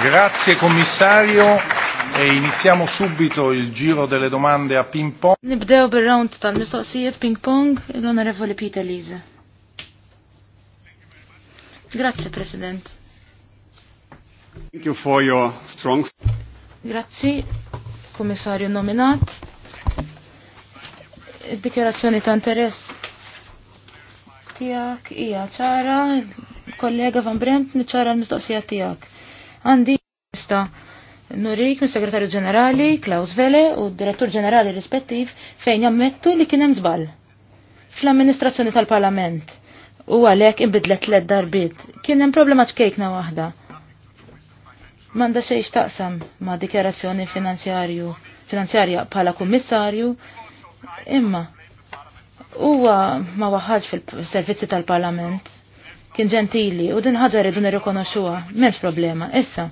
Grazie commissario e iniziamo subito il giro delle domande a ping pong. Nibdew bil-round tal-mistoqsijiet ping pong l onorevole Peter Lise. Grazie President. Thank you for your strong... Grazzi, Commissario nominat. Id-dikjerazzjoni ta' interess tijak, ija ċara, kollega Van Brent, ċara l mistoqsijiet tijak. Għandi nista Nurik, mis-Segretarju Ġenerali, Klaus Vele u d-Direttur Ġenerali rispettiv fejn jammettu li kien hemm żball fl-amministrazzjoni tal-Parlament u għalhekk inbidlet tliet darbit. Kien hemm problema ċkejkna waħda. Manda xejn taqsam ma' dikjarazzjoni finanzjarju finanzjarja bħala kummissarju imma huwa ma waħħaġ fil-servizzi tal-Parlament kien ġentili u din ħaġa rridu nirrikonoxuha, m'hemmx problema. Issa.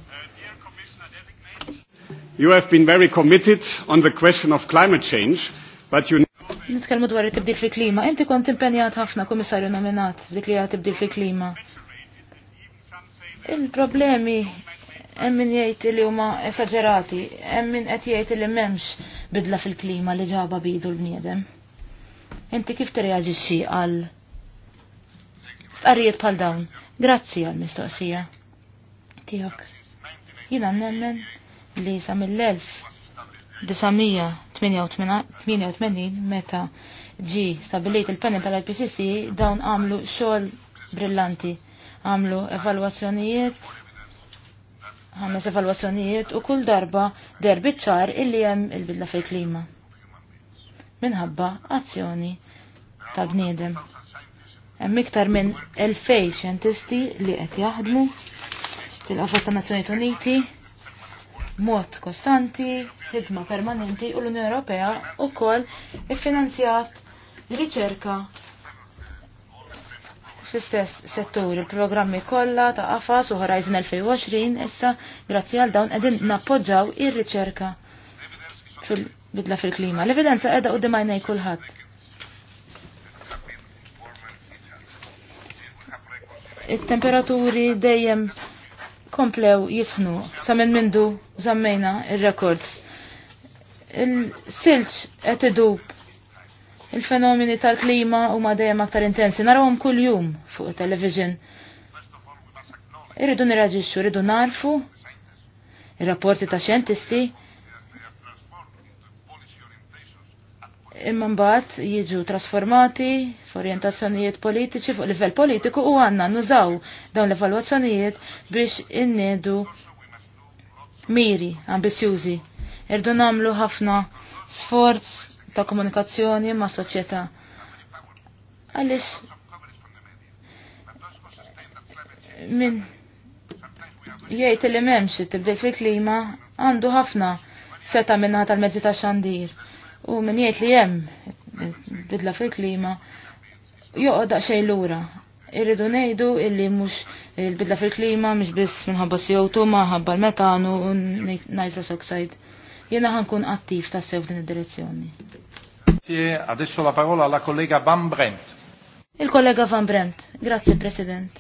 You have been very committed on the question of climate change, but you Nitkellmu dwar it-tibdil fil-klima. Inti kont impenjat ħafna kummissarju nominat dik li tibdil fil-klima. Il-problemi hemm min jgħid li huma esaġerati, hemm min qed jgħid li m'hemmx bidla fil-klima li ġaba bidu l-bniedem. Inti kif tirreaġixxi għal f'qarrijiet bħal dawn. Grazzi għal-mistoqsija. Tijok. Jina nemmen li sa mill-1988 meta ġi stabilit il-panel tal-IPCC dawn għamlu xogħol brillanti. Għamlu evalwazzjonijiet, ħames evalwazzjonijiet u kull darba derbi ċar illi hemm il-bidla fil-klima. Minħabba azzjoni tal-bniedem. Hemm iktar minn 2000 xjentisti li qed jaħdmu fil-qafas ta' Nazzjonijiet Uniti mod kostanti, ħidma permanenti u l-Unjoni Ewropea wkoll iffinanzjat riċerka fl-istess settur il-programmi kollha ta' AFAS u Horizon 2020 issa grazzi għal dawn qegħdin nappoġġaw ir-riċerka fil-bidla fil-klima. L-evidenza qiegħda qudiem għajnej kulħadd. it-temperaturi dejjem komplew jisħnu sa minn mindu zammejna il rekords il silċ qed idub il-fenomeni tal-klima huma dejjem aktar intensi narawhom kuljum fuq television. Irridu nirraġixxu, irridu narfu ir-rapporti ta' xjentisti imma mbagħad jiġu trasformati f'orjentazzjonijiet politiċi fuq livell politiku u għandna nużaw dawn l-evalwazzjonijiet biex innedu miri ambizjużi. Irdu nagħmlu ħafna sforz ta' komunikazzjoni ma' soċjetà. Għalix min jgħid li m'hemmx tibdej fil-klima għandu ħafna seta minna tal-mezzi ta' xandir u min jgħid li hemm bidla fil-klima joqgħod l lura. Irridu ngħidu illi mhux il-bidla fil-klima mhux biss minħabba CO2 ma ħabba l-metanu u nitrous oxide. Jiena ħankun attiv tassew din id-direzzjoni. Adesso la parola alla collega Van Brent. Il-kollega Van Brent, grazie President.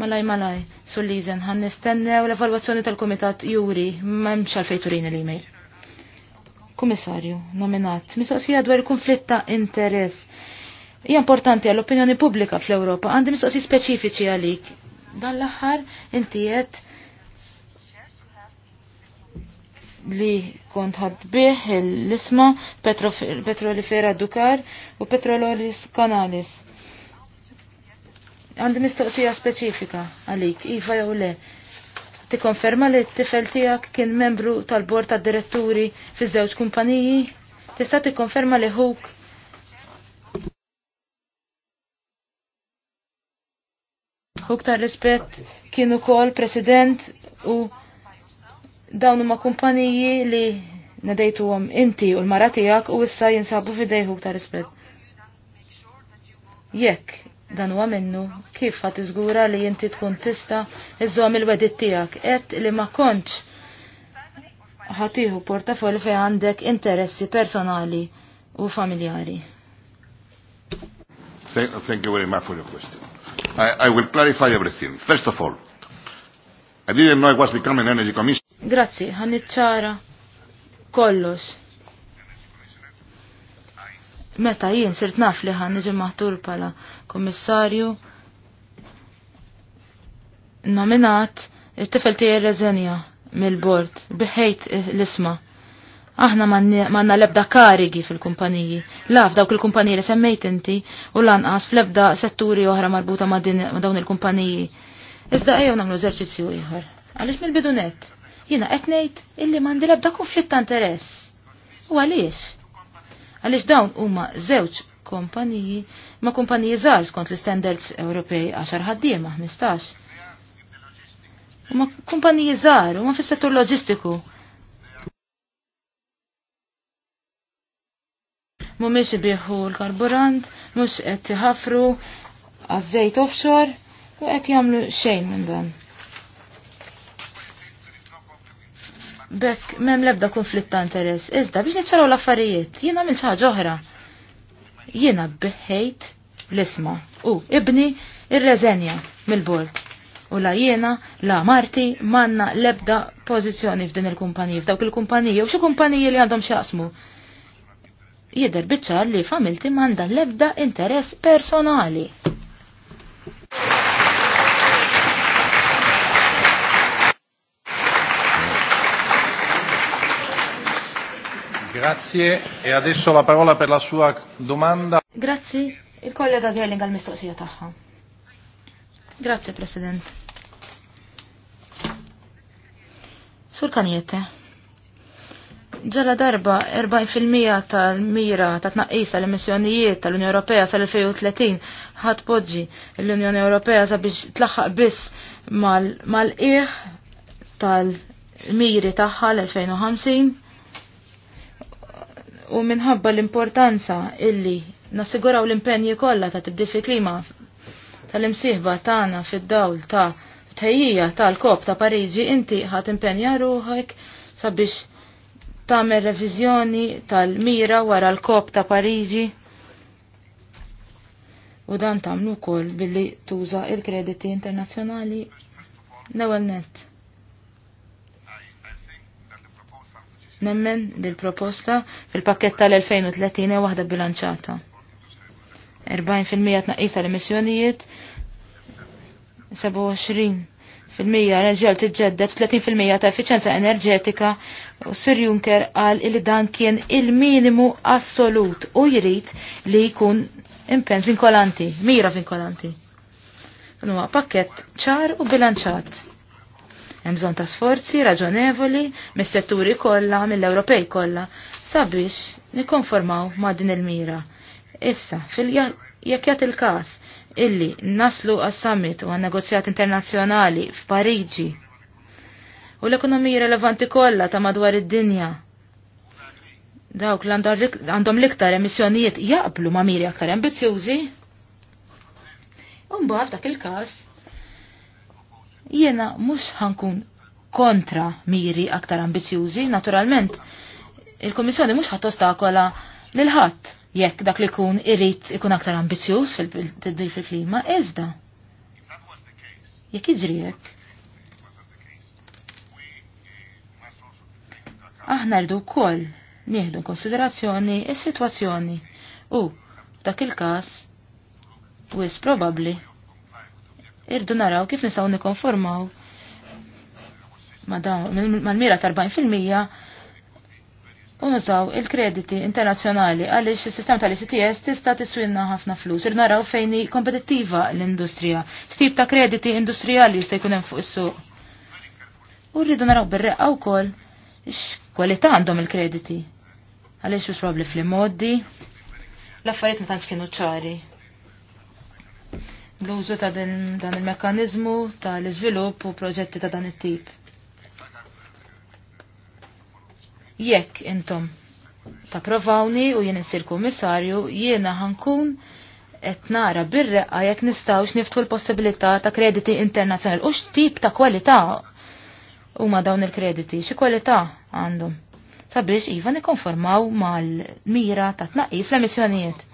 Malaj, malaj, sull lizen għan nistennew l-evaluazzjoni tal-komitat juri, ma' għalfej turini l-email kummissarju nominat. Mistoqsija dwar il-konflitt ta' interess. Hija importanti għall-opinjoni pubblika fl-Ewropa, għandi mistoqsi speċifiċi għalik. Dan l-aħħar inti qed li kont ħadbih l-isma Petrolifera Dukar u Petrololis Kanalis. Għandi mistoqsija speċifika għalik, iva jew le tikkonferma li t-tifel tiegħek kien membru tal-bord tad-diretturi fi żewġ kumpaniji? Tista' tikkonferma li huk Huk ta' rispett kien ukoll president u dawn huma kumpaniji li nadejtuhom inti u l-mara tiegħek u issa jinsabu fidejhuk ta' rispett. Jekk dan huwa minnu kif ħat iżgura li inti tkun tista iżżomm il-wedit tiegħek qed li ma kontx ħatiħu portafoll fejn għandek interessi personali u familjari. Thank you very much for your question. I, I will clarify everything. First of all, I didn't know I was becoming energy commissioner. Grazie, ħanitċara kollox meta jien sirt naf li ħan niġi maħtur pala komissarju nominat il tifel tijer reżenja mill-bord biħejt l-isma' Aħna manna lebda karigi fil-kumpaniji. Laf dawk il-kumpaniji li semmejt inti u lanqas fl-ebda setturi oħra marbuta ma' dawn il-kumpaniji. Iżda ejjew nagħmlu eżerċizzju ieħor. Għaliex mill-bidunet? Jiena qed ngħid illi m'għandi lebda konflitt ta' interess. U għaliex? għaliex dawn huma żewġ kompaniji ma kumpaniji żgħar skont l-standards Ewropej 10 ħaddiema 15. Huma kumpaniji żgħar huma fis-settur loġistiku. Mhumiex biħu l-karburant, mhux qed ħafru għaż-żejt offshore u qed jagħmlu xejn minn dan. Bekk mem lebda konflitt ta' interess. Iżda biex niċċaraw l-affarijiet, jiena mill ħaġa oħra. Jiena biħejt l-isma u ibni ir-reżenja mill-bord. U la jiena, la Marti, manna lebda pożizzjoni f'din il-kumpanija, f'dawk il kumpaniji u xi kumpaniji li għandhom xaqsmu. Jider biċċar li familti manda lebda interess personali Grazie e adesso la parola per la sua domanda. Grazie, il kollega Gerling al mistoqsija tagħha. Grazie President. Sur kanjette. Ġala darba 40% tal-mira ta' tnaqqis tal-emissjonijiet tal-Unjoni Ewropea sal-2030 ħadd poġġi l-Unjoni Ewropea sabiex tlaħħaq biss mal-qiegħ tal-miri tagħha l-2050 u minħabba l-importanza illi nassiguraw l-impenji kollha ta' tibdil fi klima tal-imsieħba tagħna fid-dawl ta' tħejjija tal-kop ta' Pariġi inti ħat impenja ruħek sabiex tagħmel reviżjoni tal-mira wara l-kop ta' Pariġi u dan tagħmlu wkoll billi tuża il-krediti internazzjonali l-ewwel nett. Nemmen dil proposta fil-pakket tal-2030 waħda bilanċata. 40% tnaqqis tal-emissjonijiet, 27% reġjal tiġġedded, 30% ta' effiċenza enerġetika u Sir Juncker qal li dan kien il-minimu assolut u jrid li jkun impenn vinkolanti, mira vinkolanti. Nuwa pakket ċar u bilanċat Hemm bżonn ta' sforzi raġonevoli mis-setturi kollha mill-Ewropej kollha sabiex nikkonformaw ma' din il-mira. Issa, jekk jagħti il-każ illi naslu għas-summit u għan-negozjat internazzjonali f'Pariġi u l-ekonomija relevanti kollha ta' madwar id-dinja dawk l għandhom l-iktar emissjonijiet jaqblu ma' miri aktar ambizjużi, Umbaħf dak il każ Jiena mhux ħankun kontra miri aktar ambizjużi, naturalment il-Komissjoni mhux kola lil ħadd jekk dak li kun irrit ikun aktar ambizjuż fil-tibdil fil-klima, iżda. Jekk iġrijek? Aħna rdu wkoll nieħdu konsiderazzjoni is-sitwazzjoni u f'dak il-każ wis probabbli irdu naraw kif nistaw nikonformaw mal-mira ta' 40 u il-krediti internazzjonali għaliex is-sistema tal-ICTS tista' tiswinna ħafna flus. Ir naraw fejn kompetittiva l-industrija. Stib ta' krediti industrijali jista' jkun hemm fuq is-suq. U rridu naraw bir-reqqa wkoll x'kwalità għandhom il-krediti. Għaliex wis fl-modi. L-affarijiet ma tantx kienu ċari l użu ta' dan il-mekkanizmu tal-iżvilupp u proġetti ta' dan it-tip. Jekk intom ta' provawni u jien insir kummissarju, jiena ħankun qed nara birreqqa jekk nistgħux niftu l-possibilità ta' krediti internazzjonali u x'tip ta' kwalità huma dawn il-krediti, xi kwalità għandhom sabiex iva nikkonformaw mal-mira ta' tnaqqis fl-emissjonijiet.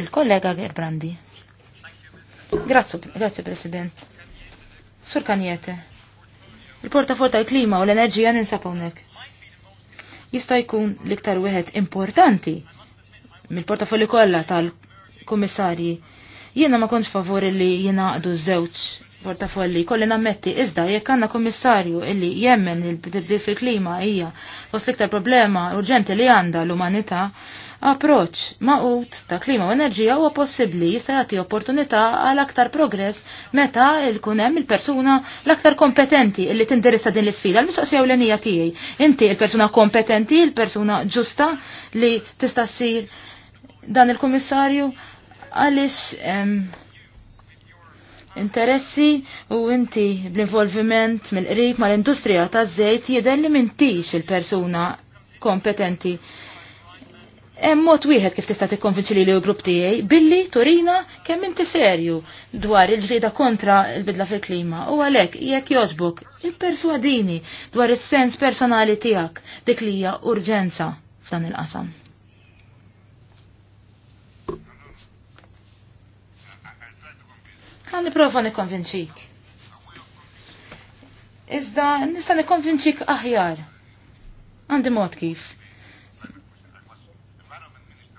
Il-kollega Gerbrandi. Grazzi, President. Sur Kanjete. Il-portafol tal-klima u l-enerġija ninsab hawnhekk. Jista' jkun l-iktar wieħed importanti mill-portafolli kollha tal-kummissarji. Jiena ma kontx favori li jingħaqdu żewġ portafolli. Kolli nammetti, iżda jekk għandna kummissarju illi jemmen il-bdibdil fil-klima hija fost l-iktar problema urġenti li għandha l-umanità, approċ maqut ta' klima u enerġija huwa possibbli jista' jagħti opportunità għal aktar progress meta jkun hemm il-persuna l-aktar kompetenti li tinteressa din l-isfida. L-mistoqsija ewlenija tiegħi. Inti il-persuna kompetenti, il-persuna ġusta li tista' ssir dan il-kummissarju għaliex interessi u inti bl-involviment mill-qrib mal-industrija ta' żejt jidher li mintix il-persuna kompetenti Hemm mod wieħed kif tista' tikkonvinċi li l-grupp tiegħi billi Torina kemm inti serju dwar il-ġlieda kontra l-bidla fil-klima u għalhekk jekk jogħġbok ipperswadini dwar is-sens personali tiegħek dik li hija urġenza f'dan il-qasam. Kan niprofa nikkonvinċik. Iżda nista' nikkonvinċik aħjar. Għandi mod kif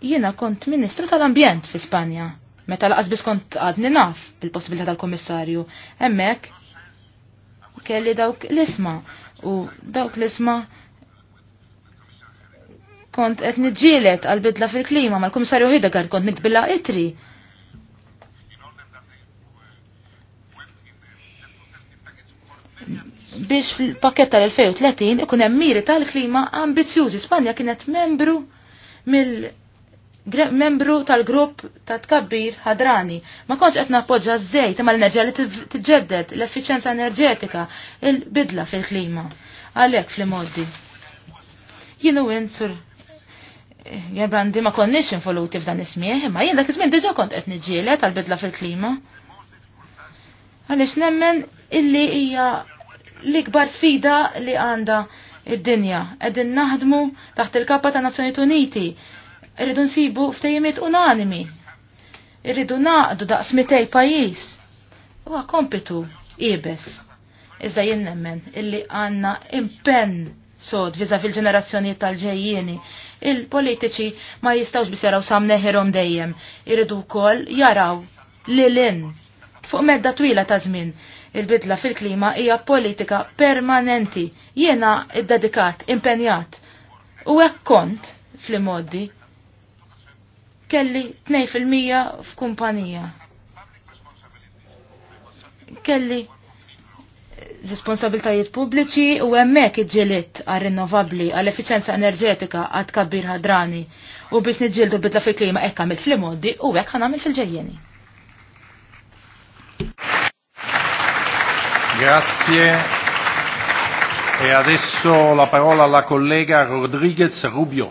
jiena kont Ministru tal-Ambjent fi Spanja. Meta laqas biss kont għadni naf bil-possibilità tal-Kommissarju. Hemmhekk kelli dawk l-isma u dawk l-isma kont qed niġġielet għal bidla fil-klima mal-Kummissarju Hidegard kont nitbilla itri. biex fil-pakket tal-2030 ikun hemm miri tal-klima ambizjużi. Spanja kienet membru mill- membru tal-grupp ta' tkabbir ħadrani. Ma konċ qed nappoġġa zzej imma l-enerġija li tiġġedded l efficienza enerġetika, il-bidla fil-klima. Għalhekk fil moddi Jienu sur Gerbrandi ma konniex involuti f'dan ismieħ, imma jien dak iż-żmien diġà kont qed niġġieled għall-bidla fil-klima. Għaliex nemmen illi hija l-ikbar sfida li għandha id-dinja. Qegħdin naħdmu taħt il-kappa ta' Nazzjonijiet Uniti Irridu nsibu ftejjimiet unanimi. Irridu naqdu daqs mitej pajis. Huwa kompitu ibes. Iżda jien nemmen illi għanna impenn sod viza fil-ġenerazzjoni tal-ġejjieni. Il-politiċi ma jistawx bis jaraw samneħirom dejjem. Irridu kol jaraw in. fuq medda twila ta' żmien. Il-bidla fil-klima hija politika permanenti. Jiena id-dedikat, impenjat. U hekk kont fl-modi kelli 2% f'kumpanija. Kelli responsabiltajiet pubbliċi u hemmhekk iġġieliet għar-rinnovabbli għall-effiċenza enerġetika għad kabbir ħadrani u biex niġġieldu bidla fil-klima hekk għamilt fil-modi u hekk ħanamil fil-ġejjeni. Grazie. E adesso la parola alla collega Rodriguez Rubio.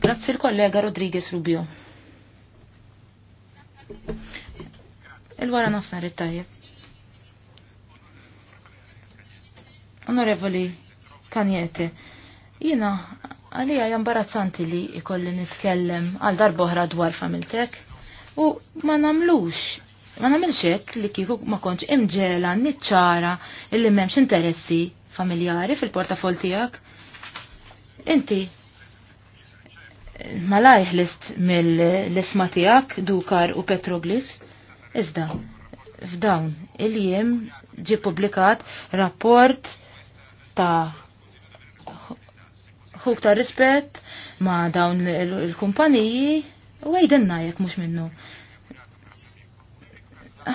Grazie il collega Rodriguez Rubio. Il-wara nofsar it-tajjeb. Onorevoli Kanjete, jina għalija jambarazzanti li ikolli nitkellem għal darboħra dwar familtek u ma namlux ma namilxek hekk li kieku ma kontx imġela niċċara illi m'hemmx interessi familjari fil-portafol tiegħek. Inti malajħ list mill-isma tijak, Dukar u Petroglis, iżda f'dawn il-jiem ġi publikat rapport ta' ħuk ta' rispett ma' dawn il-kumpaniji u għajdenna jek mux minnu.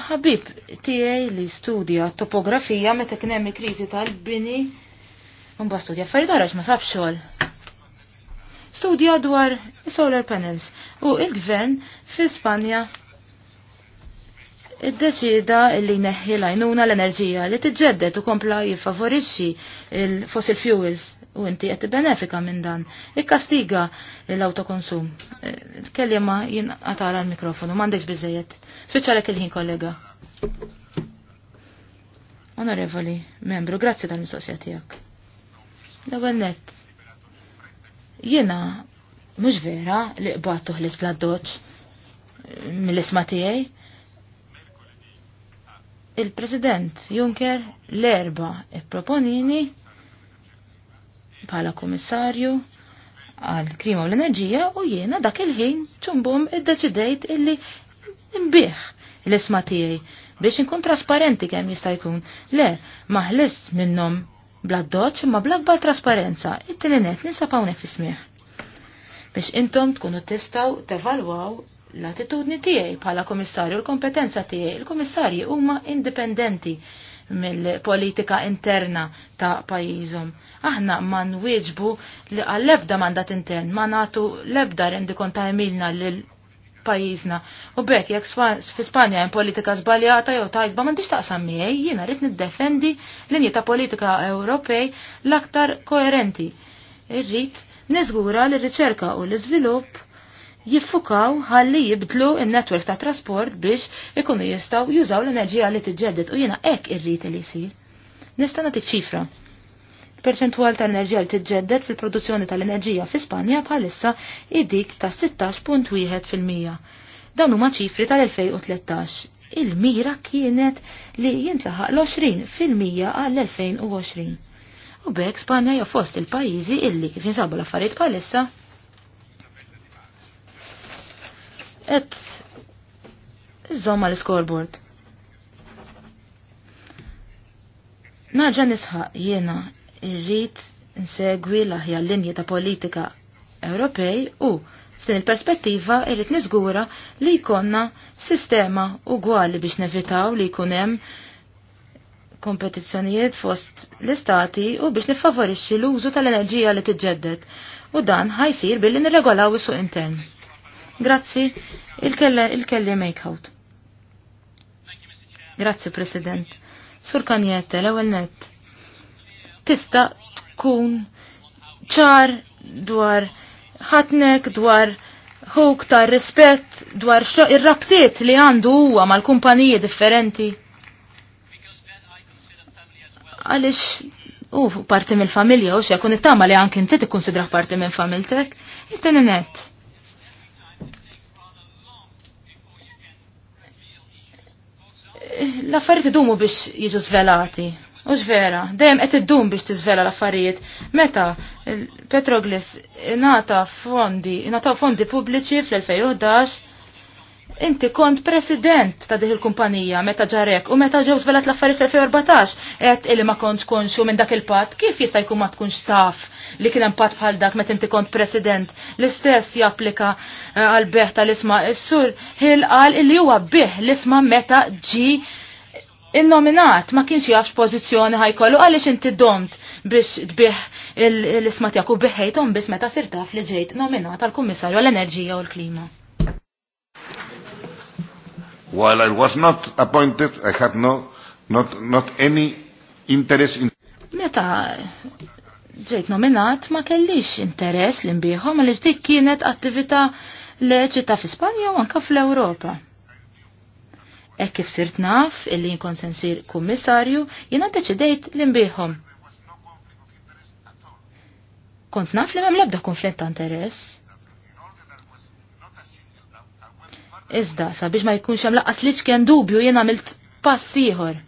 Ħabib tijaj li studja topografija meta kien hemm kriżi tal-bini, mbagħad studja affarijiet ma sabxol. xogħol studja dwar solar panels u il-gvern fi Spanja id-deċida li neħi lajnuna l-enerġija li t-ġeddet u kompla jifavorixxi il-fossil fuels u inti qed benefika minn dan. Ikkastiga l-autokonsum. Eh, Kellima jinqatara l-mikrofonu, m'għandekx biżejjed. Spiċċalek il-ħin kollega. Onorevoli membru, grazzi tal-mistoqsija tiegħek. L-ewwel nett Jena, mux vera li qbat tuħlis bla doċ eh, mill-isma tiegħi. Il-President Juncker l-erba ipproponini bħala komissarju għal krima u l-enerġija u jiena dak il-ħin ċumbum id-deċidejt illi imbieħ l-isma tiegħi biex inkun trasparenti kemm jista' jkun. Le, maħlis minnhom bla doċ ma bla gbar trasparenza, it-tini net ninsa pawnek fismiħ. Biex intom tkunu testaw tevalwaw l-attitudni tiegħi bħala komissarju l-kompetenza tiegħi, il-komissarji huma indipendenti mill-politika interna ta' pajizom. Aħna ma nwieġbu li għall-ebda mandat intern, ma natu l-ebda rendi konta emilna pajjiżna. U bekk jekk fi Spanja hemm politika żbaljata jew tajba dix taqsam miħej, jiena rrit niddefendi linji ta' politika Ewropej l-aktar koerenti. Irrid niżgura li r-riċerka u l-iżvilupp jiffukaw ħalli jibdlu in-netwerk ta' trasport biex ikunu jistgħu jużaw l-enerġija li tiġġedded u jiena hekk irrid li jsir. Nista' t ċifra perċentwal ta' enerġija li tiġġedded fil-produzzjoni tal-enerġija fi Spanja bħalissa id-dik ta' 16.1 fil-mija. Dan huma ċifri tal-2013. Il-mira kienet li jintlaħaq l-20 fil-mija għall-2020. U bekk Spanja hija fost il-pajjiżi illi kif jinsabu l-affarijiet bħalissa qed iżomma l-scoreboard. Narġa nisħaq jiena irrid nsegwi l-aħjar linji ta' politika Ewropej u f'din il-perspettiva irrit niżgura li jkollna sistema ugwali biex nevitaw li jkun hemm kompetizzjonijiet fost l-istati u biex nifavorixxi l-użu tal-enerġija li tiġġedded u dan ħajsir billi nirregolaw is-suq intern. Grazzi, il-kelli make-out. Grazzi, President. Sur Kanjette, l-ewel net tista tkun ċar dwar ħatnek, dwar hook ta' rispett, dwar ir-rabtiet li għandu huwa mal-kumpaniji differenti. Għalix, u parti mill-familja, u xe, kun it-tama li għankin ti tikkonsidraħ parti minn familtek, it-tini net. Eh, l-affarijiet idumu biex jiġu zvelati. U vera, dejjem qed iddum biex tiżvela l-affarijiet. Meta Petroglis nata fondi, nata fondi pubbliċi fl-2011, inti kont president ta' dik il-kumpanija meta ġarek u meta ġew zvelat l-affarijiet fl-2014 et illi ma kontx konxu minn dak il pat kif jista' jkun ma tkunx taf li kien hemm pat bħal dak meta inti kont president l-istess japplika eh, għal beħ tal-isma' is-sur Hill qal illi huwa bih l-isma' meta ġi il-nominat ma kienx jafx pozizjoni ħajkollu għaliex inti domt biex tbih l ismat jaku u biħejthom biss meta sirtaf li ġejt nominat għal kummissarju għall enerġija u l-klima. While I was not appointed, I had no not, not any interest in Meta ġejt nominat ma kellix interess li nbieħom għaliex dik kienet attività leċita fi Spanja u anka fl-Ewropa. E kif sirt naf illi se nsir kummissarju, jina deċidejt li nbieħom. Kont naf li mem lebda konflitt ta' interess. Iżda, sabiex ma jkunx hemm laqqas liġ kien dubju jien għamilt pass ieħor.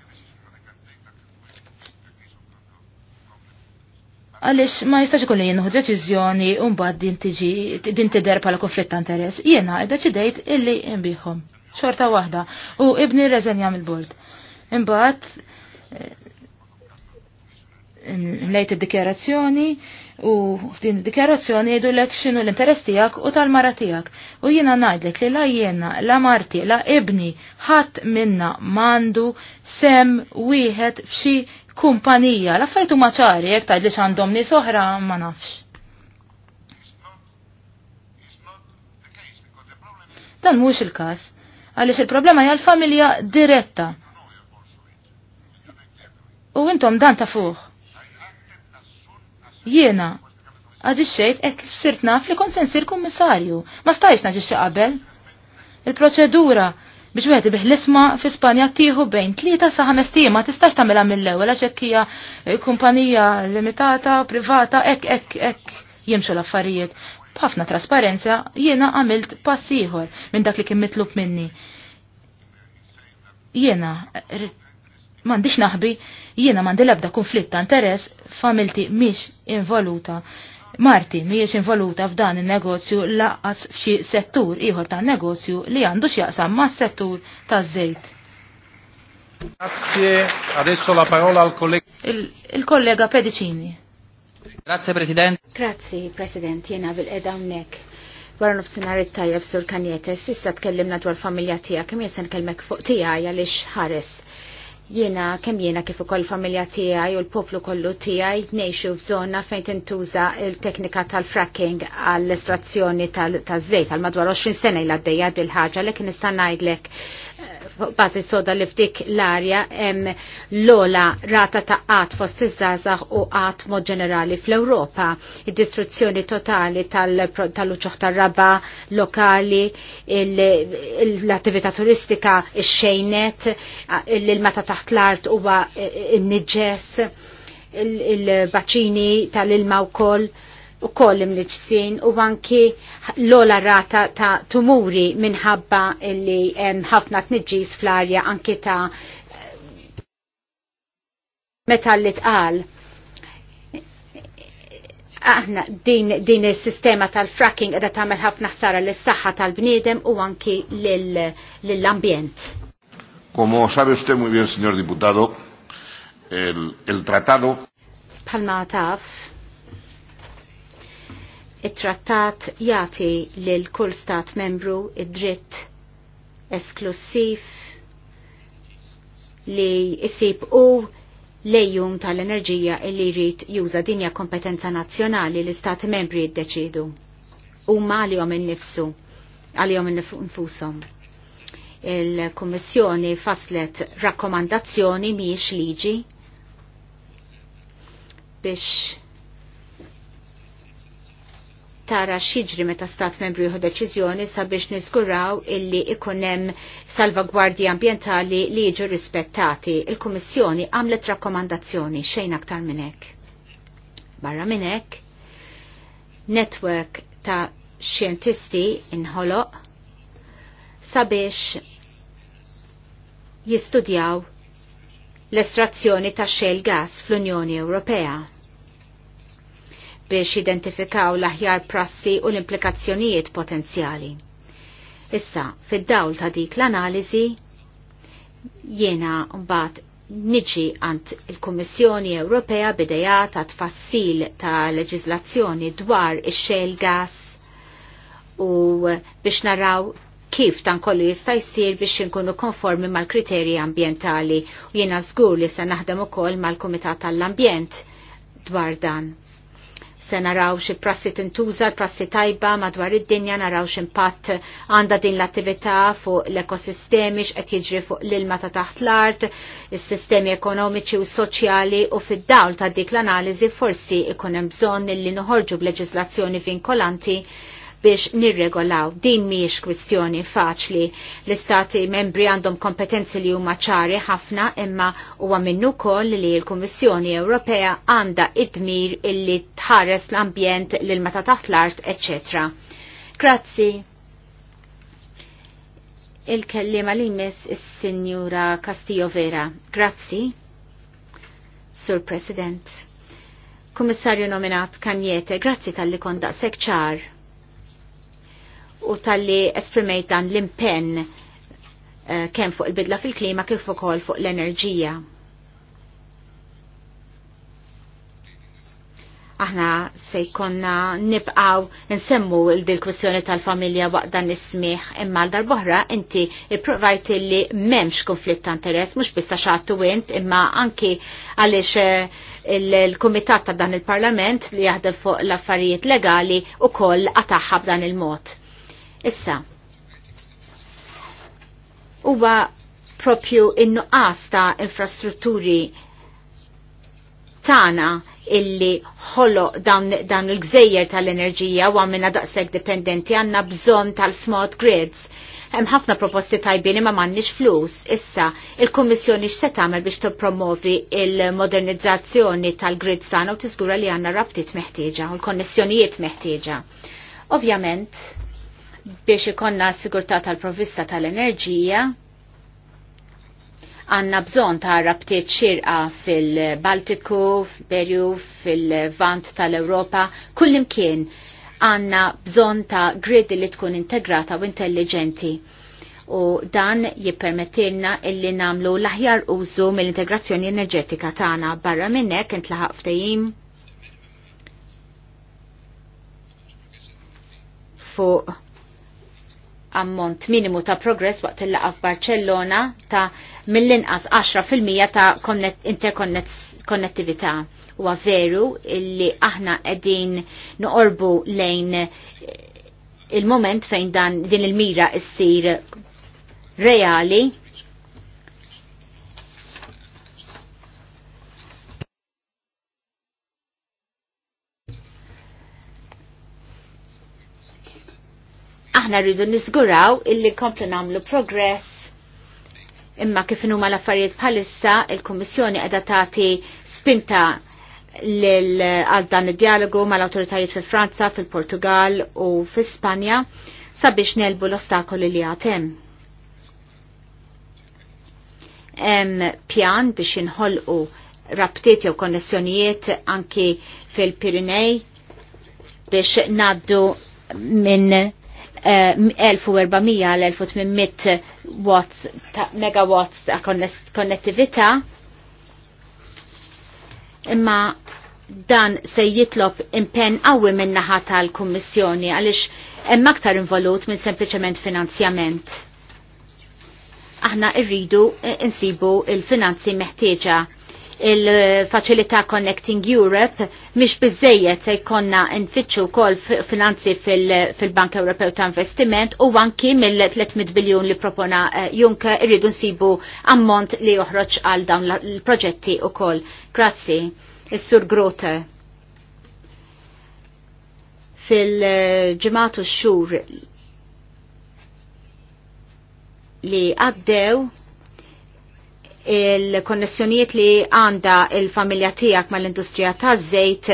Għaliex ma jistax ikun li jinħu deċiżjoni u mbagħad din tiġi din tidher bħala konflitt ta' interess. Jiena ddeċidejt illi nbieħhom xorta waħda u ibni reżenja mill-bord. Imbagħad mlejt eh, id-dikjarazzjoni u f'din id-dikjarazzjoni jgħidu l xinu l-interess tiegħek u tal-mara tiegħek. U jiena ngħidlek li la jiena, la marti, la ibni ħadd minna mandu sem wieħed f'xi kumpanija. L-affarijiet huma ċari jekk tgħidlix għandhom nies oħra ma nafx. Dan mhux il-każ Għaliex il-problema hija l-familja diretta. U intom dan ta' fuq. Jiena, għaġiċċejt ek sirt naf li kont sir kummissarju. Ma stajx naġiċċa qabel. Il-proċedura biex wieħed biħ l-isma fi Spanja tieħu bejn tlieta sa ħames tiegħi ma tistax tagħmilha mill-ewwel għax hekk hija eh, kumpanija limitata, privata, hekk ek, ek, jimxu l-affarijiet b'ħafna trasparenza jiena għamilt pass ieħor minn dak li kien mitlub minni. Jiena m'għandix naħbi, jiena m'għandi l-ebda konflitt ta' interess, familti mhix involuta. Marti mhijiex involuta f'dan in-negozju laqqas f'xi settur ieħor tan-negozju li għandu x'jaqsam mas-settur taż-żejt. Grazie, adesso la parola al collega. Il, il collega Pedicini. Grazie, President. Grazie, President. Jena bil-edha unnek. Wara nofsinhar it-tajjeb sur kanjete, sissa tkellimna dwar familja tiegħek, kemm jien se nkellmek fuq tiegħi għaliex ħares. Jiena kemm jiena kif ukoll familja tiegħi u l-poplu kollu tiegħi ngħixu f'żona fejn tintuża l-teknika tal-fracking għall estrazzjoni taż-żejt għal madwar 20 sena il għaddejja dil ħaġa lekin nista' ngħidlek bazi soda li f'dik l-arja hemm l-ola rata ta' qatt fost iż-żgħażagħ u qatt mod ġenerali fl-Ewropa. Id-distruzzjoni totali tal-uċuħ tar-raba lokali, l-attività turistika, ix-xejnet, il-mata taħt l-art huwa n-niġġes, eh, eh, il-baċini tal-ilma wkoll u koll imniċsin u anki l-ola rata ta' tumuri minħabba illi ħafna tniġġis fl-arja anki ta' metalli tqal. Aħna din, din is-sistema tal-fracking qiegħda tagħmel ħafna ħsara lis-saħħa tal-bniedem u anki lill-ambjent. Como sabe usted muy bien, señor diputado, el, el tratado. Palma taf, it-trattat jati lil kull stat membru id-dritt esklusiv li jisib u lejjum tal-enerġija illi jrid juża dinja kompetenza nazzjonali li stati membri id-deċidu U ma għalihom innifsu, għalihom infushom. Il-Kummissjoni faslet rakkomandazzjoni miex liġi biex tara xiġri meta stat membru jħu deċiżjoni sabiex nizguraw illi ikun hemm salvagwardji ambjentali li jiġu rispettati. Il-Kummissjoni għamlet rakkomandazzjoni xejn aktar minn hekk. Barra minn hekk, network ta' xjentisti inħoloq sabiex jistudjaw l-estrazzjoni ta' xejl gas fl-Unjoni Ewropea biex identifikaw l-aħjar prassi u l-implikazzjonijiet potenzjali. Issa, fid-dawl ta' dik l-analizi, jiena mbagħad niġi għand il-Kummissjoni Ewropea bidejja ta' tfassil ta' leġislazzjoni dwar ix-xejl gas u biex naraw kif dan kollu jista' jsir biex inkunu konformi mal-kriterji ambjentali u jiena żgur li se naħdem ukoll mal-Kumitat tal-Ambjent dwar dan se naraw xie prassi tintuża, prassi tajba madwar id-dinja naraw impatt għandha din l-attività fuq l-ekosistemi x'qed jiġri fuq l-ilma ta' taħt l-art, il sistemi ekonomiċi u soċjali u fid-dawl ta' dik l-analiżi forsi ikunem hemm bżonn li noħorġu b'leġislazzjoni vinkolanti biex nirregolaw. Din miex kwistjoni faċli. L-istati membri għandhom kompetenzi li huma ċari ħafna imma huwa minnu kol li l-Kummissjoni Ewropea għanda id-dmir illi tħares l-ambjent lil meta taħt l-art, eccetera. Grazzi il-kellima li jmiss il-Sinjura Castillo Vera. Grazzi, Sur President. Kummissarju nominat Kanjete, grazzi tal-li kondaq sekċar. ċar u tal-li esprimejt dan l-impenn kem eh, kemm fuq il-bidla fil-klima kif ukoll fuq l-enerġija. Aħna se jkonna nibqaw nsemmu il-dil kwistjoni tal-familja waqt dan ismiħ imma l-darbohra inti ipprovajt li memx konflitt ta' interess mhux bissa xattu int imma anki għaliex eh, il-komitat ta' dan il-parlament li jaħdem fuq l-affarijiet legali u koll għataħħab dan il-mod. Issa, huwa propju in-nuqqas ta' infrastrutturi tana illi ħollo dan, dan il-gżejjer tal-enerġija u għamina daqseg dipendenti għanna bżon tal-smart grids. Hemm ħafna proposti tajbini ma m'għandniex flus. Issa, il-Kummissjoni x'se tagħmel biex tippromovi il-modernizzazzjoni tal-grids tagħna u tiżgura li għandna rabtiet meħtieġa u l-konnessjonijiet meħtieġa. Ovvjament, biex ikonna sigurtà tal-provista tal-enerġija għanna bżon ta' rabtiet xirqa fil-Baltiku, fil-Berju, fil-Vant tal-Europa, kullimkien għanna bżon ta' grid li tkun integrata u intelligenti. U dan jippermettilna illi namlu l-aħjar użu mill-integrazzjoni enerġetika tagħna barra minnek intlaħaq ftehim fuq ammont minimu ta' progress waqt il laqaf Barcellona ta' mill-inqas 10% ta' interkonnettività. Huwa veru illi aħna qegħdin noqorbu lejn il-moment fejn dan din il-mira issir reali aħna rridu niżguraw illi komplu nagħmlu progress imma kif huma l-affarijiet bħalissa il-Kummissjoni qiegħda tagħti spinta għal dan id-dialogu mal-awtoritajiet fil-Franza, fil-Portugal u fil-Spanja sabiex nelbu l-ostakoli li għatem. Hemm pjan biex inħolqu rabtiet jew konnessjonijiet anki fil-Pirinej biex naddu minn 1400 eh, għal 1800 watts megawatts ta' konnettività. Imma dan se jitlob impenn qawwi min-naħa tal-Kummissjoni għaliex hemm aktar involut minn sempliċement finanzjament. Aħna rridu eh, insibu il-finanzi meħtieġa il-facilità Connecting Europe miex bizzejiet se jkonna nfittxu kol finanzi fil-Bank fil Ewropew ta' Investiment u anki mill-300 biljun li propona eh, Juncker irridu nsibu ammont li joħroġ għal dawn l-proġetti u kol. Grazzi, Is-Sur Grote. Fil-ġematu xur li għaddew il-konnessjonijiet li għanda il-familja tijak mal-industrija ta' zejt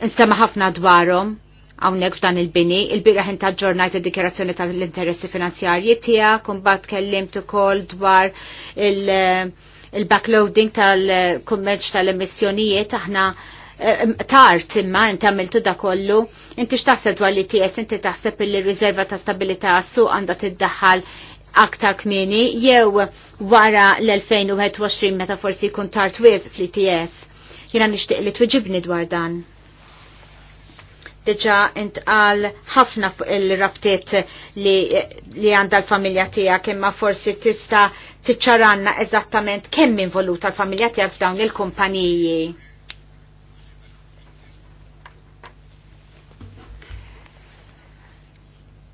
nistema ħafna dwarom għawnek f'dan il-bini, il-biraħ ħinta ġornajt il-dikjerazzjoni tal-interessi finanzjarji tijak, kumbat bat kellimt ukoll dwar il- il-backloading tal-kummerċ tal-emissjonijiet aħna tart imma inti għamiltu da kollu, inti x'taħseb dwar li ties, inti taħseb li riserva ta' stabilità su għandha tiddaħħal aktar kmini jew wara l-2021 meta forsi jkun tart wies fl ts Jiena nixtieq li twiġibni dwar dan. Diġà intqal ħafna il-rabtiet li, li għandha l-familja tiegħek imma forsi tista' tiċċaranna eżattament kemm involuta l-familja tiegħek f'dawn il-kumpaniji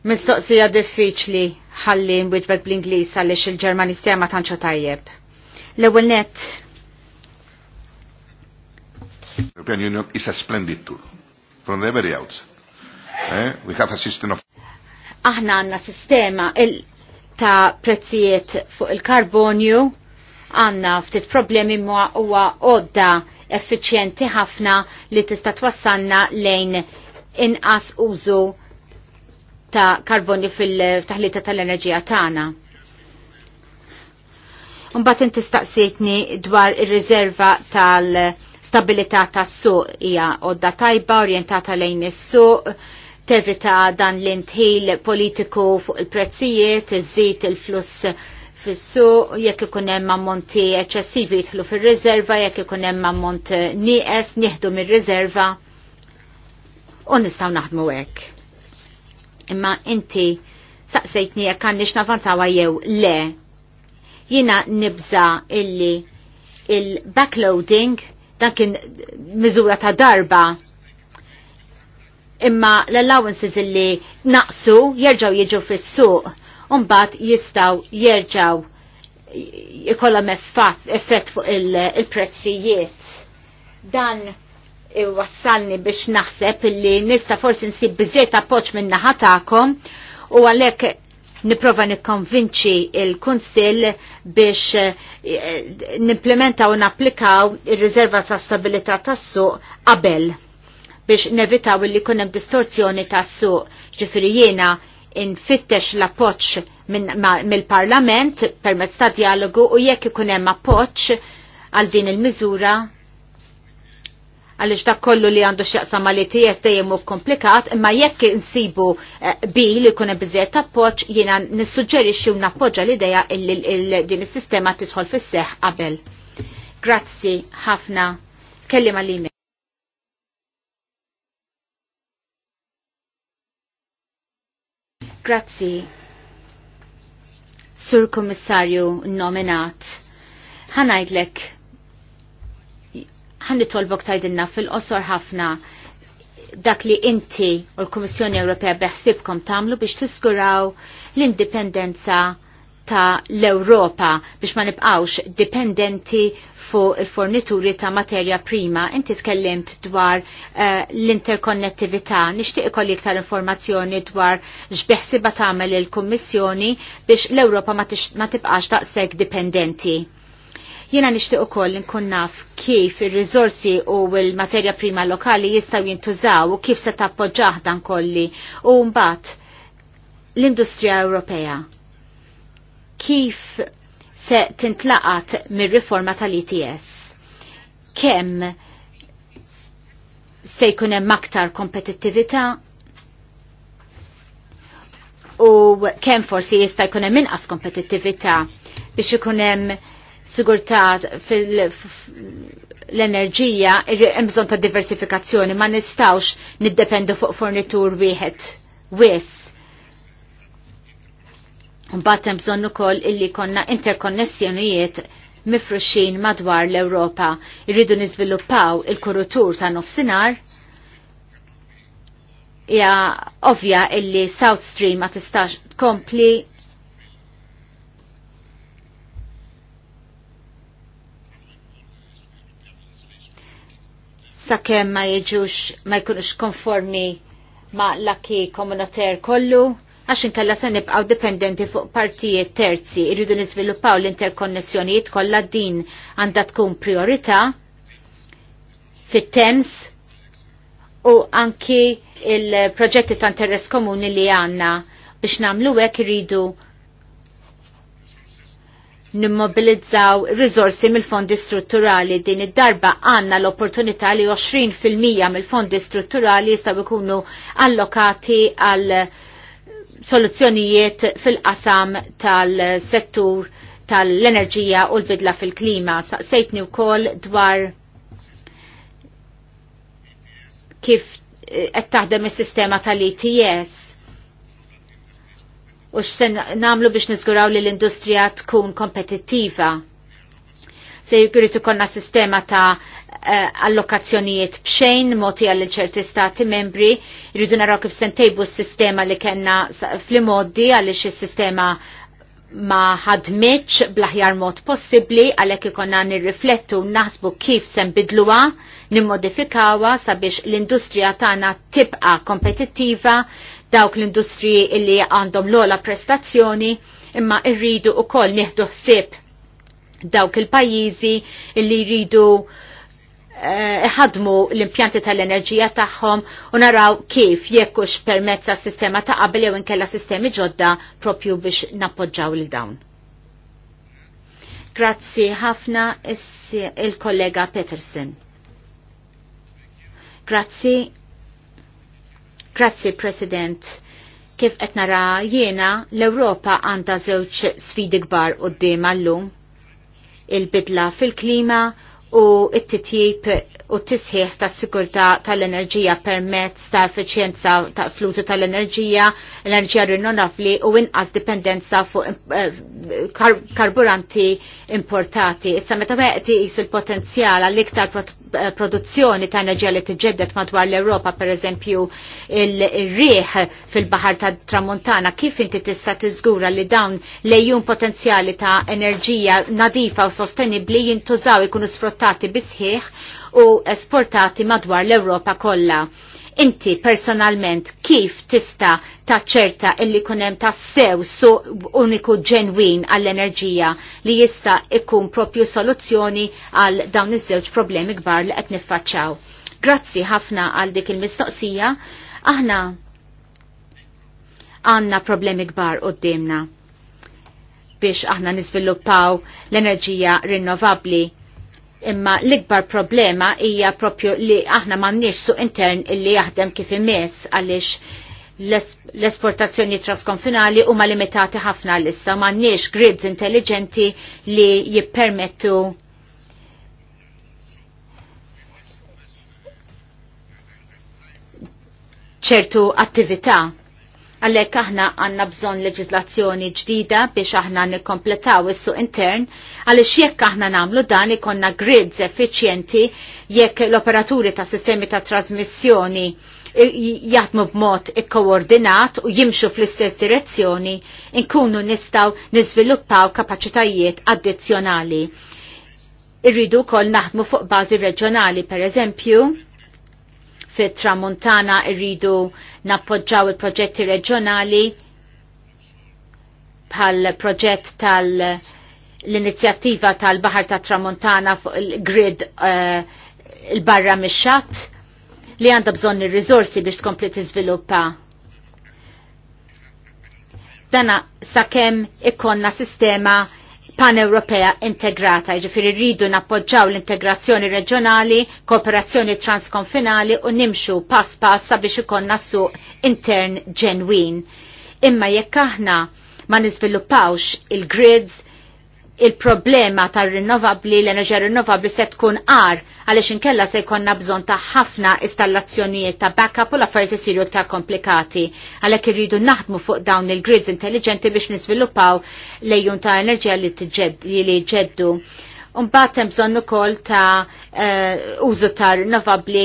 Mistoqsija diffiċli ħalli nwitbek bl-Inglis għaliex il-Ġermanistija ma tantxa tajjeb. L-ewwel net. European Union is a splendid tool from the very outset. Eh? We have a system of Aħna għandna sistema ta' prezzijiet fuq il-karbonju għandna ftit problemi ma huwa għodda effiċjenti ħafna li tista' twassanna lejn inqas użu ta' karbonju fil-taħlita tal-enerġija tagħna. Mbagħad inti staqsitni dwar ir-riserva tal-stabilità tas-suq hija għodda tajba orjentata lejn is-suq tevita dan l-intħil politiku fuq il-prezzijiet, iżid il-fluss fis-suq, jekk ikun hemm ammonti eċċessivi jidħlu fir-riserva, jekk ikun hemm ammont nieqes nieħdu mir-riserva u nistgħu naħdmu hekk. Imma inti saqsejtni jekk għandix navanzawa jew le. Jina nibża illi il-backloading dan kien miżura ta' darba imma l-allowances illi naqsu jerġaw jiġu fis-suq umbat jistaw jerġaw ikollhom effett fuq il-prezzijiet. dan wassalni biex naħseb li nista forsi nsib biżiet appoċ minna ħatakom u għalek niprofa nikkonvinċi il-Kunsill biex eh, eh, nimplementaw u napplikaw il-rizerva ta' stabilità tas-suq qabel biex nevitaw li kunem distorzjoni tas-suq ġifiri jena infittex l-appoċ mill-Parlament permezz ta' dialogu u jekk ikun hemm appoċ għal din il-miżura għalix dak kollu li għandu xieqsa ma li tijes dejjem u komplikat, imma jekk insibu eh, bi li kun bizziet ta' poċ, jina nissuġġerixi u nappoġġa l-ideja il din is-sistema tidħol fis-seħ qabel. Grazzi ħafna. Kellima li Grazzi. Sur Kommissarju nominat. Ħanajdlek ħan nitolbok tajdilna fil-qosor ħafna dak li inti u l-Komissjoni Ewropea beħsibkom tamlu biex tiskuraw l-indipendenza ta' l-Europa biex ma nibqawx dipendenti fuq il-fornituri ta' materja prima. Inti tkellimt dwar uh, l-interkonnettività. Nixtieq ikolli iktar informazzjoni dwar x'beħsiba tagħmel il-Kummissjoni biex l-Ewropa ma tibqax taqseg dipendenti. Jiena nixtieq ukoll nkun naf kif ir rizorsi u l-materja prima lokali jistgħu jintużaw u kif se tappoġġaħ dan kolli u mbagħad l-industrija Ewropea. Kif se tintlaqat mir-riforma tal-ETS? Kemm se jkun hemm aktar kompetittività u kemm forsi jista' jkun hemm inqas kompetittività biex ikun hemm sigurtat fil l-enerġija hemm bżonn ta' diversifikazzjoni ma nistawx niddependu fuq fornitur wieħed wis. Mbagħad hemm bżonn ukoll illi konna interkonnessjonijiet mifruxin madwar l-Ewropa. Irridu niżviluppaw il-kurutur ta' nofsinhar Ja, ovvja illi South Stream ma tistax sakemm ma jiġux ma jkunux konformi ma l-akki komunater kollu, għax inkella se nibqgħu dipendenti fuq partijiet terzi, irridu niżviluppaw l-interkonnessjonijiet kollha din għandha tkun priorità fit-tems u anki il-proġetti ta' interess komuni li għanna biex namlu hekk iridu nimmobilizzaw rizorsi mill-fondi strutturali din id-darba għanna l-opportunità li 20% mill-fondi strutturali jistaw ikunu allokati għal soluzzjonijiet fil-qasam tal-settur tal-enerġija u l-bidla fil-klima. Sejtni u kol dwar kif eh, qed taħdem is-sistema tal-ETS u x'sen namlu biex niżguraw li l-industrija tkun kompetittiva. Se jrid ikollna sistema ta' eh, allokazzjonijiet bxejn moti għall ċerti stati membri jridu naraw kif sentejbu s-sistema li kena fl moddi għaliex is-sistema ma ħadmitx blaħjar mod possibli għalhekk ikonna nirriflettu naħsbu kif se bidluwa nimmodifikawa sabiex l-industrija tagħna tibqa' kompetittiva dawk l-industriji illi għandhom l-ola prestazzjoni imma irridu u koll nieħdu ħsieb dawk il-pajjiżi illi jridu eh, ħadmu uh, l-impjanti tal-enerġija tagħhom u naraw kif jekkux permezz sistema ta' qabel jew inkella sistemi ġodda propju biex nappoġġaw lil dawn. Grazzi ħafna il-kollega Peterson. Grazzi Grazzi, President. Kif qed nara jiena l-Ewropa għandha żewġ sfidi kbar quddiem għallum. Il-bidla fil-klima u it-titjib u t-tisħiħ ta' sigurta tal-enerġija permezz ta' efficienza ta' flużu tal-enerġija, l enerġija rinnonafli u inqas dipendenza fuq eh, karburanti importati. Issa meta meqti jis il-potenzjal għall-iktar eh, produzzjoni ta' enerġija li t-ġeddet madwar l europa per eżempju il-riħ fil-bahar ta' Tramontana, kif inti tista' tiżgura li dawn lejjun potenzjali ta' enerġija nadifa u sostenibli jintużaw ikunu sfruttati adottati bisħiħ u esportati madwar l-Ewropa kollha. Inti personalment kif tista taċċerta illi kunem ta' sew su uniku ġenwin għall-enerġija li jista ikun propju soluzzjoni għal dawn iż-żewġ problemi kbar li qed niffaċċaw. Grazzi ħafna għal dik il-mistoqsija. Aħna għanna problemi kbar qoddimna biex aħna niżviluppaw l-enerġija rinnovabli imma l-ikbar problema hija propju li aħna m'għandniex suq intern illi jaħdem kif imiss għaliex l-esportazzjoni trasconfinali huma limitati ħafna l-issa m'għandniex grids intelligenti li jippermettu ċertu attività Għalhekk aħna għandna bżonn leġislazzjoni ġdida biex aħna nikkompletaw is-suq intern, għaliex jekk aħna nagħmlu dan ikonna grids effiċjenti jekk l-operaturi ta' sistemi ta' trasmissjoni jaħdmu b'mod ikkoordinat u jimxu fl-istess direzzjoni, inkunu nistaw niżviluppaw kapaċitajiet addizzjonali. Irridu kol naħdmu fuq bażi reġjonali, per eżempju, fit tramuntana irridu nappoġġaw il-proġetti reġjonali bħal proġett tal l-inizjattiva tal-Bahar ta' Tramontana fuq il-grid eh, il-barra mix-xatt li għandha bżonn ir-riżorsi biex tkompli tiżviluppa. Dana sakemm ikonna sistema pan-Ewropea integrata, ġifiri rridu nappoġġaw l-integrazzjoni reġjonali, kooperazzjoni transkonfinali u nimxu pass pass sabiex ikonna suq intern ġenwin. Imma jekk aħna ma niżviluppawx il-grids, il-problema tar rinnovabli l-enerġija rinnovabli se tkun għar għaliex inkella se jkollna bżonn ta' ħafna installazzjonijiet ta' backup u l-affarijiet isiru iktar komplikati. Għalhekk irridu naħdmu fuq dawn il-grids intelligenti biex niżviluppaw lejjun ta' enerġija li ġeddu. Mbagħad hemm bżonn ukoll ta' eh, użu ta' rinnovabbli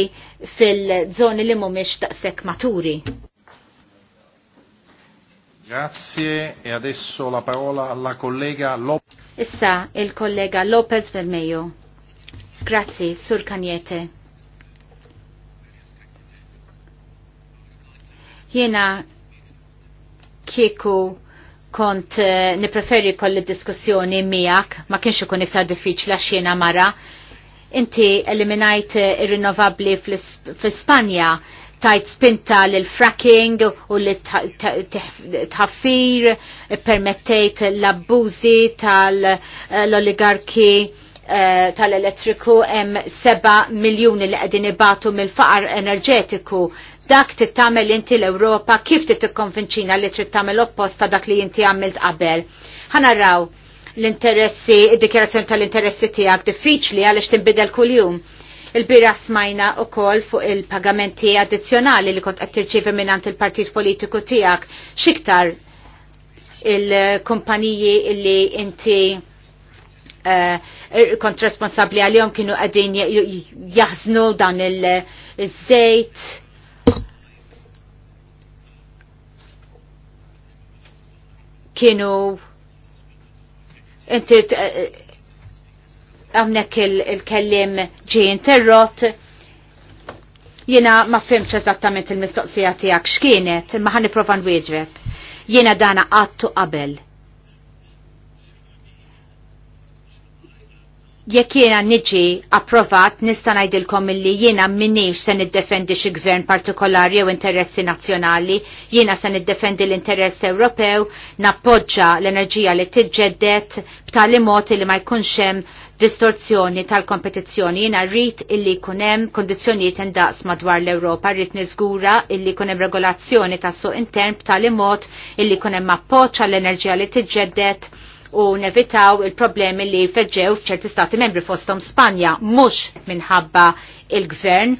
fil-żoni li mhumiex daqshekk maturi. Grazie e adesso la parola alla collega Lopez. Issa il collega Lopez Vermejo. Grazie, Sur Caniete. Jena kieku kont eh, nipreferi kolli diskussjoni miegħek, ma kienx ikun iktar diffiċli għax jiena mara. Inti eliminajt eh, ir-rinnovabbli fl-Ispanja, fl ispanja tajt spinta l-fracking u l-tħaffir permettejt l-abbużi tal-oligarki eh, eh, tal-elettriku hemm 7 miljuni li qegħdin ibatu mill-faqar enerġetiku. Dak tit tagħmel inti l-Ewropa kif tit tikkonvinċina li trid tagħmel opposta dak li inti għamilt qabel. Ħanaraw l-interessi, id-dikjerazzjoni tal-interessi tiegħek diffiċli għaliex tinbidel kuljum Il-bira smajna u kol fuq il-pagamenti addizjonali li kont għattirċivi minnant il-partit politiku tijak. Xiktar il-kumpaniji li inti eh, kont responsabli għal-jom kienu għadin jahznu dan il-żejt. Kienu inti għamnek il-kellim ġi interrot, jena ma fimċ eżattament il-mistoqsija tijak xkienet, ma ħan niprofa nwieġbeb. Jena dana għattu qabel jekk jiena niġi approvat nista' ngħidilkom illi jiena minniex se niddefendi xi gvern partikolari jew interessi nazzjonali, jiena se niddefendi l-interess Ewropew, nappoġġa l-enerġija li tiġġedded b'tali mod li ma jkunx hemm distorzjoni tal-kompetizzjoni. Jiena rrid illi jkun hemm kondizzjonijiet indaqs madwar l-Ewropa, rrid niżgura illi jkun hemm regolazzjoni tas-suq intern b'tali mod illi jkun hemm appoġġ għall-enerġija li tiġġedded u nevitaw il-problemi li feġġew f'ċerti stati membri fostom Spanja, mhux minħabba il-gvern,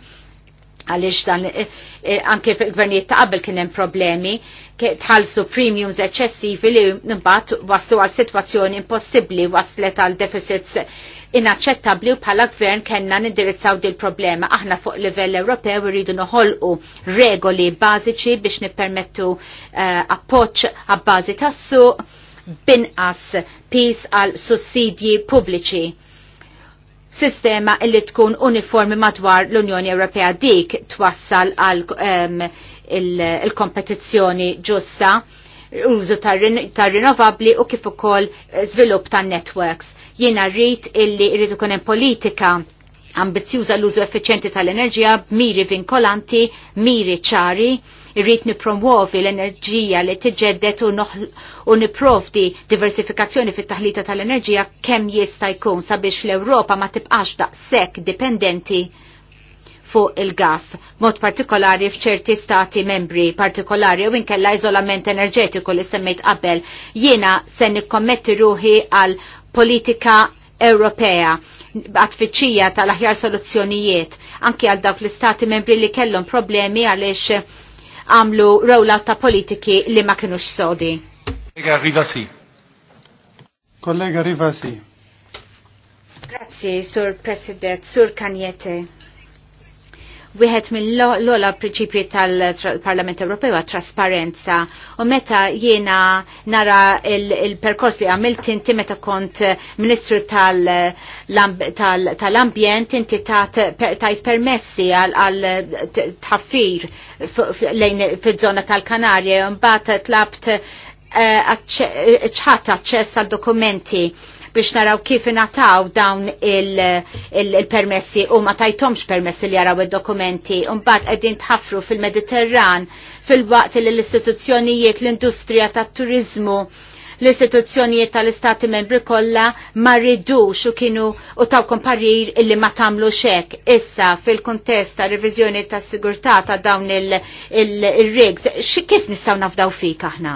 għaliex dan eh, eh, anke fil-gvernijiet ta' qabel kien hemm problemi, tħallsu premiums eċċessivi li mbagħad waslu għal sitwazzjoni impossibbli waslet għal deficits inaċċettabbli u bħala gvern kellna nindirizzaw dil problema aħna fuq livell Ewropew irridu noħolqu regoli bażiċi biex nippermettu uh, appoġġ għabbażi tas-suq binqas pis għal sussidji pubbliċi sistema illi tkun uniformi madwar l-Unjoni Ewropea dik twassal għal um, il-kompetizzjoni il ġusta użu tar-rinnovabli u kif ukoll żvilupp tan-networks. Jiena rrid illi rrid ikun hemm politika ambizjuża l-użu effiċjenti tal-enerġija b'miri vinkolanti, miri ċari Irrid nipromuovi l-enerġija li tiġġedded u niprovdi diversifikazzjoni fit-taħlita tal-enerġija kemm jista' jkun sabiex l-Ewropa ma tibqax daqshekk dipendenti fuq il-gas, mod partikolari f'ċerti stati membri partikolari u inkella iżolament enerġetiku li semmejt qabel. Jiena se nikkommetti ruħi għal politika Ewropea għatfiċija tal-aħjar soluzzjonijiet, anki għal dawk l-istati membri li kellhom problemi għaliex għamlu rollout ta' politiki li ma kienux sodi. Kollega Rivasi. Kollega Rivasi. Grazie, Sur President, Sur Kanjete. Wieħed l ola prinċipji tal-Parlament Ewropew għat trasparenza u meta jiena nara il-perkors li għamilt inti meta kont Ministru tal-Ambjent inti tajt permessi għal taffir fil-żona tal-Kanarje u bat tlabt eh, ċħat aċċess għal dokumenti biex naraw kif ingħataw dawn il-permessi u ma tajtomx permessi li jaraw id-dokumenti un mbagħad qegħdin tħaffru fil-Mediterran fil-waqt li l-istituzzjonijiet l-industrija tat-turizmu l-istituzzjonijiet tal-istati membri kollha ma rridux u kienu u taw komparir illi ma tamlu xek. Issa fil-kontest ta' revizjoni tas sigurtà ta' dawn il-rigs, il, kif nistgħu nafdaw fik aħna?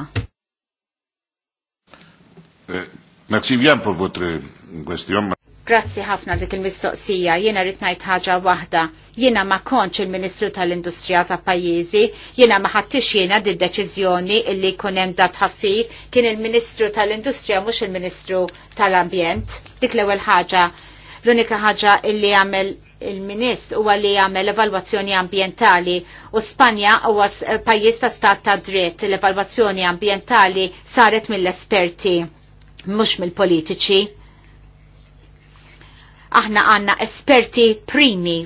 Eh, Merci bien pour votre question. Grazzi ħafna dik il-mistoqsija, jiena rrid ngħid ħaġa waħda. Jiena ma kontx il-Ministru tal-Industrija ta' pajjiżi, jiena ma ħaddix jiena di deċiżjoni illi jkun hemm dat ħaffir kien il-Ministru tal-Industrija mhux il-Ministru tal-Ambjent. Dik l-ewwel ħaġa l-unika ħaġa illi jagħmel il-minist huwa li jagħmel evalwazzjoni ambjentali u Spanja huwa pajjiż ta' stat ta' dritt l-evalwazzjoni ambjentali saret mill-esperti mhux mill-politiċi. Aħna għandna esperti primi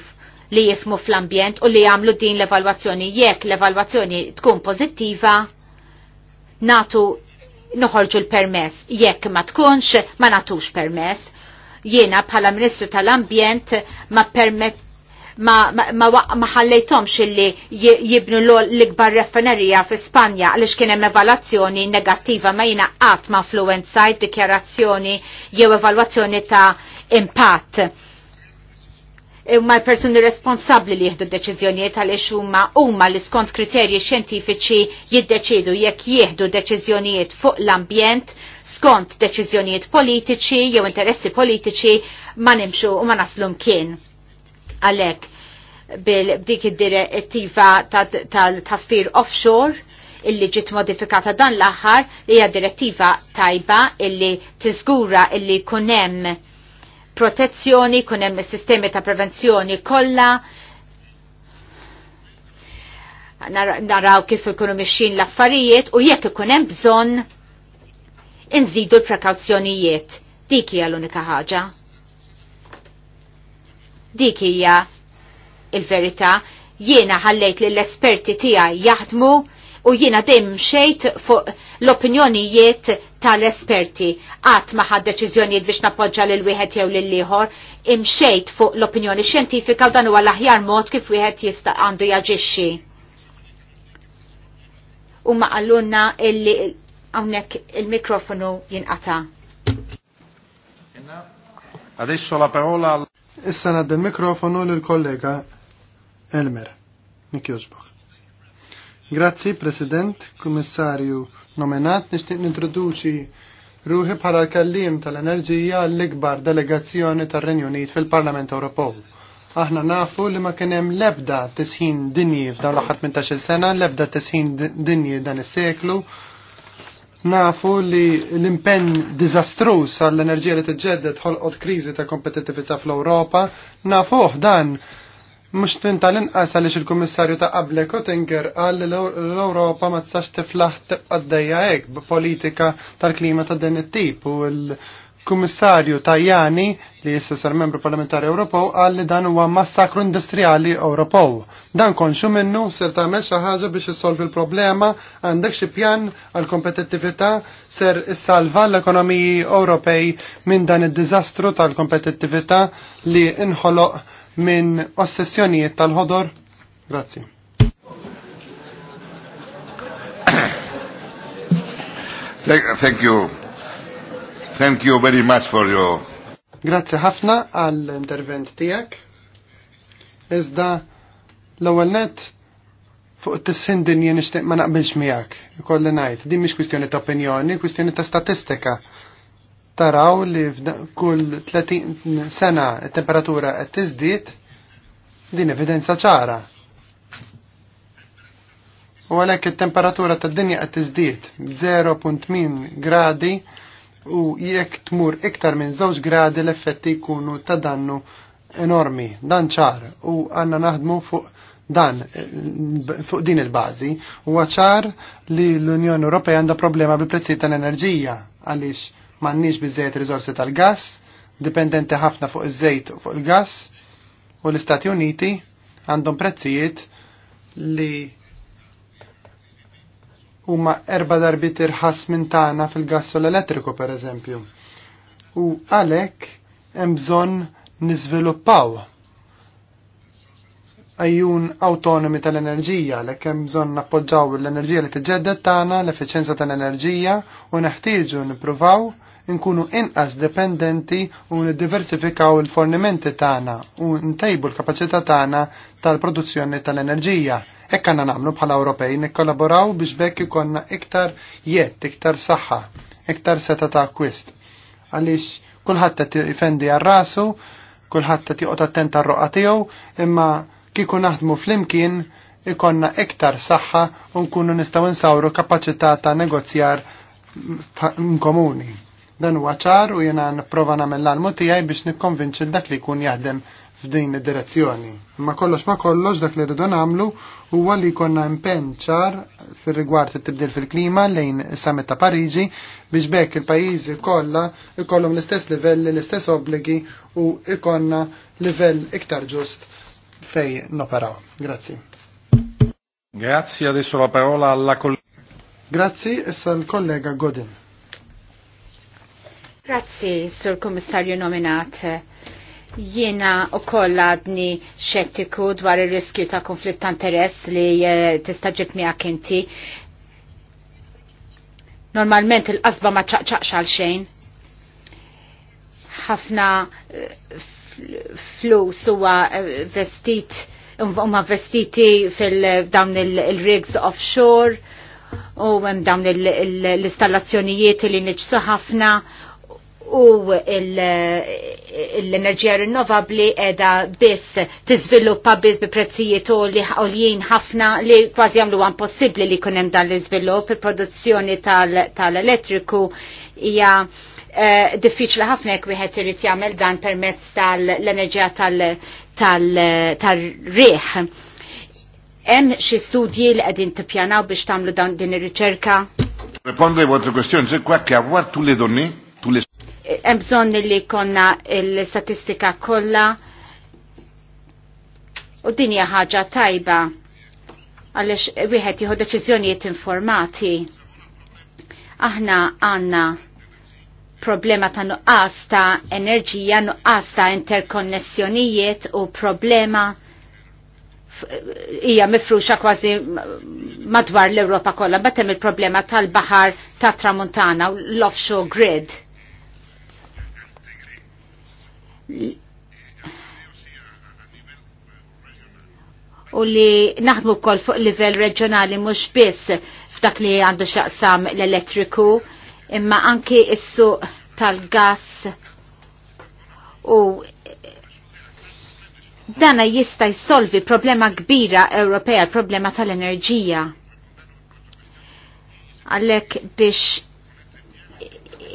li jifmu fl-ambjent u li jagħmlu din l-evalwazzjoni jekk l-evalwazzjoni tkun pożittiva natu noħorġu l-permess jekk ma tkunx ma natux permess jiena bħala Ministru tal-Ambjent ma permett ma, ma, ma, ma ħallejtomx illi jibnu l-ikbar refinerija fi Spanja għaliex kien hemm evalwazzjoni negattiva ma jiena qatt ma influenzajt dikjarazzjoni jew evalwazzjoni ta' impatt. Ma l-persuni responsabbli li jieħdu deċiżjonijiet għaliex huma huma li skont kriterji xjentifiċi jiddeċidu jekk jieħdu deċiżjonijiet fuq l-ambjent skont deċiżjonijiet politiċi jew interessi politiċi ma nimxu u ma naslu mkien Għalek, bil-dik id-direttiva tal-taffir offshore, illi ġiet modifikata dan l-aħħar li hija direttiva tajba illi tiżgura illi kunem protezzjoni, kunem sistemi ta' prevenzjoni kollha. Naraw kif ikunu mixin l-affarijiet u jekk ikun hemm bżonn inżidu l-prekawzjonijiet. Dik hija l-unika ħaġa. Dik hija il-verità. Jiena ħallejt lill esperti tiegħi jaħdmu u jiena dejjem xejt fuq l-opinjonijiet tal-esperti. Qatt ma ħad deċiżjonijiet biex nappoġġa lil wieħed jew lil ieħor, imxejt fuq l-opinjoni xjentifika u dan huwa l-aħjar mod kif wieħed jista' għandu jaġixxi. U ma qallunna illi hawnhekk il-mikrofonu jinqata'. Adesso la parola Issa naddi mikrofonu l-kollega Elmer. Nikjoġbok. Grazzi, President, Kummissarju nominat, nishtiq nintroduċi ruħi bħala l-kallim tal-enerġija l-ikbar delegazzjoni tar-Renju Unit fil-Parlament Ewropew. Aħna nafu li ma kien hemm l-ebda tisħin dinji f'dawn l-aħħar 18-il sena, l-ebda tisħin dinji dan is-seklu, nafu li l-impenn dizastrus għall-enerġija li ġeddet ħolqot kriżi ta' kompetitività fl-Ewropa, nafuh dan mhux tin tal-inqas għalix il-Kummissarju ta' qablek Oettinger qal li l-Ewropa ma tistax tiflaħ tibqa' għaddejja hekk b'politika tal-klima ta' din it-tip u l- kummissarju Tajani li jissa sar membru parlamentari Ewropew qal li dan huwa massakru industrijali Ewropew. Dan konxu minnu ser tagħmel xi ħaġa biex issolvi l-problema għandek xi pjan għal kompetittività ser issalva l-ekonomiji Ewropej minn dan id-diżastru tal-kompetittività li inħoloq minn ossessjonijiet tal-ħodor. Grazzi. Thank you. Thank you very much for your... Grazie ħafna għall-intervent tijak. Iżda l-ewwel net fuq tissin dinja nixtieq ma naqbilx miegħek. Ikolli ngħid, din mhix kwistjoni ta' opinjoni, kwistjoni ta' statistika. Taraw li kull 30 sena temperatura qed tiżdied din evidenza ċara. U għalhekk it-temperatura tad-dinja qed tiżdied 0.1 gradi u jekk tmur iktar minn żewġ gradi l-effetti jkunu ta' dannu enormi, dan ċar u għanna naħdmu fuq dan fuq din il-bażi huwa ċar li l-Unjoni Ewropea għandha problema bil-prezzijiet tal-enerġija għaliex m'għandniex biżejjed riżorsi tal-gass, dipendenti ħafna fuq iż-żejt u fuq il-gass, u l-Istati Uniti għandhom prezzijiet li huma erba darbit irħas minn tagħna fil-gassol elettriku pereżempju. U għalhekk hemm bżonn niżviluppaw għajjun autonomi tal-enerġija, l hemm bżonn nappoġġaw l-enerġija li tiġġedded tagħna, l-effiċenza tal-enerġija u neħtieġu nippruvaw nkunu inqas dependenti u diversifikaw il-fornimenti tagħna u ntejbu l-kapaċità tagħna tal-produzzjoni tal-enerġija Hekk għandna nagħmlu bħala Ewropej nikkollaboraw biex bekk ikonna iktar jett, iktar saħħa, iktar seta ta' akwist. Għaliex kulħadd qed ifendi għarrasu, rasu kulħadd qed joqgħod attent għar-roqa tiegħu, imma kieku naħdmu flimkien ikonna iktar saħħa u nkunu nistgħu nsawru kapaċità ta' negozjar komuni. Dan huwa ċar u jiena nipprova nagħmel l-almu tiegħi biex nikkonvinċi dak li jkun jaħdem f'din id-direzzjoni. Ma kollox ma kollox dak li rridu nagħmlu huwa li jkollna impenn ċar fir-rigward it-tibdil fil-klima lejn is-summit ta' Pariġi biex bekk il-pajjiżi kollha ikollhom l-istess livelli, l-istess obbligi u ikonna livell iktar ġust fej noperaw. Grazzi. Grazzi, adesso la parola alla collega. Grazzi, issa l-kollega Godin. Grazzi, Sur Kommissarju nominat. Jiena u koll għadni xettiku dwar il-riskju ta' konflitt ta' interess li eh, tistaġib mija inti. Normalment il-qasba ma ċaqċaqx għal xejn. ħafna eh, flus huwa eh, vestit huma vestiti fil-dawn il-rigs offshore u hemm dawn l-installazzjonijiet li niġsu ħafna u l-enerġija rinnovabli edha biss tiżviluppa biss bi prezzijiet u li ħoljien ħafna li kważi għamlu għan possibli li kunem dan l-izvilupp il-produzzjoni tal-elettriku hija eh, diffiċli ħafna jekk wieħed irid jagħmel dan permezz tal-enerġija tal-riħ. Hemm xi studji li qegħdin tippjanaw biex tagħmlu dan din ir-riċerka? Rispondre votre question, c'est quoi qui avoir tous hemm bżonn li konna l-statistika kollha u din hija ħaġa tajba għaliex wieħed jieħu deċiżjonijiet informati. Aħna għandna problema ta' nuqqas ta' enerġija, nuqqas ta' interkonnessjonijiet u problema hija mifruxa kważi madwar l-Ewropa kollha, hemm il-problema tal-baħar tat tramuntana u l-offshore grid u li naħdmu wkoll fuq livell reġjonali mhux biss f'dak li għandu xaqsam l-elettriku imma anki is-suq tal-gas u dana jista jsolvi problema kbira Ewropea, problema tal-enerġija. Għalek biex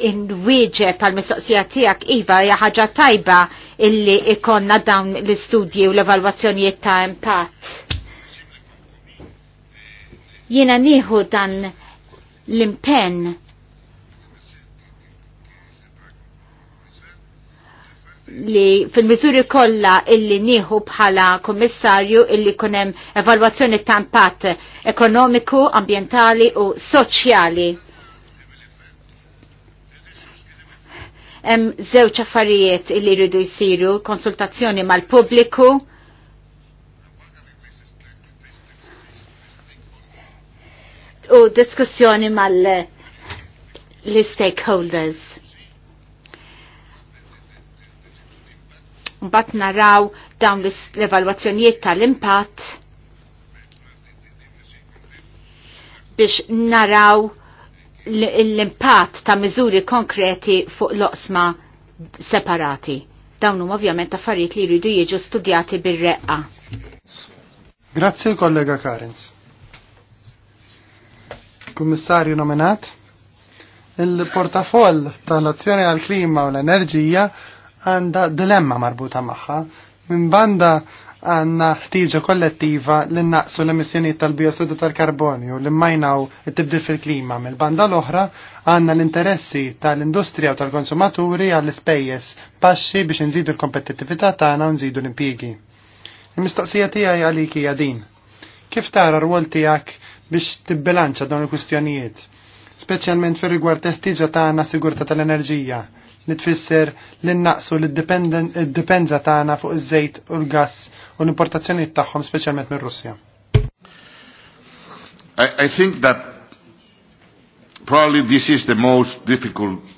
inwieġeb għal mistoqsija tiegħek iva hija ħaġa tajba illi ikonna dawn l-istudji u l-evalwazzjonijiet ta' impatt. Jiena nieħu dan l-impenn li fil-mizuri kolla illi nieħu bħala kummissarju illi kunem evalwazzjoni ta' impatt ekonomiku, ambientali u soċjali. Hemm żewġ affarijiet li jridu jsiru, konsultazzjoni mal-pubbliku, u diskussjoni mal li stakeholders Mbatt naraw dawn l-evalwazzjonijiet tal-impatt biex naraw l-impatt ta' miżuri konkreti fuq loqsma separati. Dawn huma ovvjament affarijiet li jridu jiġu studjati bir-reqqa. Grazzi kollega Karens. Kummissarju nominat, il-portafoll tal-azzjoni għal-klima u l-enerġija għanda dilemma marbuta magħha. Minn banda għanna ħtiġa kollettiva li naqsu l-emissjoniet tal-biossidu tal-karbonju li mmajnaw it-tibdil fil-klima. Mill-banda l-oħra għanna l-interessi tal-industrija u tal-konsumaturi għall spejjes paxxi biex nżidu l-kompetittività tagħna u nżidu l-impjiegi. Il-mistoqsija tiegħi għalik hija din. Kif tara r-rwol tiegħek biex tibbilanċa dawn il-kwistjonijiet? Speċjalment fir rigward teħtieġa tagħna sigurta tal-enerġija li tfisser li naqsu l-dipendenza tagħna fuq iż-żejt u l-gass u l-importazzjoni tagħhom speċjalment minn Russja. I, I think that probably this is the most difficult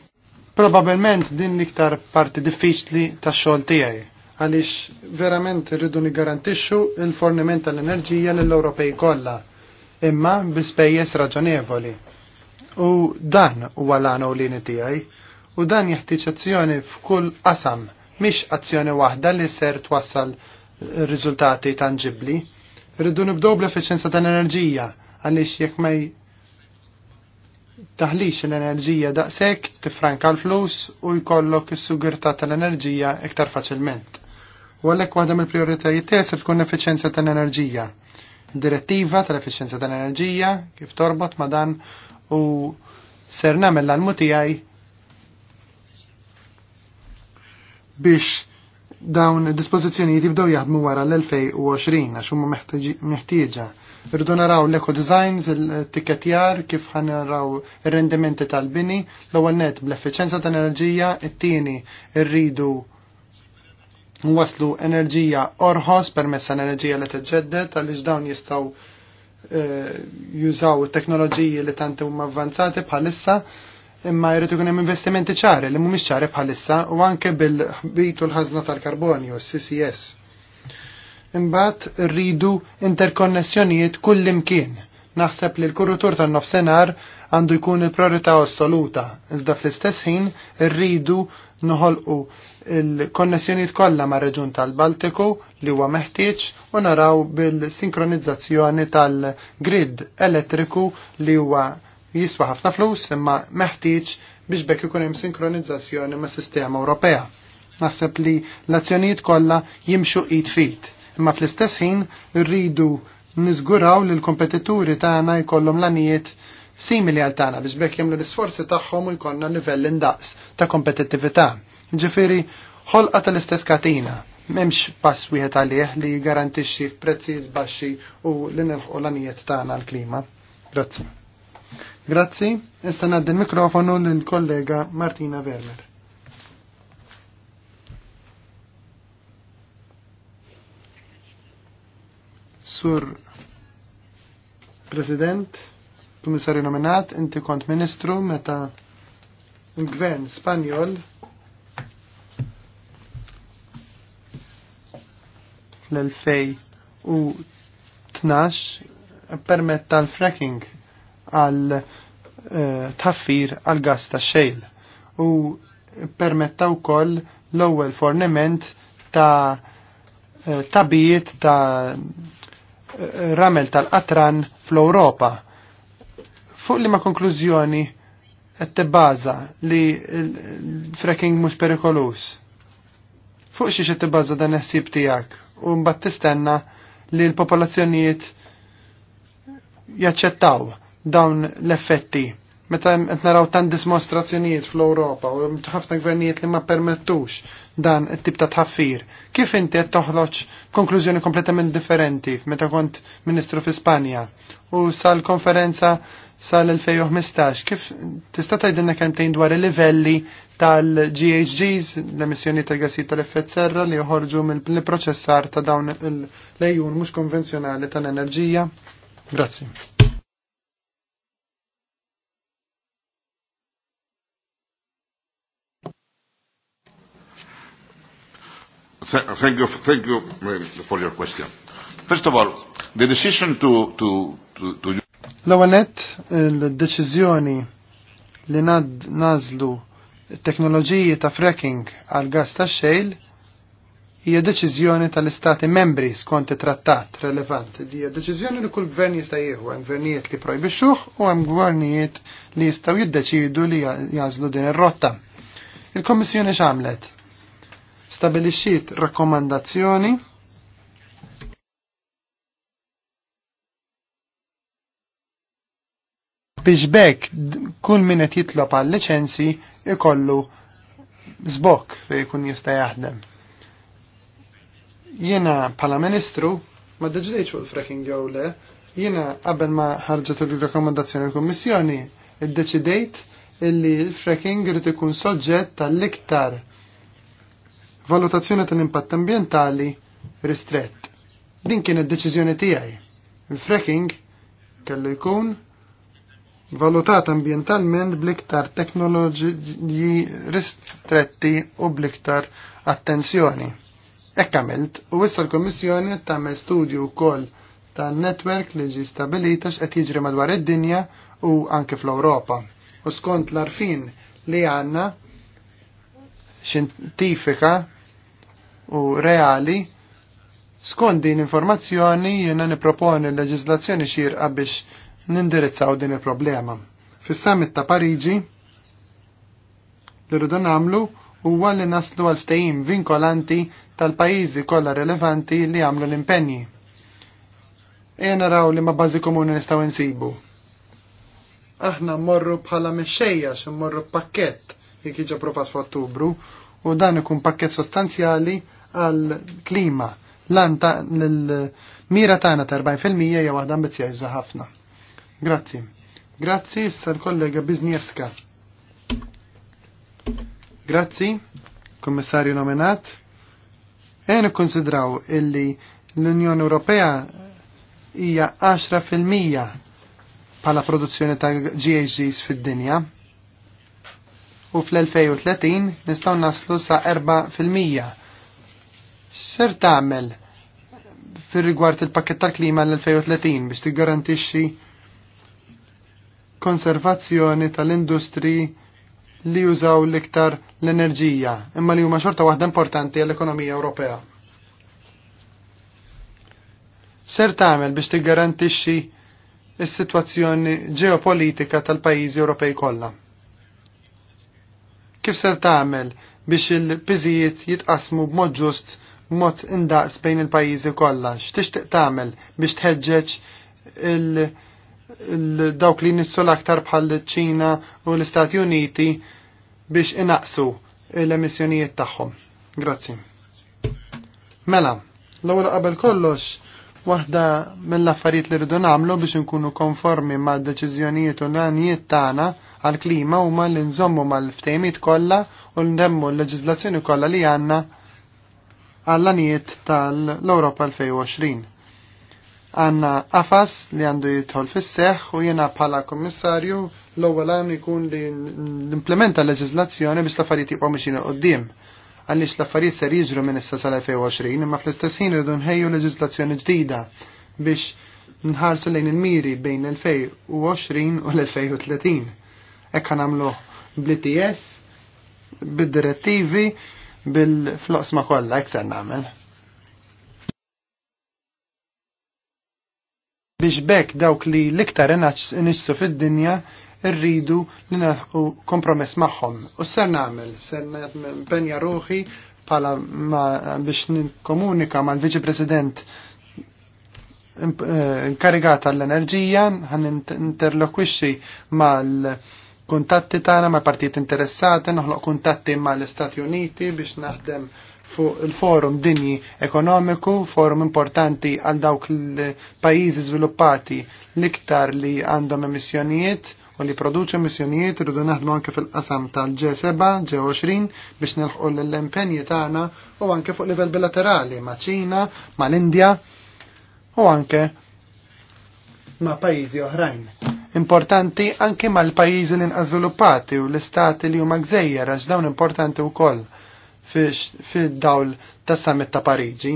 Probabilment din l-iktar parti diffiċli tax xogħol tiegħi għaliex verament irridu niggarantixxu il-forniment tal-enerġija lill-Ewropej kollha imma bi spejjeż raġonevoli. U dan huwa l għan u l tiegħi u dan jeħtieġ azzjoni f'kull qasam, mhix azzjoni waħda li ser twassal eh, riżultati tangibbli. Rridu nibdew bl-effiċjenza tal-enerġija għaliex jekk ma taħlix l-enerġija daqshekk tifranka l-flus u jkollok is-sugurtà tal-enerġija iktar faċilment. U għalhekk waħda mill-prijoritajiet tiegħek tkun l-effiċjenza tal-enerġija. Direttiva tal effiċenza tal-enerġija kif torbot ma dan u ser nagħmel l-almu tiegħi biex dawn id-dispożizzjonijiet jibdew jaħdmu wara l-2020 għax huma meħtieġa. Irridu naraw l-eco designs, il-tikketjar, kif ħanaraw ir-rendimenti tal-bini, l-ewwel net bl-effiċenza ta' enerġija it-tieni rridu waslu enerġija orħos permezz enerġija li tiġġedded għaliex dawn jistgħu eh, jużaw teknoloġiji li tant huma avvanzati bħalissa imma jrid ikun hemm investimenti ċari li mhumiex ċari bħalissa u anke bil-ħbitu l-ħażna tal-karbonju, CCS. Imbagħad rridu interkonnessjonijiet kull imkien. Naħseb li l-kurutur tan-nofsenar għandu jkun il-priorità assoluta, iżda fl-istess ħin rridu noħolqu il-konnessjoniet kollha ma' reġun tal-Baltiku li huwa meħtieġ u naraw bil-sinkronizzazzjoni tal-grid elettriku li huwa jiswa ħafna flus imma meħtieġ biex bekk ikun hemm sinkronizzazzjoni ma' sistema Ewropea. Naħseb li l-azzjonijiet kollha jimxu qid fit. Imma fl-istess ħin rridu niżguraw li l-kompetituri tagħna jkollhom l simili għal tagħna biex bekk jagħmlu l-isforzi tagħhom u jkollna livell indaqs ta' kompetittività. Ġifieri ħolqa tal-istess katina m'hemmx pass wieħed għalih li jgarantixxi f'prezzijiet baxxi u li nilħqu l għanijiet tagħna l-klima. Grazzi. Grazzi, issa naddi il-mikrofonu lill-kollega Martina Werner. Sur President, Kummissarju nominat, inti kont Ministru meta il-Gvern Spanjol l-2012 permetta l-fracking għal eh, taffir għal gas ta' xejl u permettaw kol l-ewwel forniment ta' eh, tabijiet ta' eh, ramel tal-qatran fl-Europa. Fuq li ma' konklużjoni qed tibbaża li fracking mhux perikolus. Fuq xi qed tibbaża dan il-ħsieb tiegħek u mbagħad tistenna li l-popolazzjonijiet jaċċettaw dawn l-effetti. Meta qed naraw tant dismostrazzjonijiet fl-Ewropa u ħafna gvernijiet li ma permettux dan it-tip ta' tħaffir, kif inti qed toħloġ konklużjoni kompletament differenti meta kont Ministru fi Spanja u sal-konferenza sal-2015, kif tista' tgħidilna kemm tgħin dwar il-livelli tal-GHGs, l-emissjoni tal gassijiet tal-effett serra li joħorġu mill-proċessar ta' dawn l-lejun mhux konvenzjonali tal-enerġija? Grazzi. Thank you, thank you for your question. First of all, the decision to... to, to, to... L-għanet, il-deċizjoni li nad nazlu teknoloġiji ta' fracking għal gas ta' xejl hija deċiżjoni tal-istati membri skont trattat relevant. Hija deċiżjoni li kull gvern jista' jieħu hemm gvernijiet li projbixxuh u hemm gvernijiet li jistgħu jiddeċidu li jażlu din ir-rotta. Il-Kommissjoni x'għamlet? Stabilixxiet rakkomandazzjoni biex bekk kull min qed jitlob għal liċenzi ikollu zbok fejn jkun jista' jaħdem. Jiena bħala Ministru ma deġdejtx fuq il-fracking jew le, jiena qabel ma ħarġet il-rakkomandazzjoni l-Kummissjoni iddeċidejt illi l-fracking irid ikun soġġett tal-iktar valutazzjoni tal-impatt ambientali ristrett. Din kienet deċiżjoni tiegħi. Il-fracking kellu jkun valutat ambientalment bliktar teknoloġiji ristretti u bliktar attenzjoni. Ekk għamilt, u issa l-Kommissjoni tagħmel studju wkoll ta' netwerk li ġi stabilita x'qed jiġri madwar id-dinja u anke fl-Ewropa. U skont l-arfin li għandna xintifika u reali skont din informazzjoni jiena niproponi l leġislazzjoni xirqa biex nindirizzaw din il-problema. Fis-summit ta' Pariġi li rridu nagħmlu huwa li naslu għal ftehim vinkolanti tal-pajjiżi kollha rilevanti li għamlu l-impenji. E naraw li ma' bażi komuni nistgħu insibu. Aħna mmorru bħala mexxejja mmorru pakkett jekk jiġi approvat f'Ottubru u dan ikun pakkett sostanzjali għal-klima. Lan ta' l-mira tagħna ta' 40% hija waħda ambizzjuża ħafna. Grazzi. Grazzi s-sar kollega Bizniewska. Grazzi, kommissarju nominat. Ejn konsidraw illi l-Unjoni Ewropea hija 10% bħala produzzjoni ta' GHGs fid-dinja. U fl-2030 nistgħu naslu sa' 4% ser tagħmel fir-rigward il-pakket tal-klima l-2030 biex tiggarantixxi konservazzjoni tal-industri li jużaw l-iktar l-enerġija, imma li huma xorta waħda importanti għall-ekonomija Ewropea. Ser tagħmel biex tiggarantixxi is-sitwazzjoni ġeopolitika tal-pajjiżi Ewropej kollha. Kif ser tagħmel biex il-piżijiet jitqasmu b'mod ġust mod indaqs bejn il-pajjiżi kollha. X'tixtieq tagħmel biex tħeġġeġ il-dawk li nissu l-aktar bħal ċina u l-Istati Uniti biex inaqsu l-emissjonijiet tagħhom. Grazzi. Mela, l-ewwel qabel kollox waħda mill-affarijiet li rridu nagħmlu biex inkunu konformi mad deċiżjonijiet u l-għanijiet tagħna għall-klima huma li nżommu mal-ftehimiet kollha u ndemmu l-leġiżlazzjoni kollha li għandna għall-anijiet tal-Europa 2020. Għanna għafas li għandu jitħol fis u jiena bħala kommissarju l-ewwel għam jkun li l-implementa l biex l-affarijiet jibqgħu mixin qudiem għaliex l-affarijiet ser jiġru minn issa sal-2020 imma fl-istess ħin irridu nħejju leġizlazzjoni ġdida biex nħarsu lejn il-miri bejn l-2020 u l-2030. Ekk għamluh bl-ITS, bid-direttivi bil-floqsma kollha hekk se nagħmel. Biex bekk dawk li l-iktar inixsu fid-dinja irridu li naħu kompromess magħhom. U ser nagħmel, ser penja ruħi pala ma biex nikkomunika mal-Viċi President eh, inkarigata l-enerġija, għan interlokwixi mal kuntatti tagħna ma' partit interessati, noħloq kuntatti mal istati Uniti biex naħdem fuq il-forum dinji ekonomiku, forum importanti għal dawk il pajjiżi żviluppati l-iktar li għandhom emissjonijiet u li produċu emissjonijiet rridu naħdmu anke fil-qasam tal-G7, G20 biex nilħqu l-impenji tagħna u anke fuq livell bilaterali ma' Ċina, mal-Indja u anke ma' pajjiżi oħrajn importanti anke mal-pajjiżi li nqażviluppati u l-istati li huma gżejjer għax dawn importanti wkoll fid-dawl tas-summit ta' Pariġi.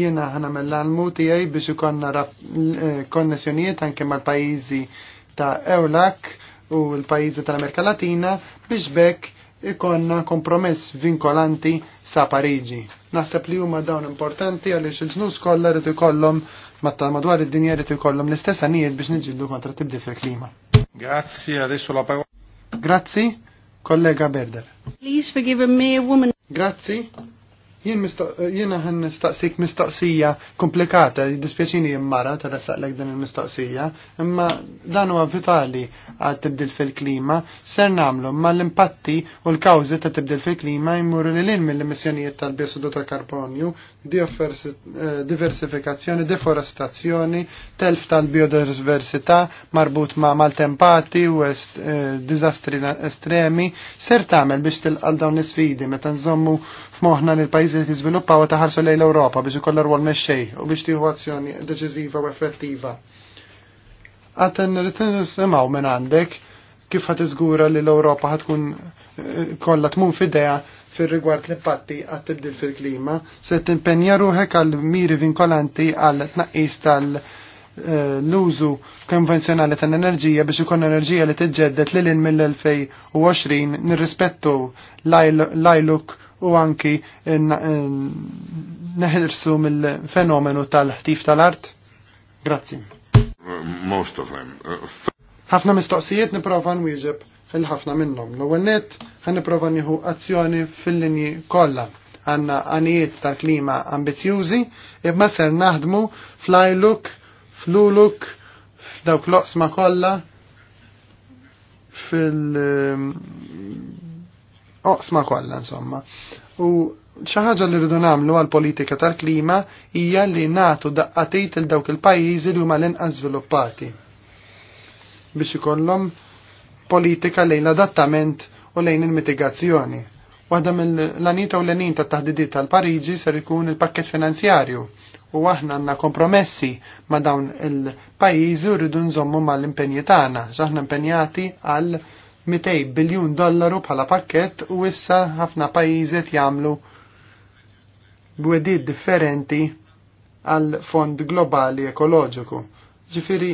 Jiena ħana l-almu tiegħi biex ikonna eh, konnessjonijiet anke mal-pajjiżi ta' Ewlak u l-pajjiżi tal-Amerika Latina biex bekk ikonna kompromess vinkolanti sa' Pariġi. Naħseb li huma dawn importanti għaliex il-ġnus kollha rid ikollhom matta madwar id-dinja li tikollhom l-istess għanijiet biex niġġieldu kontra tibdil fil-klima. Grazzi, adesso la parola. Grazzi, kollega Berder. Please forgive me a woman. Grazzi. Jiena ħan nistaqsik mistoqsija komplikata, dispjaċini jimmara ta' saqlek din il-mistoqsija, imma dan huwa vitali għal tibdil fil-klima, ser namlu ma l-impatti u l-kawzi ta' tibdil fil-klima jmurru li l-in mill-emissjonijiet tal-biossidu tal-karbonju Eh, diversifikazzjoni, deforestazzjoni, telf tal-biodiversità marbut ma' maltempati u eh, dizastri estremi, ser tagħmel biex tilqal dawn is-sfidi meta nżommu f'moħħna li l-pajjiżi li jiżviluppaw taħarsu lejn l-Ewropa biex ikollha rwol mexxej u biex tieħu azzjoni deċiżiva u effettiva. Għatan rrid nisimgħu minn għandek kif ħat iżgura li l-Ewropa ħatkun eh, kollha tmun f'idea fil-rigward l-impatti għat tibdil fil-klima se t-impenja ruħek għal miri vinkolanti għal tnaqqis tal-użu konvenzjonali tal-enerġija biex ikun enerġija li l lil mill-2020 nirrispettu l-ajluk u anki neħirsu mill-fenomenu tal-ħtif tal-art? Grazzi. Uh, most of them. Uh, Ħafna mistoqsijiet niprofa nwieġeb il-ħafna minnhom. L-ewwel nett ħanipprova nieħu azzjoni fil-linji kollha għanna għanijiet tal-klima ambizjużi, imma ser naħdmu flajluk, fluluk, f'dawk loqsma kolla, fil-oqsma kolla, insomma. U ħaġa li rridu namlu għal-politika tal-klima hija li natu daqqatejt il dawk il-pajjiżi li huma l-inqas żviluppati. biex ikollhom politika lejn l-adattament u lejn il-mitigazzjoni. Waħda mill-lanita u l-lenin ta' taħdidiet tal-Pariġi ser ikun il-pakket finanzjarju u aħna għanna kompromessi ma' dawn il-pajizi u rridu nżommu mal-impenji tagħna, ġaħna impenjati għal 200 biljun dollaru bħala pakket u issa ħafna pajizi jagħmlu bwedid differenti għal fond globali ekoloġiku. Ġifiri,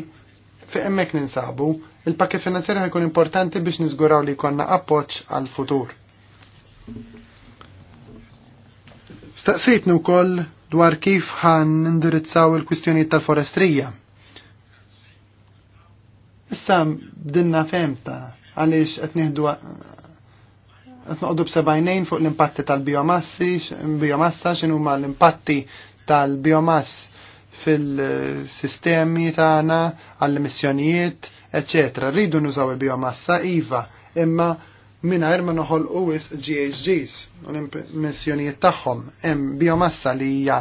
fi emmek ninsabu, Il-pakket finanzjarju ħajkun importanti biex niżguraw li jkollna appoġġ għal futur. Staqsejtnu wkoll dwar kif ħan indirizzaw il-kwistjonijiet tal-forestrija. Issa dinna femta għaliex qed nieħdu qed noqogħdu b'sebajnejn fuq l-impatti tal-biomassi, biomassa x'in huma l-impatti tal-biomass fil-sistemi tagħna għall-emissjonijiet, eċetera. Rridu nużaw il-biomassa iva, imma mingħajr ma noħolqu uwis GHGs u l-emissjonijiet tagħhom. biomassa li hija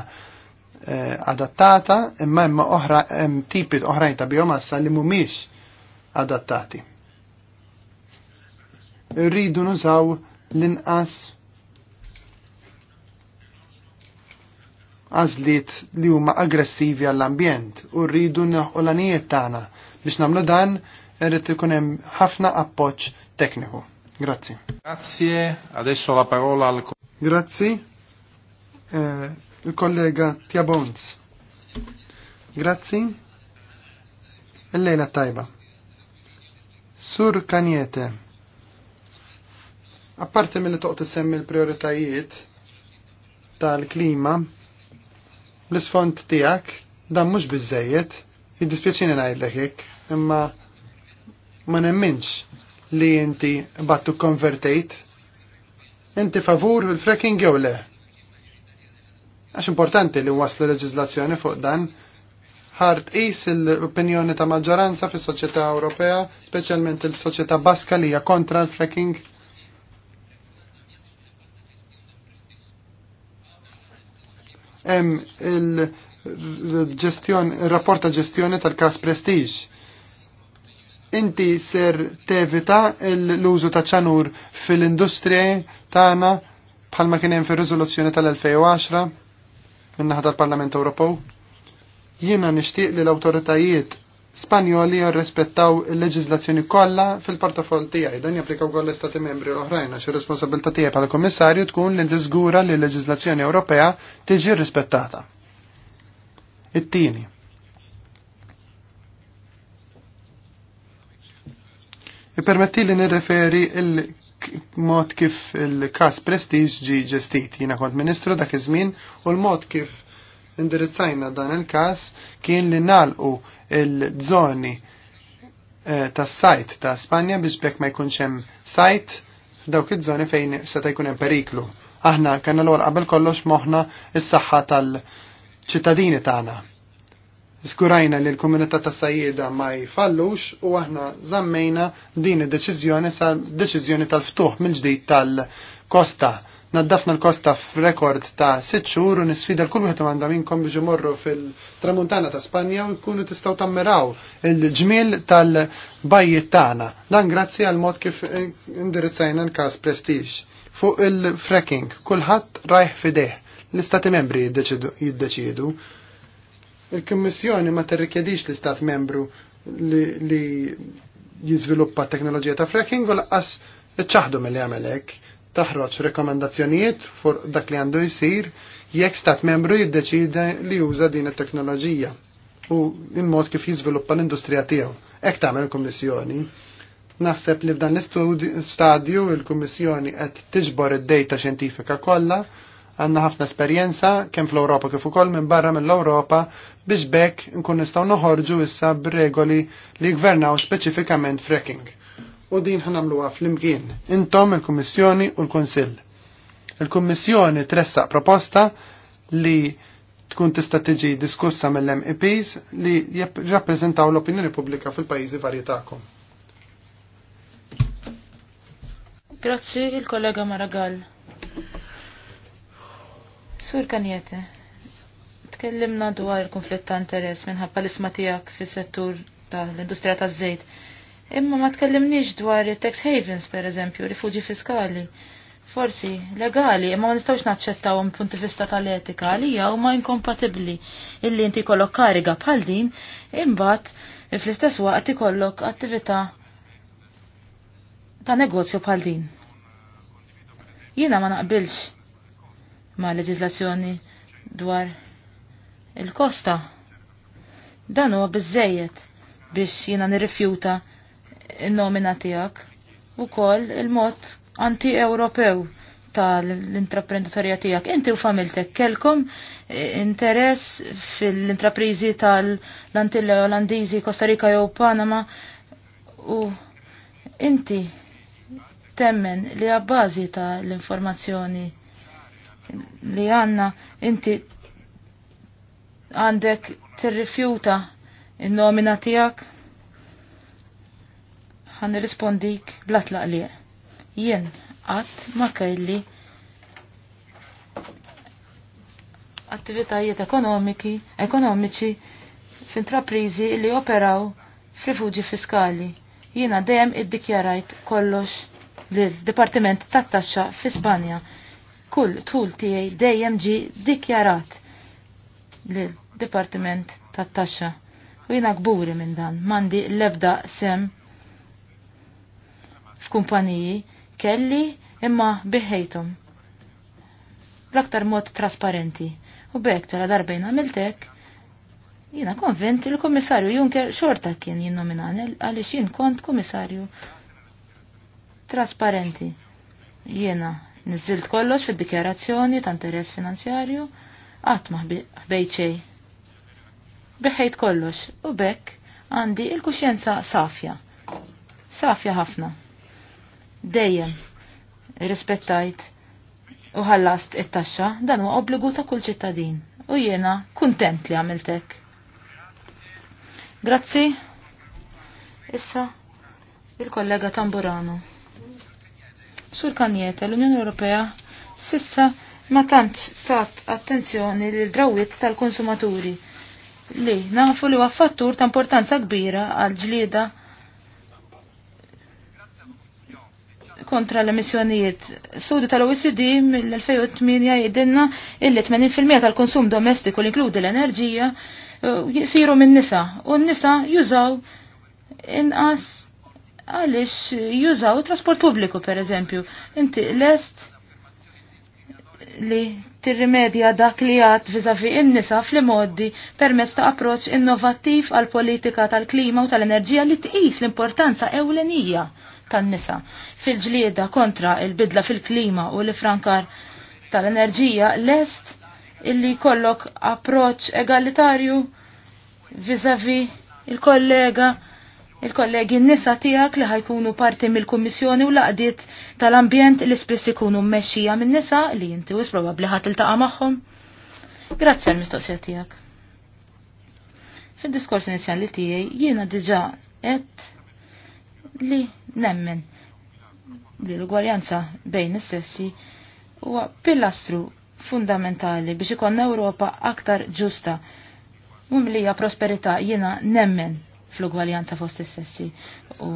eh, adattata, imma imma oħra hemm tipit oħrajn ta' biomassa li mhumiex adattati. Rridu nużaw l-inqas għazliet li huma aggressivi għall-ambjent u rridu naħu l-anijiet tagħna Biex namlu dan, irrid ikun hemm ħafna appoġġ tekniku. Grazzi. Grazie, adesso la parola al Grazzi. Eh, il-kollega Tiabons. Grazzi. il e tajba. Sur Kanjete. Apparti mille toqt semmi l-prioritajiet tal-klima, l-isfond tijak, dan mhux bizzejiet, Jiddispjaċini ngħidlek hekk, imma ma nemminx li inti battu konvertejt. Inti favur il-fracking jew le? Għax importanti li waslu leġizlazzjoni fuq dan ħart is l-opinjoni ta' maġġoranza fis soċjetà Ewropea, speċjalment il-soċjetà Baska li hija kontra l-fracking? Hemm rapport ta' ġestjoni tal-kas Prestige. Inti ser tevita l-użu ta' ċanur fil-industrija tagħna bħalma kien hemm fir-riżoluzzjoni tal-2010 min-naħa tal-Parlament Ewropew. Jiena nixtieq li l-awtoritajiet Spanjoli jirrespettaw il-leġizlazzjoni kollha fil-portafol tiegħi. Dan japplikaw kollha l-Istati membri l-oħrajn għax ir-responsabilità tiegħi bħala Kummissarju tkun li tiżgura li l-leġizlazzjoni Ewropea tiġi rispettata. It-tieni. Ipermetti li nirreferi il-mod kif il-kas prestiġ ġi ġestit. Jina kont ministru dak iż-żmien u l-mod kif indirizzajna dan il-kas kien li nalqu il-żoni eh, tas sajt ta' Spanja biex bekk ma jkunx hemm sajt f'dawk iż-żoni fejn seta' jkun hemm periklu. Aħna kellna l qabel kollox moħħna is-saħħa tal- ċittadini tagħna. Skurajna li l-komunità ta' sajjida ma jfallux u aħna zammejna din id-deċiżjoni sa' deċiżjoni tal-ftuħ mill-ġdid tal-kosta. Naddafna l-kosta f'rekord ta' 6 xhur u nisfida l-kull wieħed għandha minnkom biex imorru fil-tramuntana ta' Spanja u jkunu tistgħu tammiraw il-ġmiel tal-bajjiet tagħna. Dan grazzi għal mod kif indirizzajna l-każ prestiġ. Fuq il-fracking, kulħadd rajh fideh l-istati membri jiddeċidu. Il-Kommissjoni ma terrikjedix l-istat membru li jizviluppa teknoloġija ta' fracking u laqqas ċaħdu mill għamelek taħroġ rekomendazzjonijiet fuq dak li għandu jisir jekk stat membru jiddeċida li juża din it-teknoloġija u il-mod kif jiżviluppa l-industrija tiegħu. Hekk tagħmel il-Kummissjoni. Naħseb li f'dan l-istadju il-Kummissjoni qed tiġbor id-dejta xjentifika kollha Għanna ħafna esperjenza kemm fl-Ewropa kif ukoll minn barra mill-Ewropa biex bekk nkun nistgħu noħorġu issa b'regoli li gvernaw speċifikament fracking. U din ħanamluha fl-imkien intom il-Kummissjoni u l-Kunsill. Il-Kummissjoni tressaq proposta li tkun tista' tiġi diskussa mill-MEPs li jirrappreżentaw l-opinjoni pubblika fil-pajjiżi varji tagħkom. Grazzi il-kollega Maragall. Sur kanjete, tkellimna dwar il-konflitt ta' interess minħabba l-isma tiegħek fis-settur tal-industrija taż-żejt. Imma ma tkellimniex dwar tax havens pereżempju, rifuġi fiskali. Forsi, legali, imma ma nistgħux naċċettaw minn punti vista tal-etika għalija huma inkompatibbli illi inti jkollok kariga bħal din imbagħad fl-istess waqt ikollok attività ta' negozju bħal din. Jiena ma naqbilx ma' leġislazzjoni dwar il-kosta. Dan huwa biżejjed biex jiena nirrifjuta n nomina tiegħek ukoll il-mod anti-Ewropew tal-intraprenditorja tiegħek. Inti u familtek kelkom eh, interess fil-intraprizi tal-Antille Olandizi, Costa Rica jew Panama u inti temmen li għabbażi tal-informazzjoni li għanna inti għandek tirrifjuta il-nomina tijak Għan rispondik blatlaq li jien għat ma kelli attivitajiet ekonomiki, ekonomiċi f'intraprizi li operaw f'rifugi fiskali. Jiena dejjem iddikjarajt kollox lil Dipartiment tat-Taxxa fi Spanja Kull tul tiegħi dejjem ġi dikjarat lill Dipartiment tat-Taxxa. U jiena kburi minn dan, mandi l-ebda sem f'kumpaniji kelli imma biħejtom. L-aktar mod trasparenti. U bekk tara darbejn għamiltek, jiena konvent il-Kummissarju Juncker xorta kien jinnominani għaliex jien kont Kummissarju trasparenti. Jiena Nizzilt kollox fid-dikjarazzjoni ta' interess finanzjarju, għatma ma ħbejt Beħejt kollox u bekk għandi il-kuxjenza safja. Safja ħafna. Dejjem rispettajt u ħallast it-taxxa dan huwa obbligu ta' kull ċittadin u jiena kuntent li għamiltek. Grazzi. Issa il-kollega Tamburano. Sur kanjeta l-Unjoni Ewropea sissa ma tantx tat attenzjoni lil drawiet tal-konsumaturi li nafu li huwa fattur ta' importanza kbira għal ġlieda kontra l-emissjonijiet. Sudu tal-OECD mill-2008 jgħidilna illi 80% tal-konsum domestiku li inkludi l-enerġija uh, jisiru minn nisa u n-nisa jużaw inqas għaliex jużaw trasport pubbliku per eżempju. Inti lest li tirrimedja dak li għad vizavi in-nisa fl-moddi permezz ta' approċ innovattiv għal politika tal-klima u tal-enerġija li tqis l-importanza ewlenija tan-nisa fil-ġlieda kontra il-bidla fil-klima u l-frankar tal-enerġija lest illi kollok approċ egalitarju vizavi il-kollega il-kollegi n-nisa tijak li ħajkunu parti mill-Kummissjoni u laqdiet tal-ambjent li spiss ikunu mmexxija minn nisa li inti wis ħat il-taqa magħhom. Grazzi għal mistoqsija tiegħek. Fid-diskors inizjali tiegħi jiena diġà qed li nemmen li l-ugwaljanza bejn is-sessi huwa pilastru fundamentali biex ikonna Ewropa aktar ġusta u prosperita prosperità jiena nemmen fl-ugwaljanza fost is-sessi u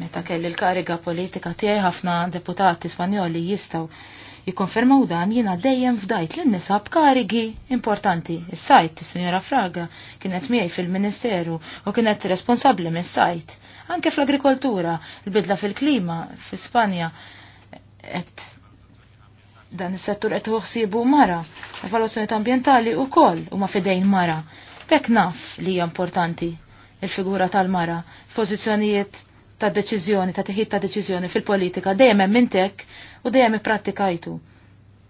meta kelli l-kariga politika tiegħi ħafna deputati Spanjoli jistgħu jikkonfermaw dan jiena dejjem fdajt lin nisa b'karigi importanti. Is-sajt, is-Sinjora Fraga, kienet miegħi fil-Ministeru u kienet responsabbli mis-sajt. Anke fl-agrikoltura, l-bidla fil-klima fi Spanja et dan is-settur qed uħsibu mara, evaluazzjoni ambjentali wkoll huma fidejn mara. Pek naf li hija importanti il-figura tal-mara, f'pożizzjonijiet ta' deċiżjoni, ta' tiħit ta' deċiżjoni fil-politika, dejjem hemm u dejjem ipprattikajtu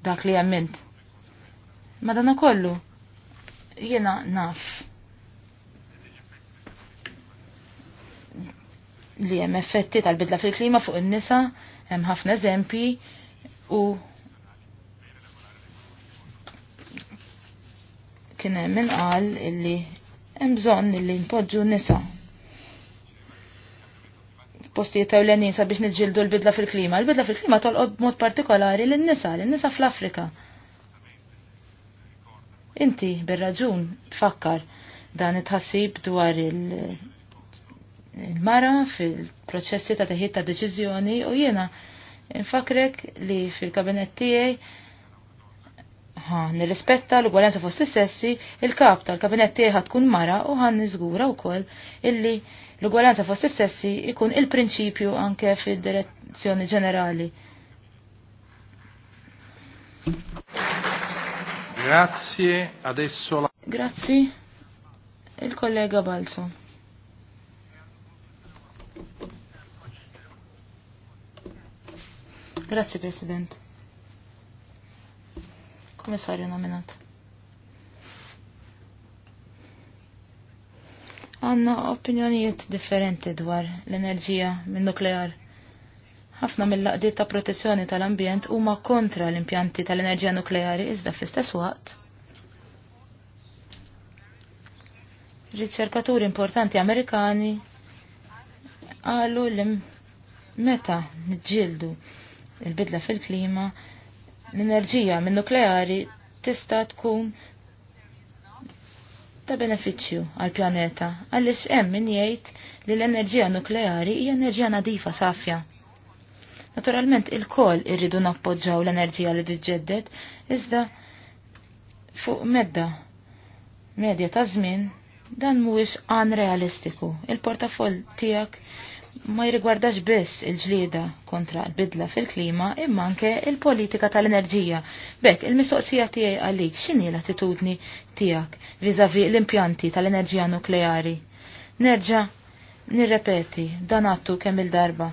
dak li hemm int. Madana kollu, jiena naf. li hemm effetti tal-bidla fil-klima fuq in-nisa, hemm ħafna eżempji u kien hemm qal illi hemm bżonn li npoġġu nisa postijiet ta' l-nisa biex nġildu l-bidla fil-klima. L-bidla fil-klima tolqod mod partikolari l-nisa, l-nisa fl-Afrika. Inti, bir-raġun, tfakkar dan it-ħassib dwar il-mara fil-proċessi ta' teħid ta' deċiżjoni u jiena infakrek li fil-kabinet tiegħi nirrispetta l-ugwalenza fost sessi il-kap tal-kabinett tieħa tkun mara u ħan niżgura wkoll illi l-ugwalenza fost sessi ikun il-prinċipju anke fid-direzzjoni ġenerali. Grazie, adesso la... Grazie, il collega Balzo. Grazie, Presidente komissarju nominat. Għanna opinjonijiet differenti dwar l-enerġija minn nuklear. Ħafna mill-laqdiet ta' protezzjoni tal-ambjent huma kontra l-impjanti tal-enerġija nukleari iżda fl-istess waqt. Riċerkaturi importanti Amerikani qalu li meta nġildu il-bidla fil-klima l-enerġija minn nukleari tista' tkun ta' beneficju għal pjaneta għaliex hemm min jgħid li l-enerġija nukleari hija enerġija nadifa safja. Naturalment il-kol irridu nappoġġaw l-enerġija li tiġġedded iżda fuq medda medja ta' żmien dan mhuwiex għan realistiku. Il-portafoll tiegħek ma jirgwardax biss il-ġlieda kontra l-bidla fil-klima imma anke il-politika tal-enerġija. Bek, il-mistoqsija tiegħi għalik x'inhi l-attitudni tiegħek viżavi l-impjanti tal-enerġija nukleari. Nerġa' nirrepeti dan għattu kemm il-darba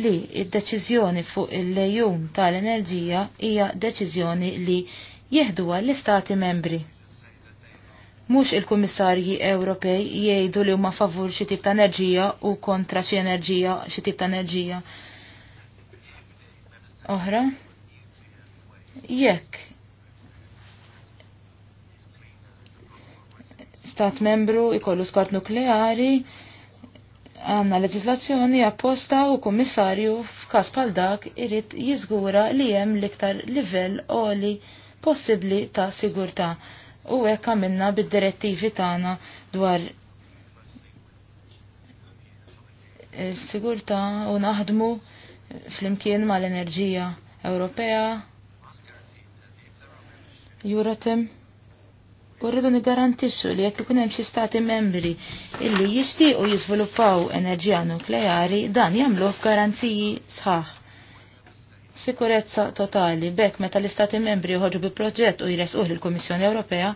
li id-deċiżjoni fuq il-lejum tal-enerġija hija deċiżjoni li jeħduha l-istati membri. Mhux il-kummissarji Ewropej jgħidu li huma favur xi tip ta' enerġija u kontra xi enerġija xi tip ta' enerġija. Oħra? Jekk. Stat membru ikollu skort nukleari għanna leġislazzjoni apposta u kummissarju f'każ bħal dak irid jiżgura li hemm l-iktar livell oli possibbli ta' sigurtà u hekk għamilna bid-direttivi tagħna dwar sigurta u naħdmu fl-imkien mal-enerġija Ewropea, Juratem? u rridu nigarantixxu li jekk ikun hemm xi stati membri illi jixtiequ jiżviluppaw enerġija nukleari dan jagħmluh garanziji sħaħ. Sikurezza totali, bekk meta l-Istati membri joħorġu bi proġett u jresquh lill-Kummissjoni Ewropea,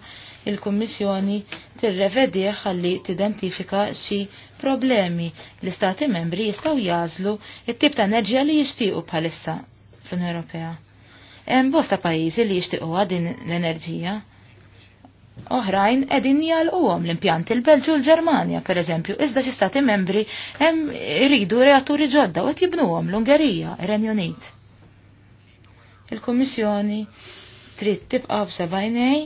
il-Kummissjoni tirrevedih ħalli tidentifika xi problemi l-Istati membri jistgħu jażlu it-tip ta' enerġija li jixtiequ bħalissa fl-Unjoni Ewropea. Hemm bosta pajjiżi li jixtiequ din l-enerġija. Oħrajn edin jgħalquhom l-impjanti l-Belġu l-Ġermanja, per eżempju, iżda xi stati membri hemm iridu reaturi ġodda u qed jibnuhom l-Ungerija, ir-Renju Unit il-Kummissjoni trid tibqa' b'sebgħinej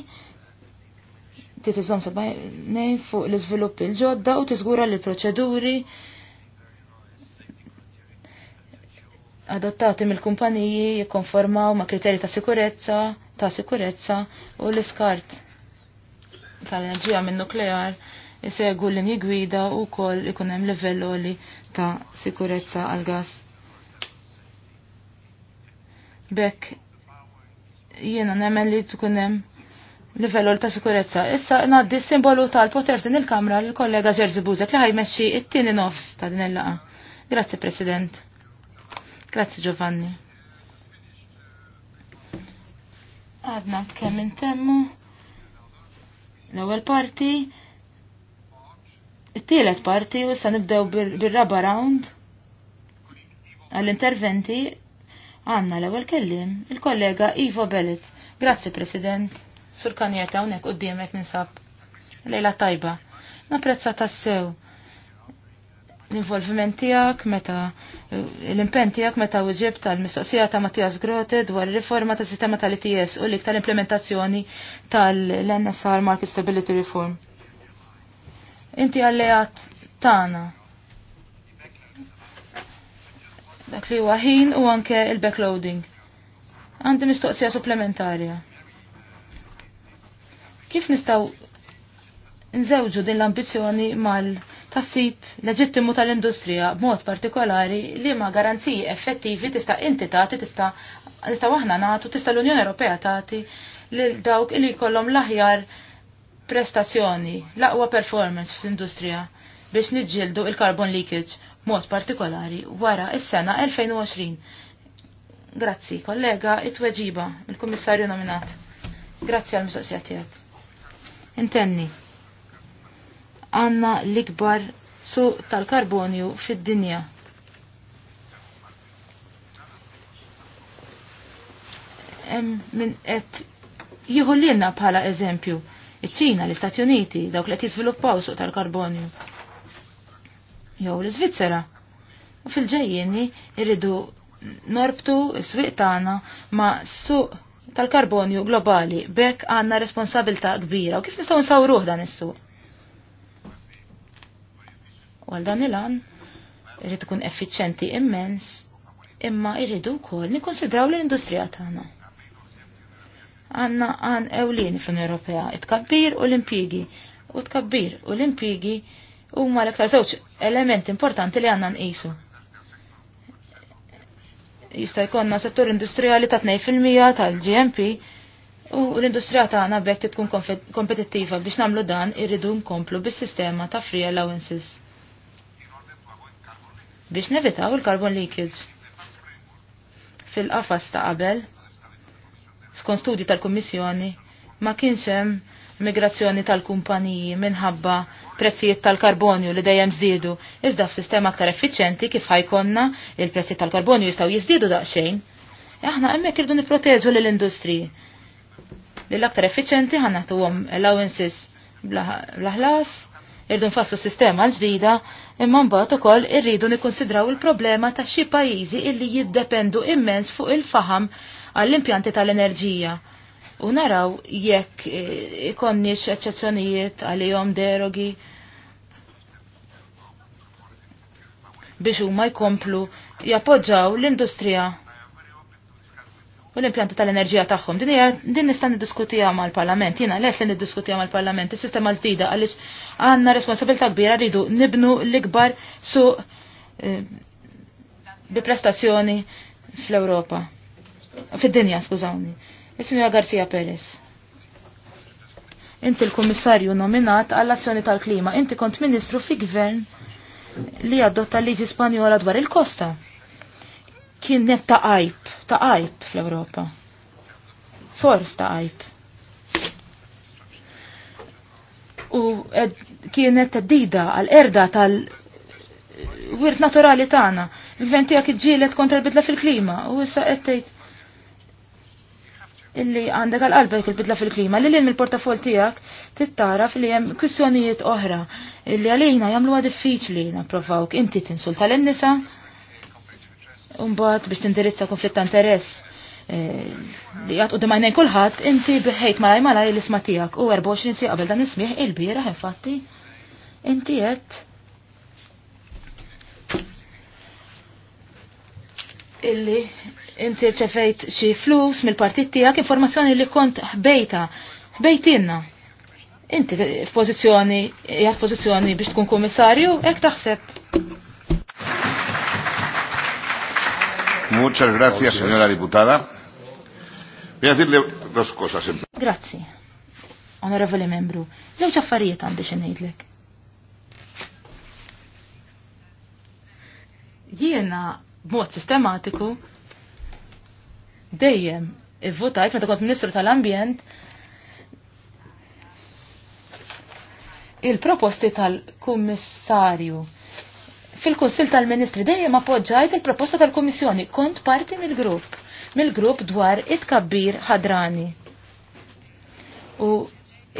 trid iżomm sebgħinej fuq l-iżvilupp il-ġodda u tiżgura li l proċeduri adottati mill-kumpaniji jikkonformaw ma' kriterji ta' sikurezza, ta' sikurezza u l-iskart tal-enerġija minn nuklear isegwu l-linji gwida u kol ikun hemm livello ta' sikurezza għal gas Bekk jiena nemmen li tkunem livello ta' sikurezza. Issa ngħaddi simbolu tal-poter din il-kamra l-kollega Ġerzi Buzek li ħajmexxi it-tieni nofs ta' din il-laqa. Grazzi President. Grazzi Giovanni. Għadna kemm intemmu l-ewwel parti, it-tielet parti u issa nibdew bir-raba round għall-interventi Għanna l-ewwel kellim, il-kollega Ivo Bellet. Grazzi President, sur kanjeta hawnhekk quddiemek ninsab. Lejla tajba. tas tassew l-involviment tiegħek meta l-impenn tiegħek meta ġib tal-mistoqsija ta' Mattias Grote dwar riforma tas sistema tal-ITS u lik tal-implementazzjoni tal-NSR Market Stability Reform. Inti għallejat tagħna dak li huwa ħin u anke il-backloading. Għandi mistoqsija supplementarja. Kif nistaw nżewġu din l-ambizjoni mal-tassib leġittimu tal-industrija b'mod partikolari li ma garanziji effettivi tista' inti tagħti tista' nista' aħna nagħtu tista' l-Unjoni Ewropea tagħti lil dawk li jkollhom l-aħjar prestazzjoni, l-aqwa performance fl-industrija biex niġġieldu il-carbon leakage mod partikolari wara is-sena 2020. Grazzi, kollega, it-tweġiba mill-Kummissarju nominat. Grazzi għal mistoqsija tiegħek. Intenni. Għanna l-ikbar su tal-karbonju fid-dinja. Min qed jieħu lilna bħala eżempju. Iċ-Ċina, l-Istati Uniti, dawk li qed suq tal-karbonju jew l-Iżvizzera. U fil-ġejjeni irridu norbtu s-swieq tagħna ma' suq tal-karbonju globali bekk għandna responsabilità kbira u kif nistgħu nsawruh dan is-suq. Għal dan il-għan irrid ikun effiċjenti immens imma irridu wkoll nikkonsidraw l-industrija tagħna għanna għan ewlieni fl-Unjoni Ewropea, it-kabbir u l-impjigi. U t-kabbir u l-impjigi ma l-iktar żewġ elementi importanti li għandna nqisu. Jista' jkollna settur industrijali ta' 2% tal-GMP u l-industrija tagħna bekk tkun kompetittiva biex nagħmlu dan irridu nkomplu bis-sistema ta' free allowances. Biex nevitaw il-carbon leakage. Fil-qafas ta' qabel, skont studji tal-Kummissjoni, ma kienx hemm migrazzjoni tal-kumpaniji minħabba prezzijiet tal-karbonju li dejjem żdiedu, iżda f'sistema aktar effiċjenti kif ħajkonna il-prezzijiet tal-karbonju jistgħu jiżdiedu daqsxejn. E aħna hemmhekk irdu nipproteżu lill industriji li l-aktar effiċjenti ħan nagħtuhom allowances bl-ħlas, irdu nfasslu sistema l-ġdida, imma mbagħad ukoll irridu nikkonsidraw il-problema ta' xi pajjiżi illi jiddependu immens fuq il-faham għall-impjanti tal-enerġija u naraw jekk eh, ikonniex eċċezzjonijiet għalihom derogi biex huma jkomplu jappoġġaw l-industrija u l-impjanti tal-enerġija tagħhom. Din hija din nista' niddiskutija mal-Parlament. Jiena les li niddiskutija mal-Parlament is-sistema l-ġdida għaliex għandna responsabilità kbira rridu nibnu l-ikbar su eh, bi prestazzjoni fl-Ewropa. Fid-dinja, skużawni. Is-Sinjora Garcia Perez. Inti l-Kummissarju nominat għall-azzjoni tal-klima. Inti kont ministru fi gvern li adotta liġi Spanjola dwar il-kosta. Kienet ta' għajb, ta' għajb fl-Ewropa. Sors ta' għajb. U kienet teddida għal-erda tal- wirt naturali tagħna. il ventija tiegħek kontra l-bidla fil-klima u issa qed tgħid illi għandek għal qalbek il-bidla fil-klima li l-in mill-portafol tijak tittara fil hemm kwistjonijiet oħra illi għalina jamluwa diffiċli naprofawk inti tinsulta l-nisa Umbat biex tindirizza konflitt ta' interess eh, li għat u d-majnejn kullħat inti biħejt malaj malaj l-isma tijak u 24 si qabel dan ismiħ il-bira infatti inti jett illi inti rċefejt xi flus mill-partit tiegħek informazzjoni li kont ħbejta, ħbejtinna. Inti f'pożizzjoni hija f'pożizzjoni biex tkun kummissarju, hekk taħseb. Muchas gracias, señora diputada. Voy a decirle dos cosas. Grazie, onorevole membru. Lew ċaffarijiet għandi ngħidlek? Jiena, b'mod sistematiku, dejjem ivvutajt meta kont Ministru tal-Ambjent il-proposti tal-Kummissarju fil-Kunsil tal-Ministri dejjem appoġġajt il-proposta tal-Kummissjoni kont parti mill-grupp mill-grupp dwar it-kabbir ħadrani. U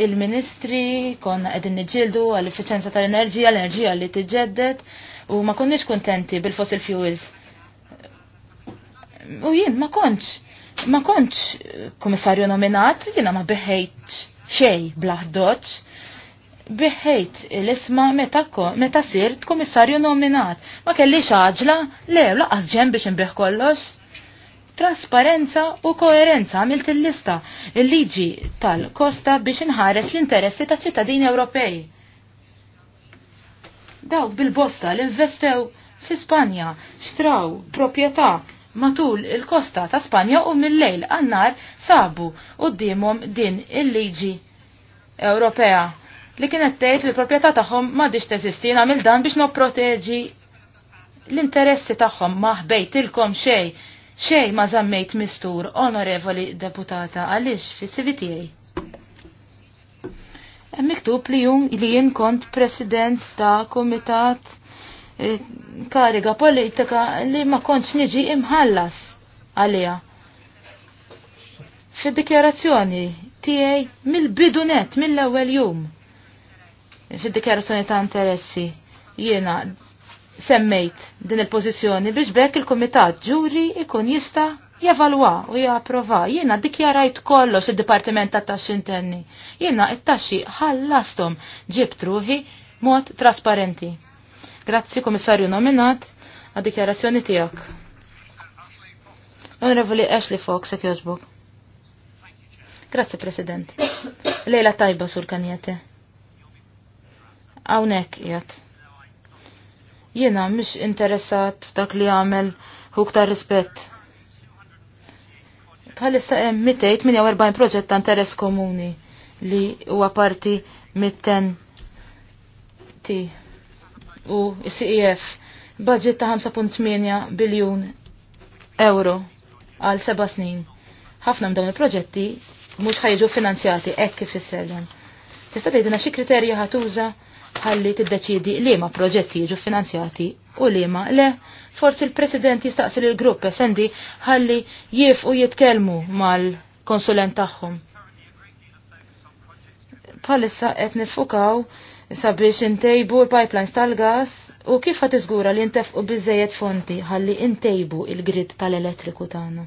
il-ministri konna edin nġildu għall-efficienza tal-enerġija, l-enerġija li t u ma konniex kontenti bil-fossil fuels. U jien ma konċ, ma konċ eh, komissarju nominat, jiena ma beħejt xej blaħdoċ, biħejt l-isma meta, meta sirt komissarju nominat. Ma kellix għaġla, le, laqas ġem biex nbiħ kollox. Trasparenza u koerenza għamilt il-lista il-liġi tal-kosta biex nħares l-interessi ta' ċittadini Ewropej. Dawk bil-bosta li investew fi Spanja, xtraw proprjetà matul il-kosta ta' Spanja u mill-lejl għannar sabu u d-dimom din il-liġi Ewropea li kienet tgħid li l-proprjetà tagħhom m'għadix teżisti nagħmel dan biex nopproteġi l-interessi tagħhom ma ħbejtilkom xejn xejn ma żammejt mistur onorevoli deputata għaliex fis-CV tiegħi. Hemm miktub li jum li jien kont president ta' kumitat kariga politika li ma kontx niġi imħallas għalija. Fid-dikjarazzjoni tiegħi mill-bidu net, mill-ewwel jum. Fid-dikjarazzjoni ta' interessi jiena semmejt din il-pożizzjoni biex bekk il-kumitat ġuri ikun jista' jevalwa u japprova. Jiena dikjarajt kollox id-Dipartiment ta' Taxxi Interni. Jiena it-taxxi ħallastom ġibt ruħi mod trasparenti. Grazzi komissarju nominat għad dikjarazzjoni tiegħek. Onorevoli Ashley Fox ek jożbok. Grazzi President. Lejla tajba sur kanjete. Hawnhekk qiegħed. Jiena mhux interessat dak li għamel huk ta' rispett bħalissa hemm 248 proġett ta' interess komuni li huwa parti mitten ti u CEF budget ta' 5.8 biljun euro għal seba' snin. Ħafna minn dawn il-proġetti mhux ħajġu finanzjati hekk kif dan. Tista' tgħidilna xi kriterji ħatuża ħalli tiddeċidi liema proġetti jiġu finanzjati u liema le forsi l-President jistaqsi lill grupp SND ħalli jifqu jitkellmu mal-konsulent tagħhom. Palissa qed nifukaw sabiex intejbu l-pipelines tal-gas u kif ħat iżgura li ntefqu bizzejet fonti ħalli intejbu il-grid tal-elettriku tagħna.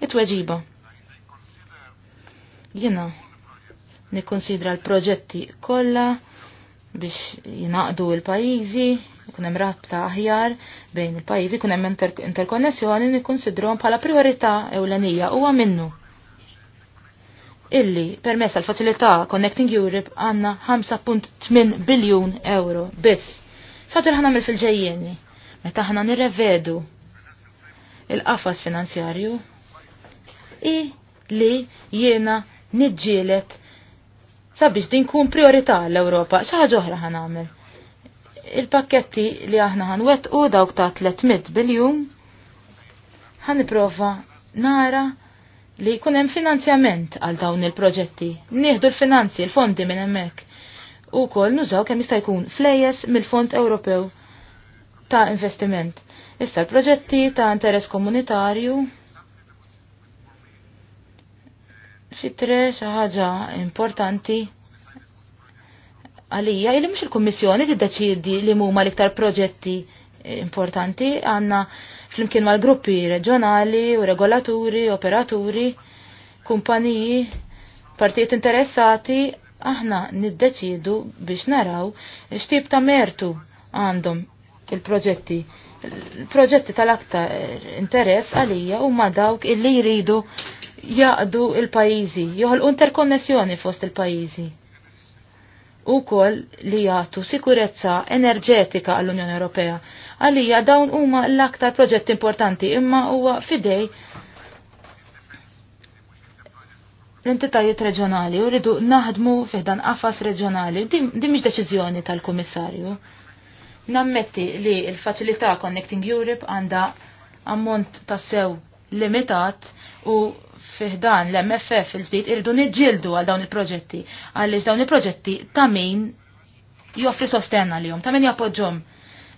It-tweġiba. Jiena nikkonsidra l-proġetti kollha biex jinaqdu l-pajjiżi, ikun hemm rabta aħjar bejn il-pajjiżi, kun hemm interkonnessjoni nikkonsidrhom bħala priorità ewlenija huwa minnu illi permess għal facilità Connecting Europe għanna 5.8 biljun euro biss. Xatir ħana mill fil-ġejjeni, meta ħana nirrevedu il-qafas finanzjarju i li jiena nidġielet sabiex din kun priorità l-Europa. ċaħġa oħra ħan għamil. Il-pakketti li aħna ħan wet u dawk ta' 300 biljun ħan niprofa nara li jkun hemm finanzjament għal dawn il-proġetti. Nieħdu l-finanzi, l-fondi minn hemmhekk. U kol nużaw kemm jista' jkun flejes mill-Fond Ewropew ta' investiment. Issa l-proġetti ta' interess komunitarju fitre xi ħaġa importanti għalija li mhux il-Kummissjoni tiddeċiedi li huma l-iktar proġetti importanti għandna flimkien mal-gruppi reġjonali u regolaturi, operaturi, kumpaniji, partijiet interessati, aħna niddeċidu biex naraw x'tip ta' mertu għandhom il-proġetti. Il-proġetti tal-aktar interess għalija u ma dawk illi jridu jaqdu il-pajizi, joħolqu interkonnessjoni fost il-pajizi u kol li jagħtu sikurezza enerġetika għall-Unjoni Ewropea. Għalija dawn huma l-aktar proġett importanti imma huwa fidej l-entitajiet reġjonali u rridu naħdmu fiħdan qafas reġjonali. Din mhix deċiżjoni tal-Kummissarju. Nammetti li l-faċilità Connecting Europe għandha ammont ta' sew limitat u fiħdan l-MFF il ġdijt irridu niġġieldu għal dawn il-proġetti għaliex dawn il-proġetti ta' min joffri sostenna li jom, ta' min jappoġġom.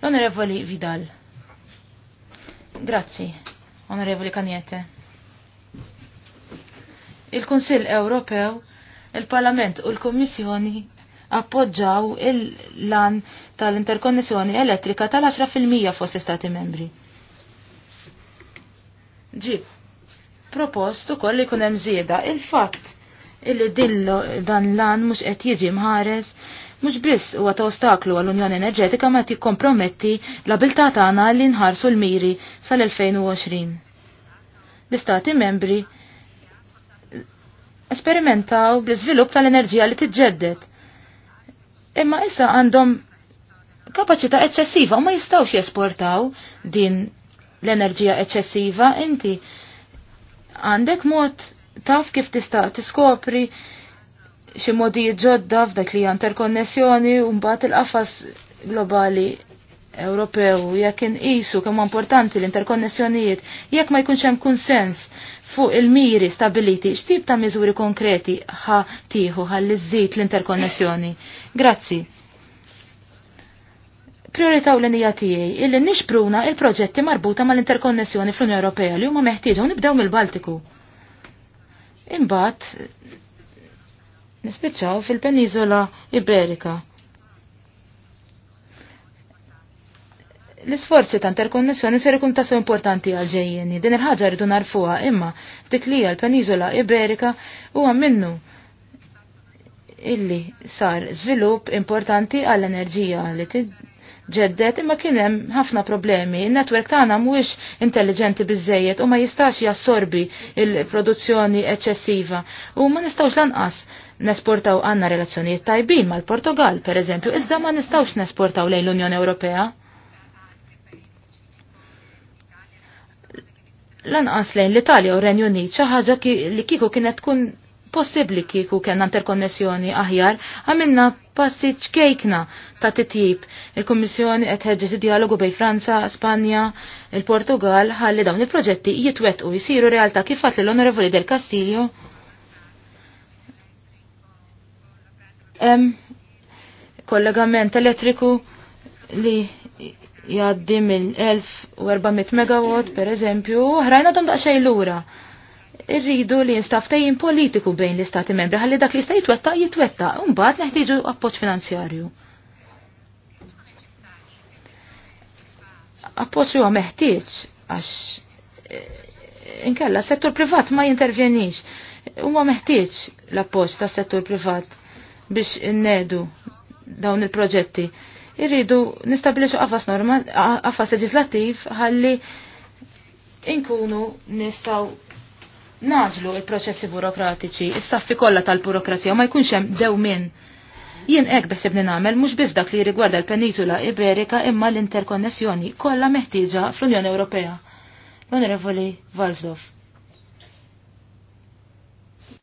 L-Onorevoli Vidal. Grazzi, Onorevoli Kaniete. Il-Kunsill Ewropew, il-Parlament u l-Kommissjoni appoġġaw il-lan tal-interkonnessjoni elettrika tal-10% fost Stati membri. Ġib, propost ukoll li jkun hemm żieda il-fatt illi dillo dan lan mhux qed jiġi mħares mhux biss huwa ta' ostaklu għall-Unjoni Enerġetika ma tikkomprometti l-abilità tagħna li nħarsu l-miri sal-2020. L-Istati membri esperimentaw bl-iżvilupp tal-enerġija li tiġġedded. Imma issa għandhom kapaċità eċċessiva u ma jistgħux jesportaw din l-enerġija eċċessiva inti għandek mod taf kif tista' tiskopri xi modijiet ġodda f'dak li hija interkonnessjoni u mbagħad il-qafas globali Ewropew jekk inqisu kemm importanti l-interkonnessjonijiet jekk ma jkunx hemm kunsens fuq il-miri stabiliti x'tip ta' miżuri konkreti ħa tieħu ħalli żżid l-interkonnessjoni. Grazzi prioritaw l nija tiegħi illi nixpruna il-proġetti marbuta mal-interkonnessjoni fl-Unjoni Ewropea li huma meħtieġa u nibdew mill-Baltiku. Imbagħad nispiċċaw fil-Peniżola Iberika. L-isforzi ta' interkonnessjoni ser ikun tasu importanti għal ġejjeni. Din il-ħaġa rridu narfuha imma dik li l-Peniżola Iberika huwa minnu illi sar żvilupp importanti għall-enerġija li ġeddet imma kien hemm ħafna problemi. Il-netwerk tagħna mhuwiex intelligenti biżejjed u ma jistax jassorbi il-produzzjoni eċċessiva u ma nistgħux lanqas nesportaw għandna relazzjonijiet tajbin mal-Portugal, pereżempju, iżda ma nistgħux nesportaw lejn l-Unjoni Ewropea. Lanqas lejn l-Italja u Renju Unit xi ħaġa li kieku kienet tkun possibli kieku kena interkonnessjoni aħjar, għamilna passiċ kejkna ta' titjib. Il-Kommissjoni qed ħeġġeġ dialogu bej Franza, Spanja, il-Portugal ħalli dawn il-proġetti jitwetqu jisiru realtà kif għat l-Onorevoli del Castillo. Em, kollegament elettriku li jgħaddi mill-1400 megawatt per eżempju, ħrajna dam daqxej lura. ura irridu li nstaftajin politiku bejn l-istati membri ħalli dak li sta jitwetta jitwetta, mbagħad neħtiġu appoġġ finanzjarju. Appoġġ huwa meħtieġ għax eh, inkella settur privat ma jintervjenix. Huwa meħtieġ l-appoġġ tas-settur privat biex innedu dawn il-proġetti. Irridu nistabilixu qafas normal, qafas leġislattiv ħalli inkunu nistaw naġlu il-proċessi burokratiċi, is-saffi kollha tal-burokrazija ma jkunx hemm minn. Jien hekk beħseb li nagħmel mhux biss dak li rigwarda l-Peniżula Iberika imma l-interkonnessjoni kollha meħtieġa fl-Unjoni Ewropea. L-Onorevoli Valsdorf.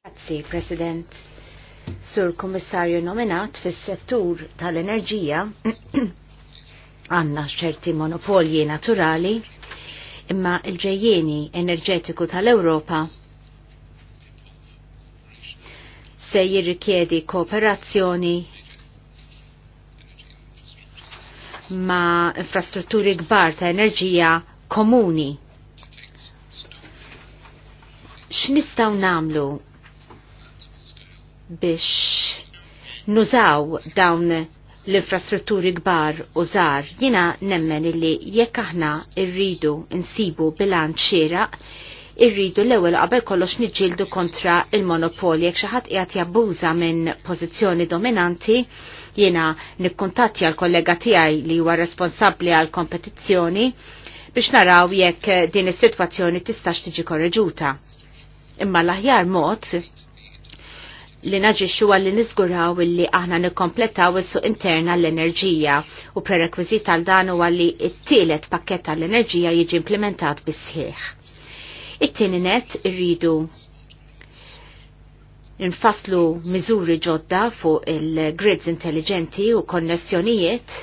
Grazzi, President. Sur Kummissarju nominat fis-settur tal-enerġija għandna ċerti monopolji naturali imma il-ġejjeni enerġetiku tal-Ewropa se jirrikjedi kooperazzjoni ma' infrastrutturi kbar ta' enerġija komuni. X'nistgħu namlu biex nużaw dawn l-infrastrutturi kbar u żgħar, jiena nemmen illi jekk aħna rridu nsibu bilanċ xieraq irridu l-ewwel qabel kollox niġġieldu kontra il-monopoli jekk xi ħadd qiegħed jabbuża minn pożizzjoni dominanti jiena nikkuntatti għal kollega tiegħi li huwa responsabbli għal kompetizzjoni biex naraw jekk din is-sitwazzjoni tistax tiġi korreġuta. Imma l-aħjar mod li naġixxu għalli nizguraw illi aħna nikkompletaw is-suq interna l-enerġija u prerekwizit għal dan huwa li t-tielet pakket tal-enerġija jiġi implementat bis-sħiħ. It-tieni net irridu nfasslu miżuri ġodda fuq il-grids intelligenti u konnessjonijiet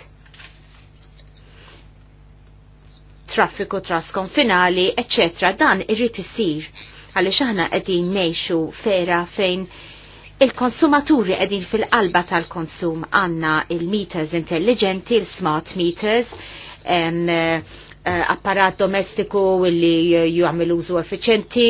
traffiku finali, etc. Dan irrid isir għaliex aħna qegħdin ngħixu fera fejn il-konsumaturi qegħdin fil-qalba tal-konsum għandna il-meters intelligenti, il-smart meters, Eh, apparat domestiku li jgħamil użu effiċenti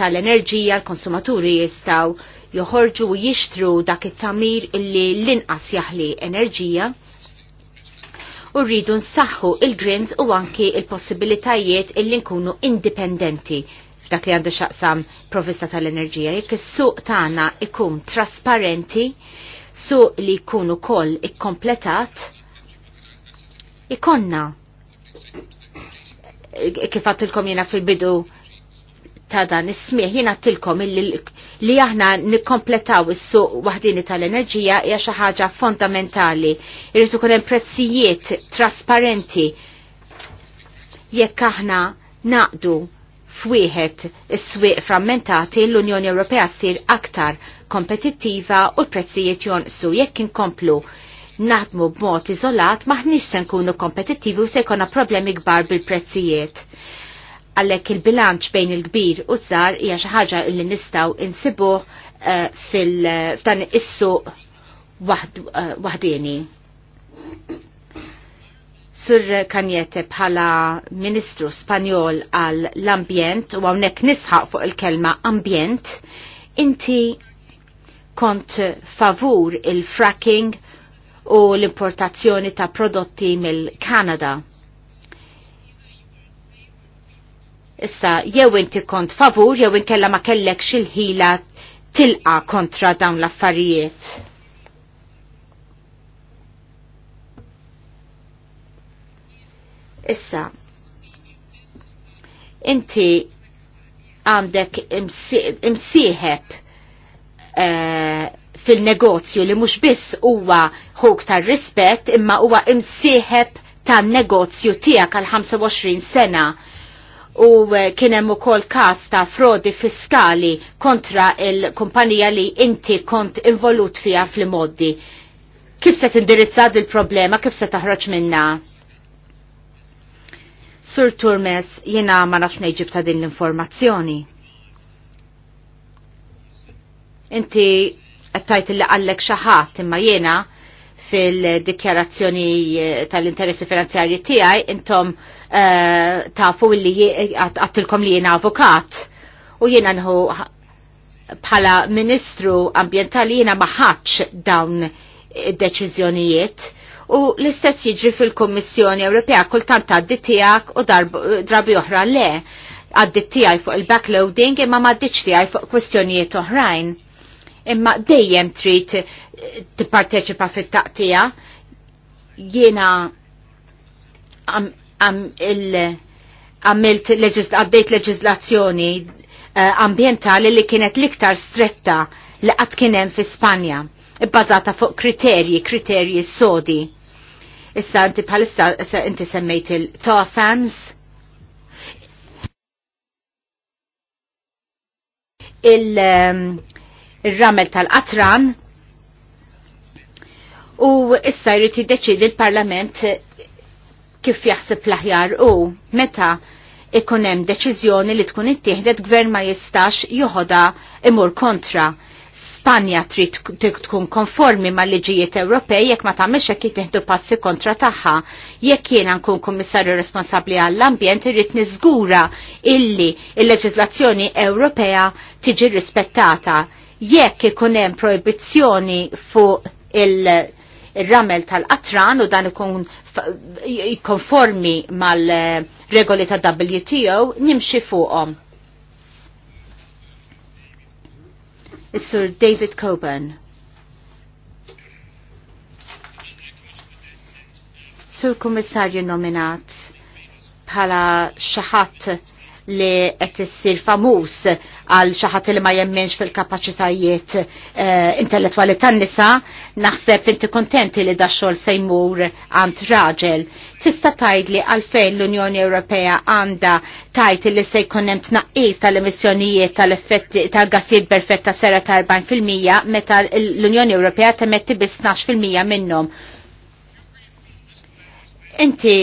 tal-enerġija l-konsumaturi jistaw joħorġu u jixtru dak it-tamir illi l-inqas jaħli enerġija u rridu nsaħħu il-grins u anki il-possibilitajiet illi nkunu indipendenti f'dak li għandu xaqsam provvista tal-enerġija. Jekk is-suq tagħna ikun trasparenti, suq li jkunu kol ikkompletat, ikonna kif għattilkom jena fil-bidu ta' dan ismieħ jena għattilkom li aħna nikkompletaw is-suq waħdini tal-enerġija hija xi ħaġa fondamentali. Irid ikun hemm prezzijiet trasparenti jekk aħna naqdu f'wieħed is-swieq frammentati l-Unjoni Ewropea ssir aktar kompetittiva u l-prezzijiet jonqsu jekk inkomplu naħdmu b'mod iżolat maħniex se nkunu kompetittivi u se jkollna problemi kbar bil-prezzijiet. Għalhekk il-bilanċ bejn il-kbir u żgħar hija xi ħaġa li nistgħu insibuh eh, fil-ftan is-suq eh, waħdieni. Sur Kanjete bħala Ministru Spanjol għal l-ambjent u għawnek nisħaq fuq il-kelma ambjent, inti kont favur il-fracking u l-importazzjoni ta' prodotti mill-Kanada. Issa, jew inti kont favur, jew inkella ma kellek xil-ħila tilqa kontra dawn l-affarijiet. Issa, inti għandek imsieħeb uh, fil-negozju li mhux biss huwa ħuk tar-rispett imma huwa imsieħeb tan-negozju tiegħek għal 25 sena u eh, kien hemm ukoll każ ta' frodi fiskali kontra il-kumpanija li inti kont involut fiha fl-moddi. Kif se tindirizzad il problema kif se taħroġ minna? Sur Turmes, jiena ma nafx ngħid ta' din l-informazzjoni. Inti għattajt li għallek xaħat imma jena fil-dikjarazzjoni eh, tal-interessi finanzjarji tiegħi intom eh, tafu li għattilkom li jena avukat u jena nħu bħala ministru ambientali jena maħħaċ dawn id-deċizjonijiet u l-istess jiġri fil-Kommissjoni Ewropea kultant għaddi tiegħek u drabi oħra le għaddi tiegħi fuq il-backloading imma ma tiegħi fuq kwestjonijiet oħrajn imma dejjem trid eh, tipparteċipa fit-taqtija. Jiena għamilt għaddejt leġislazzjoni eh, ambientali li kienet liktar stretta li qatt kien hemm fi Spanja, bbażata fuq kriterji, kriterji sodi. Issa inti bħalissa inti semmejt il-TOSANS, il-, -tosans, il ehm, ir-ramel tal-qatran u issa jrid jiddeċidi l-Parlament kif jaħseb l-aħjar u meta ikun hemm deċiżjoni li tkun ittieħdet gvern ma jistax joħodha imur kontra. Spanja trid tkun konformi mal liġijiet Ewropej jekk ma tagħmilx hekk jittieħdu passi kontra tagħha. Jekk jiena nkun kummissarju responsabbli għall-ambjent irrid niżgura illi il-leġiżlazzjoni Ewropea tiġi rispettata jekk ikun hemm proibizzjoni fuq il- il-ramel tal-qatran u dan ikun konformi mal-regoli ta' WTO nimxi fuqhom. Sir sur David Coburn. Sur Kummissarju nominat bħala xaħat li qed issir famuż għal xi ħadd li ma jemminx fil-kapaċitajiet uh, intellettwali tan-nisa, naħseb inti kontenti li daxxol se jmur għand raġel. Tista' tgħidli għalfejn l-Unjoni Ewropea għandha tajt li se jkun hemm tnaqqis tal-emissjonijiet tal-effetti tal-gassijiet perfetta sera ta' 40% meta l-Unjoni Ewropea temetti bis 12% minnhom. Inti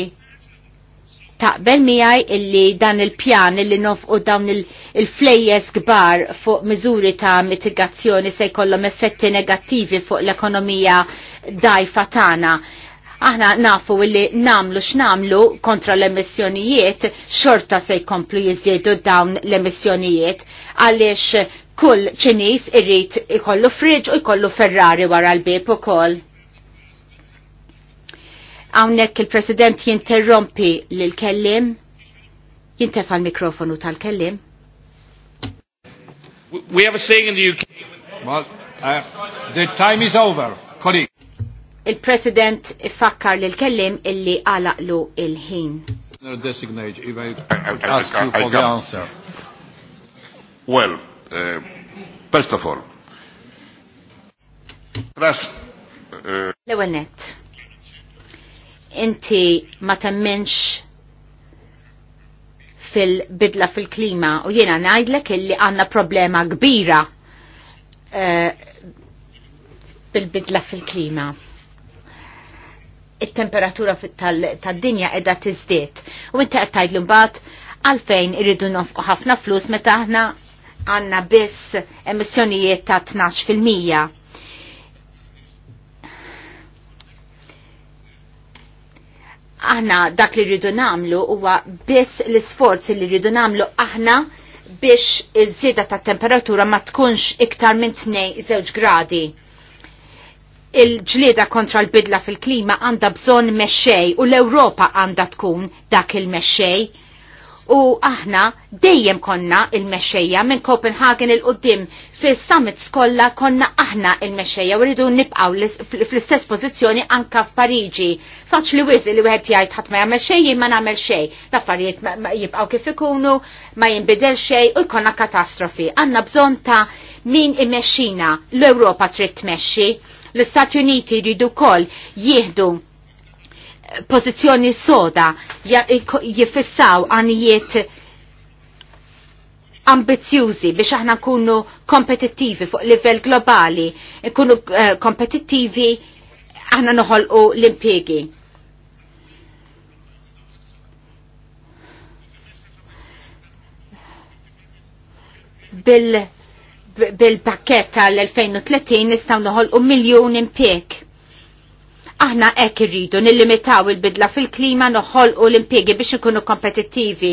taqbel miħaj illi dan il-pjan illi nofqu dawn il-flejjes gbar fuq miżuri ta' mitigazzjoni se jkollhom effetti negattivi fuq l-ekonomija dajfa tagħna. Aħna nafu illi namlu x'namlu kontra l-emissjonijiet xorta se jkomplu jiżdiedu dawn l-emissjonijiet għaliex kull ċinis irrid ikollu friġ u jkollu Ferrari wara l-bib ukoll għawnek il-President jinterrompi l kellim. Jintefa l-mikrofonu tal-kellim. We have a saying in the UK. Well, uh, the time is over, colleague. Il-President ifakkar l kellim illi għalaqlu il-ħin. Designate, if I ask you for the answer. Well, uh, first of all, trust... Uh, Lewenet inti ma temmenx fil-bidla fil-klima u jena najdlek illi għanna problema kbira eh, bil-bidla uh, fil-klima. Il-temperatura tal-dinja edha tizdiet. U inti għattajd l-imbat għalfejn irridu nofqu ħafna flus meta ħna għanna biss emissjonijiet ta' 12%. aħna dak li rridu namlu huwa biss l-isforzi li rridu namlu aħna biex iż-żieda ta' temperatura ma tkunx iktar minn tnej żewġ gradi. Il-ġlieda kontra l-bidla fil-klima għandha bżonn mexxej u l-Ewropa għandha tkun dak il-mexxej u aħna dejjem konna il-mexxejja minn Copenhagen il-qoddim fis summit kollha konna aħna il-mexxejja u rridu nibqgħu fl-istess pożizzjoni anka f'Pariġi. Faċli wis li wieħed jgħid ħadd ma jagħmel xejn ma nagħmel xejn. L-affarijiet jibqgħu kif ikunu, ma jinbidel xejn u jkollna katastrofi. Għandna bżonn ta' min imexxina l-Ewropa trid tmexxi. L-Istati Uniti jridu wkoll jieħdu pozizjoni soda jifissaw għanijiet ambizjuzi biex aħna nkunu kompetittivi fuq livell globali, nkunu eh, kompetittivi aħna noħolqu l-impiegi. Bil bil-pakket tal-2030 nistaw noħolqu miljon impieg Aħna hekk irridu nillimitaw il-bidla fil-klima noħolqu l impiegi biex nkunu kompetittivi.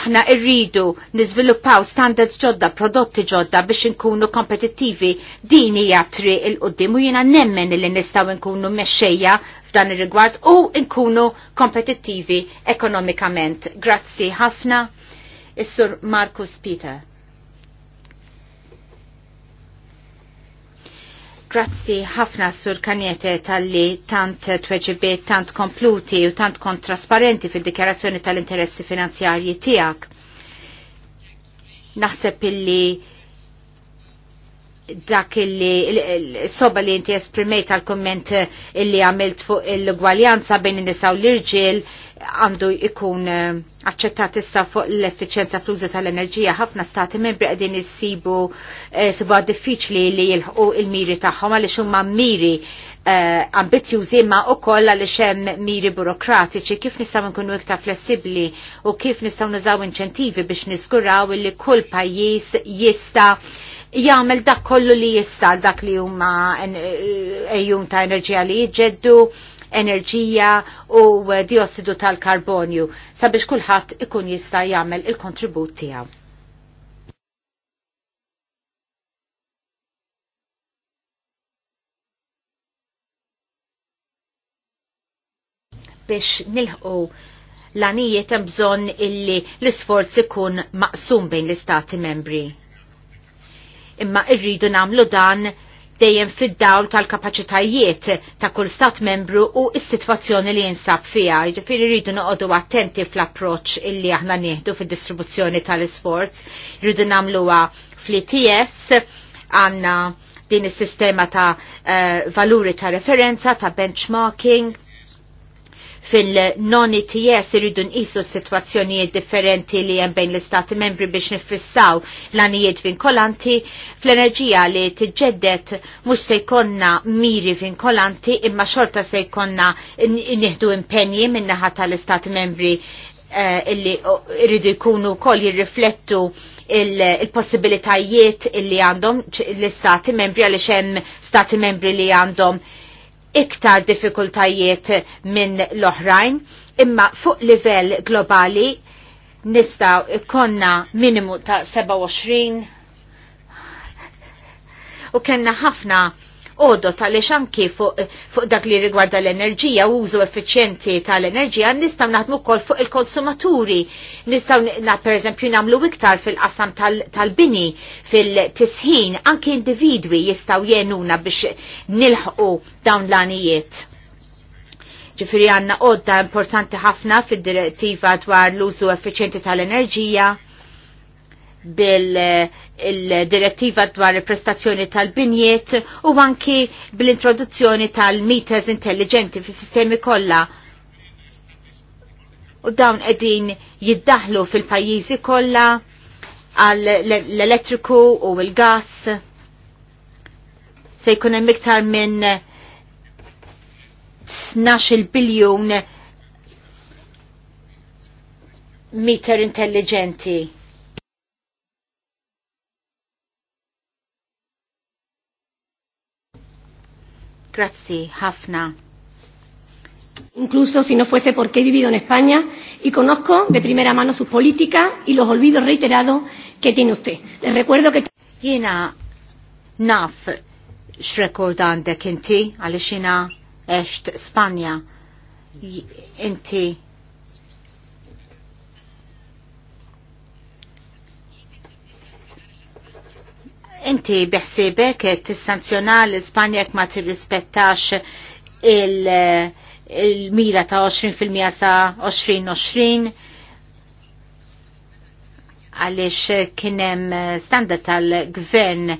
Aħna irridu niżviluppaw standards ġodda, prodotti ġodda biex inkunu kompetittivi. Din hija il qoddim u jiena nemmen li nistgħu nkunu mexxejja f'dan ir-rigward u nkunu kompetittivi ekonomikament. Grazzi ħafna. Is-Sur Markus Peter. Grazzi ħafna sur kanjete tal-li tant tweġibiet tant kompluti u tant kont trasparenti fil-dikjarazzjoni tal-interessi finanzjarji tijak. Naħseb illi dak illi soba li inti esprimejt għal komment eh, illi għamilt fuq il-gwaljanza bejn in nisaw l-irġiel għandu ikun eh, aċċettat issa fuq l efficienza fl-użu tal-enerġija ħafna stati membri qegħdin issibu eh, sibu diffiċli li jilħu il-miri tagħhom għaliex huma miri ambizjużi ma ukoll għaliex hemm miri burokratiċi kif nistgħu nkunu iktar flessibbli u kif nistgħu nużaw inċentivi biex niżguraw li kull pajjiż jista' jagħmel dak kollu li jista' dak li huma ejjum ta' enerġija li jiġġeddu enerġija u diossidu tal-karbonju sabiex kulħadd ikun jista' jagħmel il-kontribut tiegħu. biex nilħu l-anijiet bżonn illi l-isforz ikun maqsum bejn l-istati membri imma irridu namlu dan dejjem fid-dawl tal-kapaċitajiet ta' kull stat membru u s-sitwazzjoni li jinsab fija. Ġifiri rridu noqogħdu attenti fl-approċċ illi aħna nieħdu fid-distribuzzjoni tal-isforz. Rridu nagħmluha fl-ITS għandna din is-sistema ta' uh, valuri ta' referenza, ta' benchmarking, fil-non ETS irridu nqisu situazzjonijiet differenti li hemm bejn l-istati membri biex nifissaw l-anijiet vinkolanti fl-enerġija li tiġġeddet mhux se jkollna miri vinkolanti imma xorta se jkollna nieħdu impenji min-naħa tal-istati membri eh, illi irridu jkunu wkoll jirriflettu il-possibilitajiet illi għandhom l-istati membri għaliex hemm stati membri li għandhom iktar diffikultajiet minn l-oħrajn, imma fuq livell globali nistaw ikonna minimu ta' 27 u kena ħafna odot għaliex anki fuq, fu dak li rigwarda l-enerġija u użu effiċjenti tal-enerġija nistgħu naħdmu wkoll fuq il-konsumaturi. Nistgħu na pereżempju nagħmlu iktar fil-qasam tal-bini, tal fil-tisħin, anki individwi jistgħu jenuna biex nilħqu dawn l-anijiet ġifiri għanna odda importanti ħafna fil-direttiva dwar l-użu effiċenti tal-enerġija bil-direttiva dwar il-prestazzjoni tal-binjiet u anki bil-introduzzjoni tal-meters intelligenti fi sistemi kollha. U dawn qegħdin jiddaħlu fil-pajjiżi kollha għal l-elettriku u l-gas. Se jkun hemm iktar minn 12 biljun meter intelligenti Grazzi ħafna. Incluso si no fuese porque he vivido en España y conozco de primera mano sus políticas y los olvidos reiterados que tiene usted. Les recuerdo que... Jena naf xrekordan de kinti, għalixina jena eċt Spanja. Inti Inti biħsibek tissanzjona l-Ispanja jekk ma tirrispettax il-mira ta' 20% sa 2020 għaliex kienem standard tal-gvern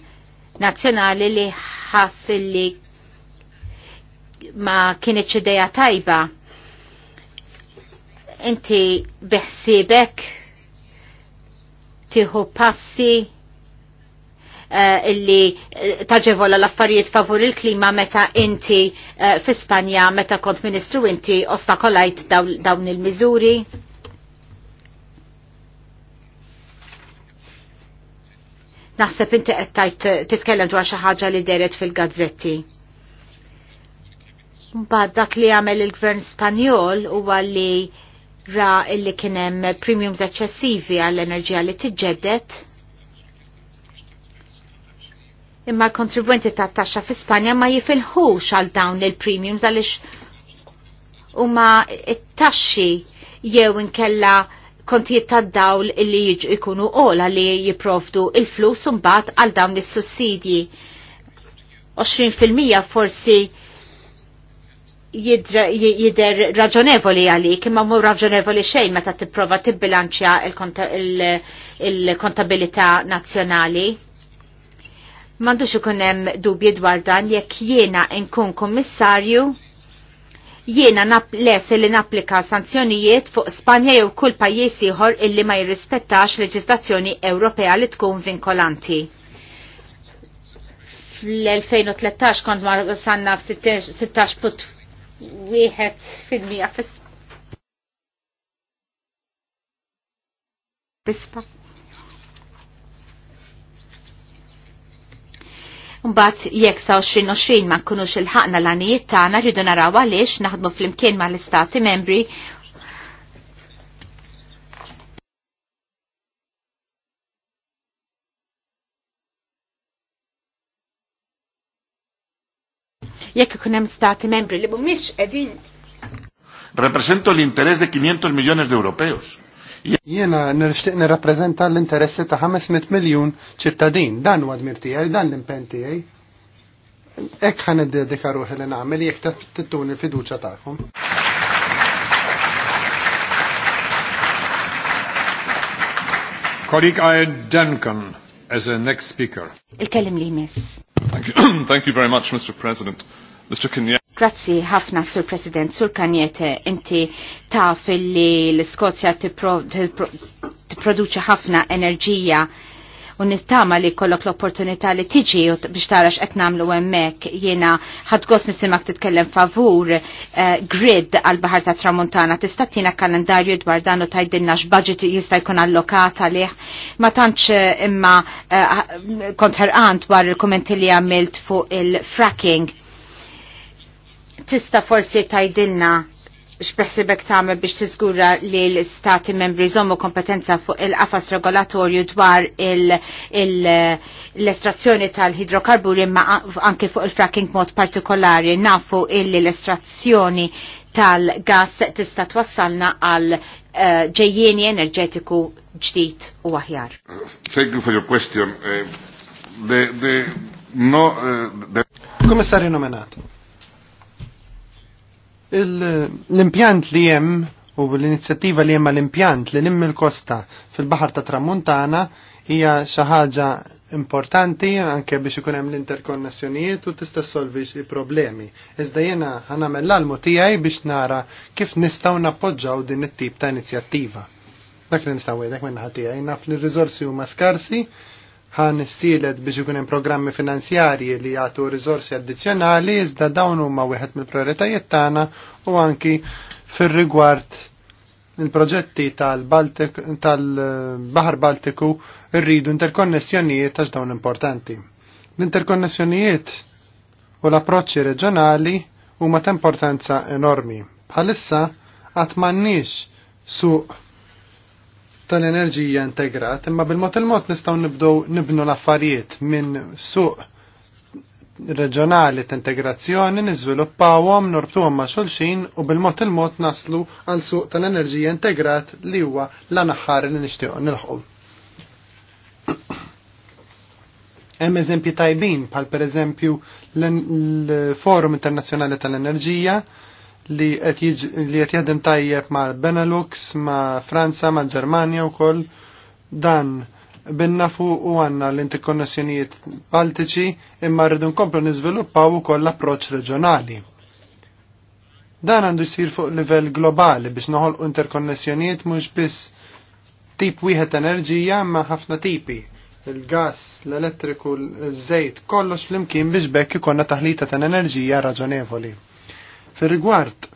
nazzjonali li ħass li ma kienet ċedeja tajba. Inti biħsibek tiħu passi Eh, illi eh, taġevola l-affarijiet favur il-klima meta inti eh, fi Spanja meta kont ministru inti ostakolajt dawn il-miżuri? Naħseb inti qed titkellem dwar xi ħaġa li deret fil-gazzetti. Mbad dak li għamel il-Gvern Spanjol huwa li ra illi kienem premiums eċċessivi għall-enerġija li tiġġedet imma l-kontribwenti ta' taxxa fi Spanja ma jifilħux għal dawn il-premiums għalix huma ma taxxi jew inkella kontijiet ta' dawl li jiġu ikunu ola li jiprovdu il-flus mbagħad għal dawn is-sussidji. 20% forsi jider raġonevoli għalik, imma mu raġonevoli xejn meta tipprova tibbilanċja il-kontabilità nazzjonali. Mandu ikun hemm dubji dwar dan jekk jiena nkun kummissarju jiena naples li napplika sanzjonijiet fuq Spanja jew kull pajjiż ieħor illi ma jirrispettax leġislazzjoni Ewropea li tkun vinkolanti. Fl-2013 kont ma sanna f-16.1 fil-mija fis Mbagħad jekk sa 2020 ma nkunux il-ħaqna l-għanijiet tagħna rridu naraw għaliex naħdmu flimkien mal-istati membri jekk ikun hemm stati membri li mhumiex qegħdin Represento l-interess de 500 miljones de europeos. Jena nirxtiq nirrapprezenta l-interessi ta' 500 miljon ċittadin, dan u għadmirti għaj, dan l-impen tijaj. Ek ħan id-dedika ruħi li namel, jek ta' tittun il-fiduċa ta'kom. Kolik għaj Duncan as a next speaker. Il-kellim li miss. Thank you very much, Mr. President. Mr. Kenyatta. Grazzi ħafna Sur President, Sur Kanjete, inti taf li l-Skozja t-produċa ħafna enerġija u nittama li kollok l-opportunità li tiġi biex tarax qed nagħmlu hemmhekk jiena ħadgost nisimak titkellem favur eh, grid għal baħar ta' Tramuntana tista' tina kalendarju dwar dan u x-budget jista' jkun allokata li Ma tantx eh, imma uh, ħerqan dwar il-kummenti li għamilt fuq il-fracking tista forsi tajdilna xbeħsibek tagħmel biex tiżgura li l-istati membri jżommu kompetenza fuq il-qafas regolatorju dwar l-estrazzjoni tal-hidrokarburi ma anki fuq il-fracking mod partikolari nafu illi l-estrazzjoni tal-gas tista' twassalna għal eh, ġejjieni enerġetiku ġdid u aħjar. Thank you for your question. Uh, the, the, no, uh, the... nominati. L-impjant li jem u l-inizjattiva li jem l-impjant li nimm il kosta fil-bahar ta' Tramuntana hija xi ħaġa importanti anke biex ikun hemm l-interkonnessjonijiet u tista' solvi xi problemi. Iżda jiena ħanamel l-almu tiegħi biex nara kif nistgħu nappoġġaw din it-tip ta' inizjattiva. Dak li nistgħu dak minn ħatija, naf li r-riżorsi huma skarsi, ħan s-silet biex ikun hemm programmi finanzjarji li jgħatu rizorsi addizzjonali iżda dawn huma wieħed mill-prioritajiet tagħna u anki fir-rigward il-proġetti tal-Baħar Baltiku rridu interkonnessjonijiet għax dawn importanti. L-interkonnessjonijiet u l-approċċi reġjonali huma ta' importanza enormi. Bħalissa qatt m'għandniex suq tal-enerġija integrat, imma bil-mod il-mod nistgħu nibdew nibnu l-affarijiet minn suq reġjonali t-integrazzjoni niżviluppawhom norbtuhom ma' xulxin u bil-mod il-mod naslu għal suq tal-enerġija integrat li huwa l-anaħħar li nixtiequ nilħu. Hemm eżempji tajbin bħal pereżempju l-Forum Internazzjonali tal-Enerġija li qed jaħdem tajjeb ma' Benelux, ma' Franza, ma' Ġermanja wkoll dan binnafu u għanna l-interkonnessjonijiet baltiċi imma rridu nkomplu niżviluppaw ukoll l-approċċ reġjonali. Dan għandu jsir fuq livell globali biex noħolqu interkonnessjonijiet mhux biss tip wieħed enerġija ma' ħafna tipi il-gas, l-elettriku, l-żejt, kollox flimkien biex bekk ikonna taħlita ta' enerġija raġonevoli. Fir-rigward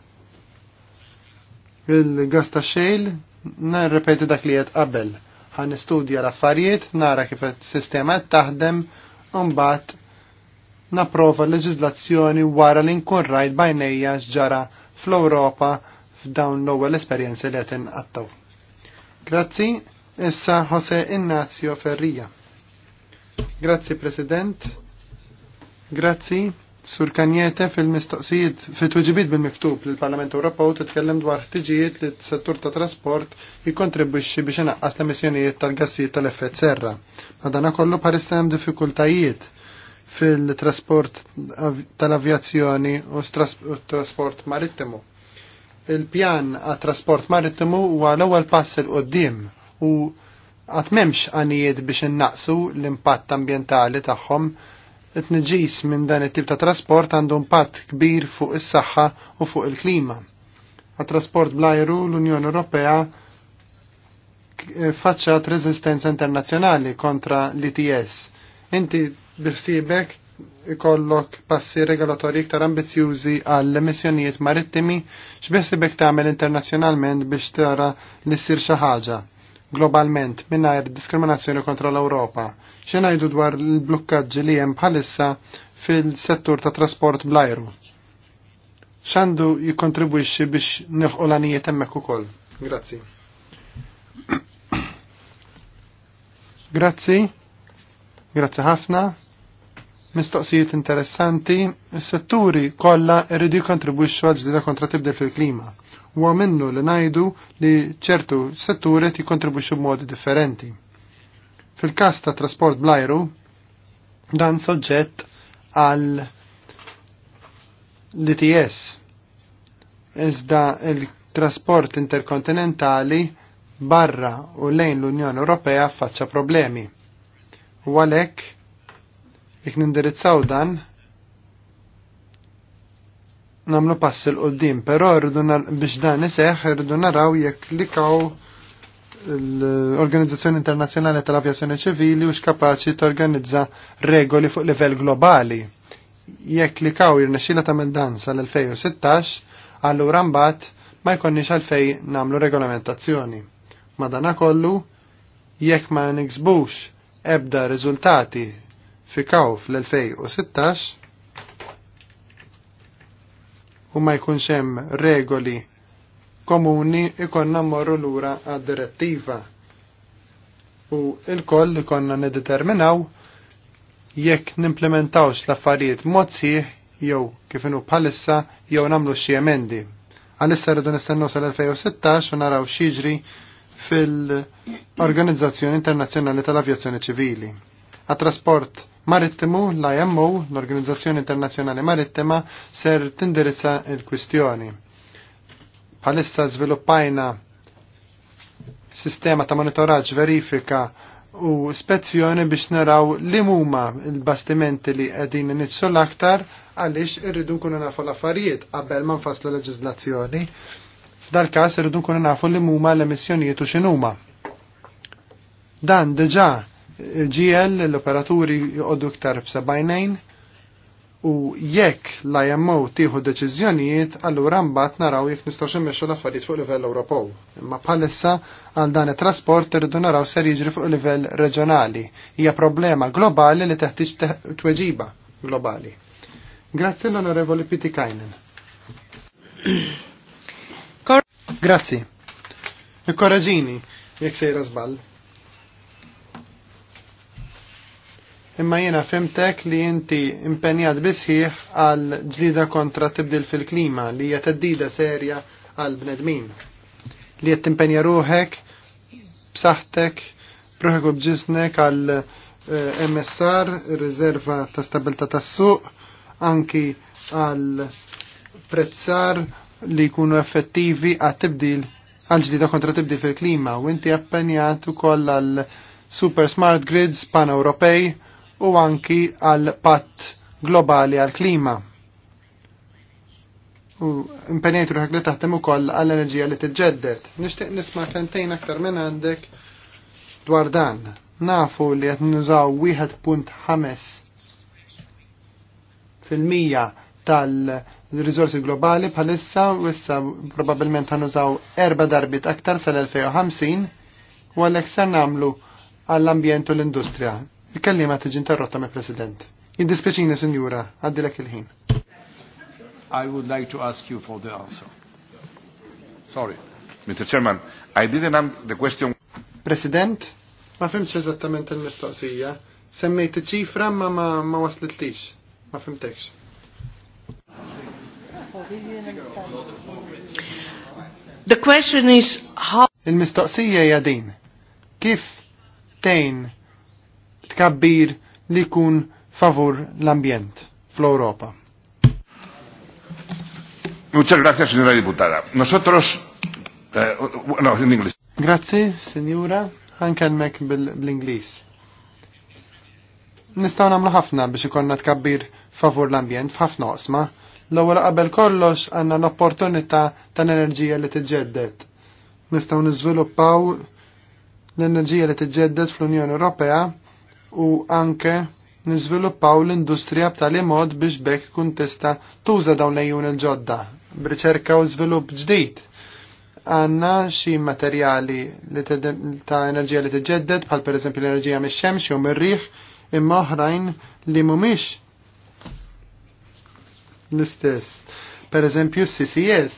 il-gas ta' xejl, narrepeti dak li qed qabel. Għan nistudja l-affarijiet, nara kif sistema qed taħdem, mbagħad naprofa l leġizlazzjoni wara li nkun rajt bajnejja x'ġara fl-Ewropa f'dawn l-ewwel esperjenzi li qed inqattaw. Grazzi, issa Jose Innazio Ferrija. Grazzi President, grazzi Sur Kanjete fil-mistoqsijiet, fit tweġibiet bil-miktub l-Parlament Ewropew titkellem dwar ħtiġijiet li s-settur ta' trasport jikkontribwixxi biex inaqqas l-emissjonijiet tal-gassijiet tal-effett serra. Madana kollu parissa hemm diffikultajiet fil-trasport tal-avjazzjoni u trasport marittimu. Il-pjan għat trasport marittimu huwa l-ewwel pass il qoddim u għat memx għanijiet biex innaqsu l-impatt ambientali tagħhom it-nġis minn dan it-tip ta' trasport għandu impatt kbir fuq is-saħħa u fuq il-klima. Għat-trasport bl-ajru l-Unjoni Ewropea faċċat rezistenza internazzjonali kontra l-ITS. Inti biħsibek ikollok passi regolatorji iktar ambizjużi għall emissjonijiet marittimi x'beħsibek tagħmel internazzjonalment biex tara li ssir xi ħaġa globalment minnajr diskriminazzjoni kontra l-Europa. Xenajdu dwar l-blukkaġġi li hemm bħalissa fil-settur ta' trasport blajru. Xandu jikontribuixi biex nilħu l-anijiet hemmhekk ukoll. Grazzi. Grazzi. Grazzi ħafna mistoqsijiet interessanti, s-setturi kollha rridu jikontribwixxu għal ġdida kontra tibdel fil-klima. U għamilnu li ngħidu li ċertu setturi qed jikkontribwixxu b'modi differenti. Fil-każ ta' trasport blajru, dan soġġett għal l-ITS. Iżda il-trasport interkontinentali barra u lejn l-Unjoni Ewropea faċċa problemi. U għalhekk Jek nindirizzaw dan, namlu passi l-qoddim, pero biex dan iseħ, rridu naraw jek likaw l-Organizzazzjoni Internazzjonali tal-Avjazzjoni Ċivili u xkapaċi torganizza regoli fuq livell globali. Jekk li kaw jirnexxila tagħmel dan sal-2016, allura mbagħad ma jkollniex għalfejn nagħmlu regolamentazzjoni. Madana kollu, jekk ma niksbux ebda riżultati fikaw fl-2016 u ma jkunx hemm regoli komuni ikonna morru lura għad-direttiva u il-koll ikonna nedeterminaw jekk nimplementawx l-affarijiet mod sieħ jew kif inhu bħalissa jew nagħmlu xi emendi. Għalissa rridu nistennu sal-2016 u naraw x'jiġri fil-Organizzazzjoni Internazzjonali tal-Avjazzjoni Ċivili. Għat-trasport marittimu, l-IMO, l-Organizzazzjoni Internazzjonali Marittima, ser tindirizza il-kwistjoni. Palissa zviluppajna sistema ta' monitoraġġ verifika u spezzjoni biex naraw li muma il-bastimenti li għedin nitsu l-aktar għalix irridu nkunu nafu l-affarijiet qabel ma nfasslu leġizlazzjoni. F'dal każ irridu nkunu nafu li muma l-emissjonijiet u x'inhuma. Dan diġà GL l-operaturi jqoddu iktar b'sebajnejn u jekk l-IMO tieħu deċiżjonijiet allura mbagħad naraw jekk nistgħu immexxu l-affarijiet fuq livell Ewropew. Imma bħalissa għal dan it-trasport irridu naraw ser jiġri fuq livell reġjonali. Hija problema globali li teħtieġ tweġiba globali. Grazzi l-Onorevoli Pitikainen. Grazzi. Ikkoraġini, jekk sejra żball. imma jiena fimtek li inti impenjat bisħiħ għal ġlida kontra tibdil fil-klima li hija teddida serja għal bnedmin. Li qed timpenja ruħek b'saħħtek, b'ruħek u bġisnek għal eh, MSR, rizerva ta' stabilta tas-suq, anki għal prezzar li jkunu effettivi għal tibdil għal ġlida kontra tibdil fil-klima u inti appenjat ukoll għal super smart grids pan europej u anki għal patt globali għal klima. U impenjajt ruħek li taħdem ukoll għall enerġija li t-ġeddet. Nixtieq nisma' kentejn aktar minn għandek dwar dan. Nafu li qed nużaw wieħed punt ħames fil-mija tal-rizorsi globali bħalissa u issa probabilment ħanużaw erba darbit aktar sal-2050 u għalhekk ser nagħmlu għall-ambjent u l-industrija. Il-kellima tiġi interrotta me president Jiddispjaċini, Sinjura, għaddilek il-ħin. I would like to ask you for the answer. Sorry. Mr. Chairman, I didn't ask the question. President, ma fimx eżattament il-mistoqsija. Semmejt ċifra ma ma, ma waslitlix. Ma fimtekx. The question is how... Il-mistoqsija jadin. Kif tejn tkabbir li kun favur l-ambjent fl-Europa. Muchas gracias, señora diputada. Nosotros... Eh, no, en inglés. Grazie, signora. mek bil-Inglis. Nistaw namlu ħafna biex ikonna tkabbir favur l-ambjent f'ħafna osma. L-ewwel qabel kollox għandna l-opportunità tal-enerġija li tiġġedded. Nistgħu niżviluppaw l-enerġija li tiġġedded fl-Unjoni Ewropea u anke niżviluppaw l-industrija b'tali mod biex bekk kun tista tuża dawn lejjun il-ġodda b'riċerka u żvilupp ġdid. Għanna xi materjali ta' enerġija li tiġġedded bħal pereżempju l-enerġija mix-xemx jew mir-riħ imma oħrajn li mhumiex l-istess. Per eżempju, CCS,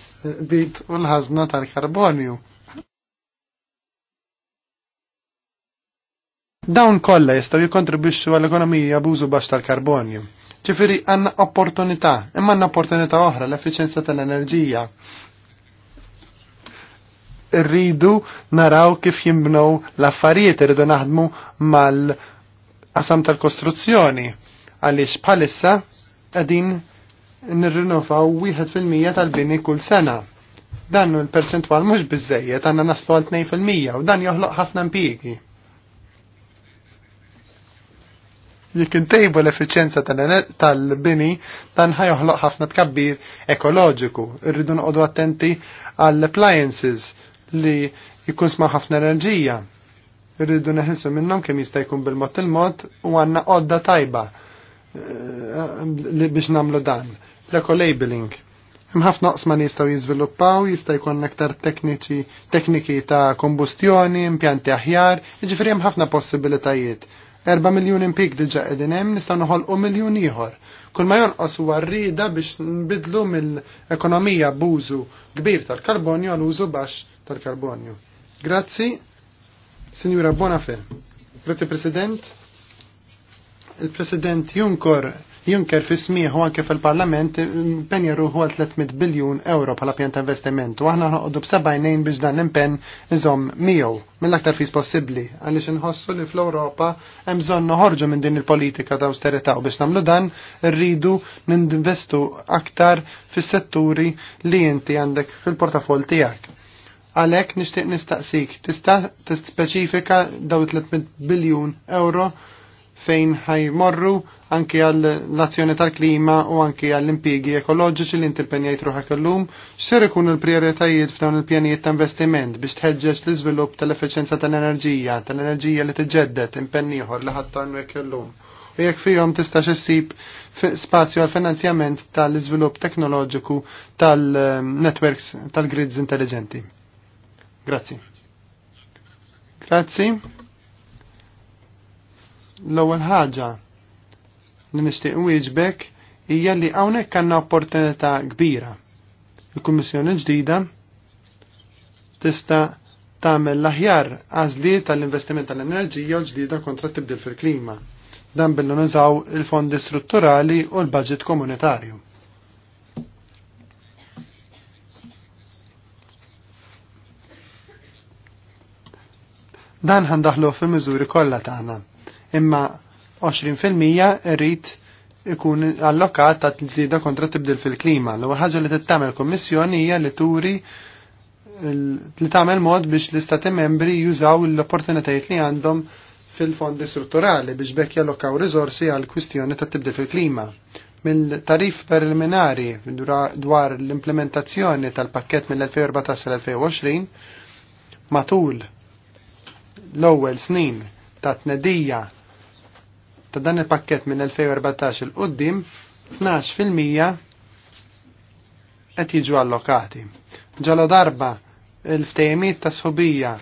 bit u l-ħazna tal-karbonju. Dawn kollha jistgħu jikkontribwixxu għall-ekonomija b'użu baxx tal-karbonju. Ġifieri għandna opportunità, imma għandna opportunità oħra l-effiċjenza tal-enerġija. Irridu naraw kif jimbnew l-affarijiet irridu naħdmu mal-qasam tal-kostruzzjoni għaliex bħalissa qegħdin fil 1% tal-bini kull sena. Dan l perċentwal mhux biżejjed għandna naslu għal 2% u dan joħloq ħafna impjiegi. jekk intejbu l efficienza tal-bini dan ħajoħloq ħafna tkabbir ekoloġiku. Irridu noqogħdu attenti għall-appliances li jikun sma' ħafna enerġija. Irridu neħilsu minnhom kemm jista' jkun bil mot il-mod u għandna qodda tajba eh, biex nagħmlu dan. L-eco-labeling. Hemm ħafna oqsma li jistgħu jiżviluppaw, jista' jkun aktar tekniċi tekniki ta' kombustjoni, impjanti aħjar, jiġifieri hemm ħafna possibilitajiet 4 miljun impik diġa qegħdin hemm nistgħu noħolqu miljun ieħor. Kull ma jonqos huwa rrida biex nbidlu mill-ekonomija b'użu kbir tal-karbonju għal użu baxx tal-karbonju. Grazzi, Sinjura Bonafè. Grazzi President. Il-President Juncker Juncker fi smieħu anke fil-Parlament penja ruħu għal 300 biljun euro bħala pjan ta' investiment u aħna noqogħdu b'sebajnejn biex dan l-impenn iżom miegħu mill-aktar fis possibbli għaliex inħossu li fl-Ewropa hemm bżonn noħorġu minn din il-politika ta' austerità u biex nagħmlu dan rridu ninvestu aktar fis-setturi li inti għandek fil-portafol tiegħek għalek nishtiq nistaqsik, tista' tispeċifika daw 300 biljun euro fejn ħajmorru anki għall-azzjoni tal-klima u anki għall-impigi ekoloġiċi li intimpenjajt ruħa kellum, xser ikun il-prioritajiet f'dawn il-pjanijiet ta' investiment biex tħeġġeġ l-iżvilupp tal-efficienza tal-enerġija, tal-enerġija li tiġġedded impenniħor li ħattannu kellum. U jekk fihom tista' xissib spazju għal finanzjament tal-iżvilupp teknoloġiku tal-networks tal-grids intelligenti. Grazzi. Grazzi. L-ewwel ħaġa li nixtieq wieġbek hija li hawnhekk għandna opportunità kbira. Il-Kummissjoni ġdida tista' tagħmel l-aħjar għażliet tal-investiment tal-enerġija u ġdida kontra tibdil fil-klima. Dan billu nużaw il-fondi strutturali u l-budget komunitarju. Dan ħandaħlu fil-miżuri kollha tagħna imma 20% irrid ikun allokat ta' tlida kontra tibdil fil-klima. l ħaġa li tittamel kommissjoni hija li turi li tagħmel mod biex l-istati membri jużaw l-opportunitajiet li għandhom fil-fondi strutturali biex bekk jallokaw riżorsi għal kwistjoni ta' tibdil fil-klima. Mill-tarif preliminari dwar l-implementazzjoni tal-pakket mill-2014 l-2020 matul l-ewwel snin ta' tnedija ta' dan il-pakket minn 2014 il qoddim 12% qed jiġu allokati. Ġalo darba il-ftejmiet ta' sħubija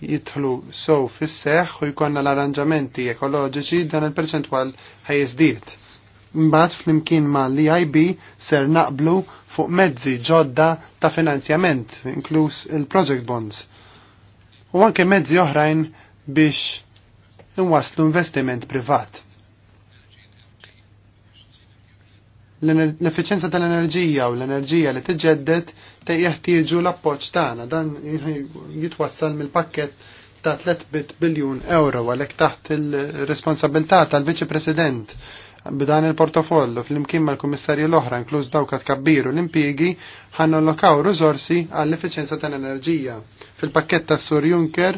jidħlu sow fis seħħ u jkollna l-arranġamenti ekoloġiċi dan il-perċentwal ħajjiżdied. Mbagħad flimkien ma' l-IB ser naqblu fuq mezzi ġodda ta' finanzjament, inkluż il-project bonds. U anke mezzi oħrajn biex inwaslu investiment privat. l-efficienza tal-enerġija u l-enerġija li tiġġedded te jeħtieġu l-appoġġ tagħna dan jitwassal mill-pakkett ta' 3 biljun euro għalhekk taħt il-responsabilità tal-Viċi President b'dan il-portofollu fl-imkien mal-Kummissarju l-oħra inkluż dawk qed kabbiru l-impjiegi ħanallokaw riżorsi għall-efficienza tal-enerġija. Fil-pakkett tas-Sur Juncker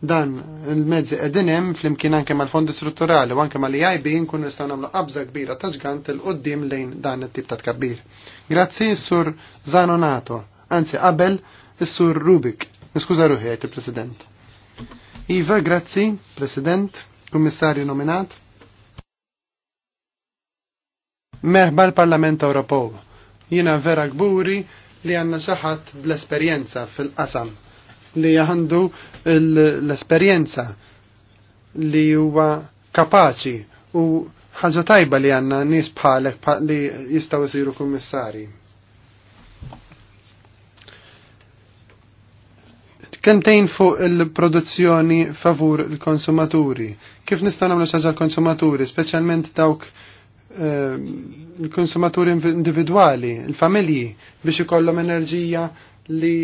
Dan il-mezzi qegħdin hemm flimkien anke mal-fondi strutturali u anke mal-EIB nkun nistgħu nagħmlu qabża kbira ta' ġgant il qudiem lejn dan it-tip ta' tkabbir. Grazzi sur Zanonato, anzi qabel is-sur Rubik. Niskuża ruħi għajt il-President. Iva, grazzi, President, Kummissarju nominat. Merħba l-Parlament Ewropew. Jiena vera gburi li għanna ħadd bl-esperjenza fil-qasam li għandu l-esperjenza li huwa kapaċi u ħaġa tajba li għanna nis bħalek li jistaw siru kummissari. Kentejn fuq il-produzzjoni favur il-konsumaturi. Kif nistaw namlu xaġa l-konsumaturi, specialment dawk eh, il-konsumaturi individuali, il-familji, biex ikollhom enerġija li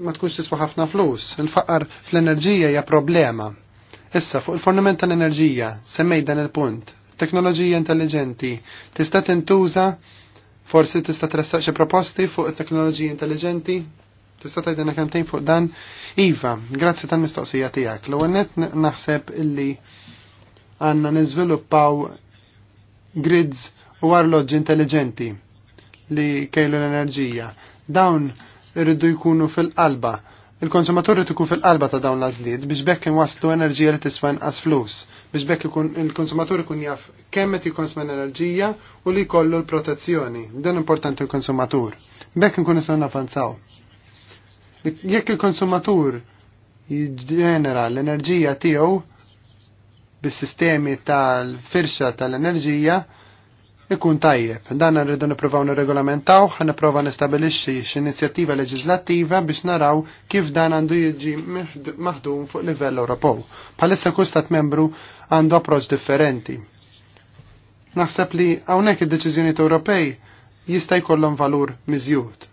ma tkunx tiswa ħafna flus. Il-faqar fl-enerġija hija problema. Issa fuq il-fornament tal-enerġija, semmej dan il-punt. Teknoloġija intelligenti tista' tintuża forsi tista' tressaq xi proposti fuq it-teknoloġija intelligenti? Tista' tgħidilna kemmtejn fuq dan? Iva, grazzi tal-mistoqsija tiegħek. L-ewwel naħseb illi għandna niżviluppaw grids u arloġġi intelligenti li kejlu l-enerġija. Dawn irridu jkunu fil-qalba. Il-konsumaturi tkun fil-qalba ta' dawn l azlid biex bekk waslu enerġija li tiswa inqas flus, biex bekk il-konsumatur ikun jaf kemm qed jikonsma enerġija u li jkollu l-protezzjoni. Dan importanti l-konsumatur. Bekk nkun nistgħu nafanzaw. Jekk il-konsumatur jiġġenera l-enerġija tiegħu bis-sistemi tal-firxa tal-enerġija, ikun tajjeb. Dan rridu nippruvaw nirregolamentaw, ħan nipprova nistabilixxi x'inizjattiva leġislattiva biex naraw kif dan għandu jiġi maħdum fuq livell Ewropew. Bħalissa kull stat membru għandu approċċ differenti. Naħseb li hawnhekk id-deċiżjonijiet Ewropej jista' jkollhom valur miżjud.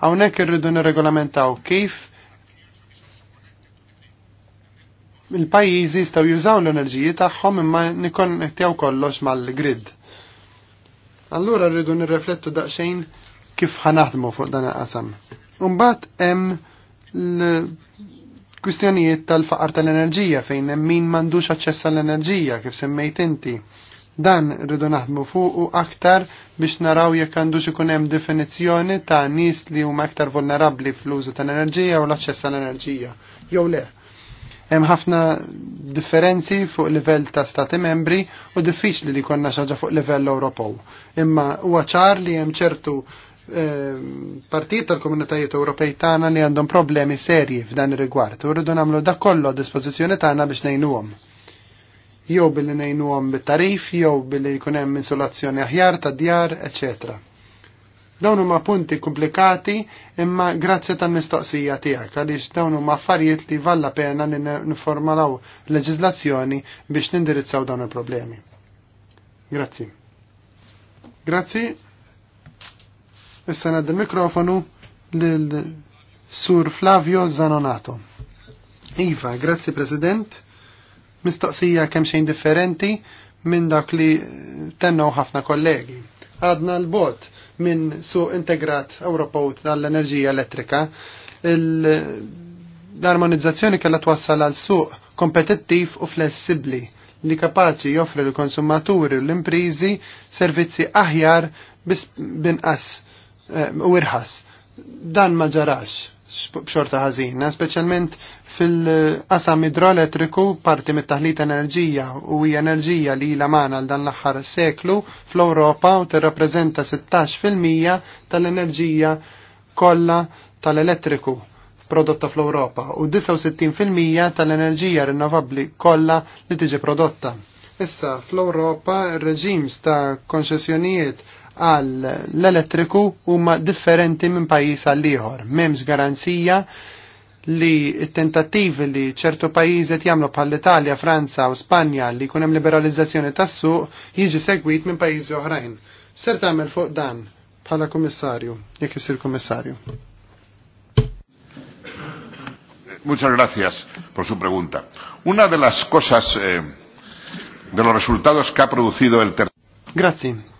Hawnhekk irridu nirregolamentaw kif il-pajjiżi jistgħu jużaw l-enerġiji tagħhom imma nikkonnettjaw kollox mal-grid Allura rridu nirreflettu daqsxejn kif ħanaħdmu fuq dan il-qasam. Umbat hemm l-kwistjonijiet tal-faqar tal-enerġija fejn hemm min m'għandux aċċess għall-enerġija kif semmejt inti. Dan rridu naħdmu fuq u aktar biex naraw jekk għandux ikun hemm definizzjoni ta' nies li huma aktar vulnerabbli fl-użu tal-enerġija u l-aċċess għall-enerġija. Jew le. Hemm ħafna differenzi fuq livell ta' stati membri u diffiċli li konna xaġa fuq livell Ewropew. Imma huwa ċar li hemm ċertu ehm, partijiet tal-komunitajiet Ewropej tagħna li għandhom problemi serji f'dan ir-rigward u rridu nagħmlu dak kollu dispożizzjoni tagħna biex ngħinuhom. Jew billi ngħinuhom bit-tarif, jew billi jkun hemm insolazzjoni aħjar tad djar, eċċetera. Dawn huma punti komplikati imma grazzi tal-mistoqsija tiegħek għaliex dawn huma affarijiet li valla pena li nifformalaw leġiżlazzjoni biex nindirizzaw dawn il-problemi. Grazzi. Grazzi. Issa nad mikrofonu lil Sur Flavio Zanonato. Iva, grazzi President. Mistoqsija kemm xejn differenti minn dak li tennew ħafna kollegi. Għadna l-bot minn su integrat Ewropew tal-enerġija elettrika. L-armonizzazzjoni kellha twassal għal suq kompetittiv u flessibbli li kapaċi joffri l-konsumaturi u l-imprizi servizzi aħjar binqas eh, u irħas. Dan ma ġarax b'xorta ħażina, speċjalment fil-qasam idroelettriku parti mit-taħlit enerġija u hija enerġija li ilha magħna għal dan l-aħħar seklu fl-Ewropa u tirrappreżenta 16% tal-enerġija kollha tal-elettriku prodotta fl-Ewropa u 69% tal-enerġija rinnovabbli kollha li tiġi prodotta. Issa fl-Ewropa reġims ta' konċessjonijiet għal l-elettriku huma differenti minn pajjiż għal ieħor. M'hemmx garanzija li t-tentattivi li ċertu pajjiżi qed jagħmlu bħal l-Italja, Franza u Spanja li jkun hemm liberalizzazzjoni tas-suq jiġi segwit minn pajjiżi oħrajn. Ser tagħmel fuq dan bħala kummissarju, jekk isir kummissarju. Muchas gracias por su pregunta. Una de las cosas, eh, de los resultados que ha producido el tercer. Grazie.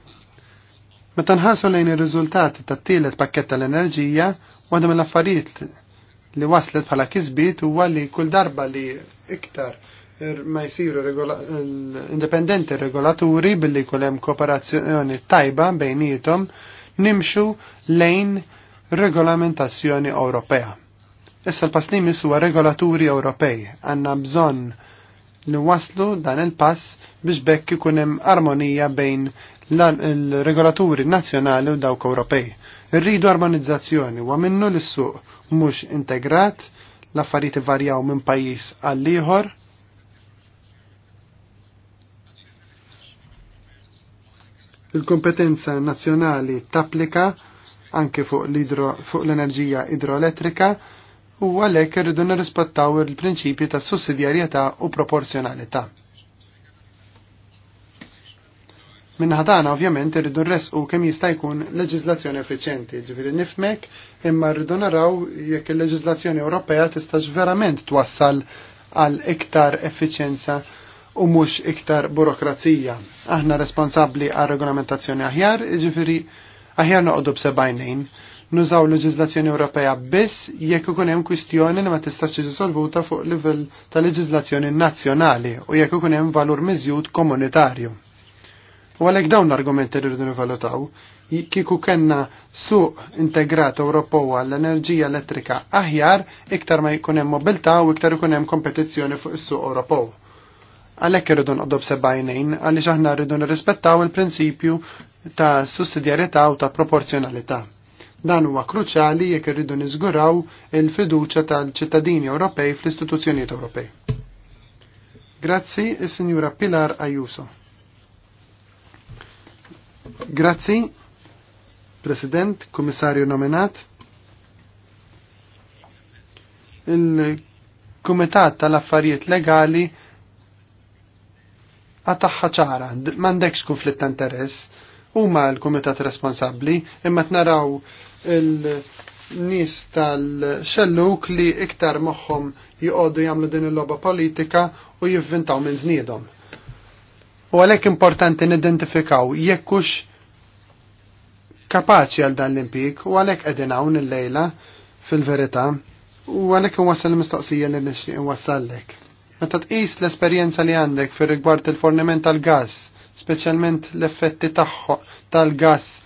Meta nħarsu lejn ir-riżultati tat-tielet pakket tal-enerġija, waħda mill-affarijiet li waslet bħala kisbit huwa li kull darba li iktar er- ma jsiru indipendenti regolaturi billi jkun hemm kooperazzjoni tajba bejnietom nimxu lejn regolamentazzjoni Ewropea. Issa l passnim huwa regolaturi Ewropej għandna bżonn li waslu dan il-pass biex bekk ikun hemm armonija bejn il-regolaturi nazzjonali u dawk Ewropej. Irridu armonizzazzjoni u minnu l-suq mhux integrat, l-affarijiet varjaw minn pajjiż għal ieħor. Il-kompetenza nazzjonali tapplika anke fuq l-enerġija idroelettrika u għalhekk irridu nirrispettaw il-prinċipji ta' sussidjarjetà u proporzjonalità. Minnaħdana ovvjament irridu nresqu kemm jista' jkun leġiżlazzjoni effiċjenti, ġifieri nifmek imma rridu naraw jekk il-leġiżlazzjoni Ewropea tistax verament twassal għal iktar effiċjenza u mhux iktar burokrazija. Aħna responsabbli għal regolamentazzjoni aħjar, ġifieri aħjar noqogħdu b'sebajnejn nużaw leġiżlazzjoni Ewropea biss jekk ikun hemm kwistjoni li ma tistax solvuta fuq livell ta' leġiżlazzjoni nazzjonali u jekk ikun hemm valur miżjud komunitarju. U għalhekk dawn l-argumenti rridu nivalutaw, kiku kenna suq integrat Ewropew għall-enerġija elettrika aħjar iktar ma jkun hemm mobilità u iktar ikun hemm kompetizzjoni fuq is-suq Ewropew. Għalhekk irridu nqoddu b'sebgħinejn għaliex aħna rridu nirrispettaw il-prinċipju ta' sussidjarjetà u ta' proporzjonalità. Dan huwa kruċjali jekk irridu niżguraw il-fiduċja tal-ċittadini Ewropej fl-istituzzjonijiet Ewropej. Grazzi, is-Sinjura Pilar Ayuso. Grazzi, President, Kummissarju nominat. Il-Kumitat tal-Affarijiet Legali għataħħa ċara, mandekx konflitt ta' interess, huma l-Kumitat responsabbli, imma t-naraw il-nis tal-xelluk li iktar moħħom jgħodu jagħmlu din il-loba politika u jivvintaw minn żniedhom. U għalhekk importanti nidentifikaw jekkux kapaċi għal dan l-impik u għalhekk qegħdin hawn lejla fil-verità u għalhekk inwassal l-mistoqsija li nixtieq inwassallek. Meta tqis l-esperjenza li għandek fir rigward il-forniment tal-gass, speċjalment l-effetti tagħhom tal-gass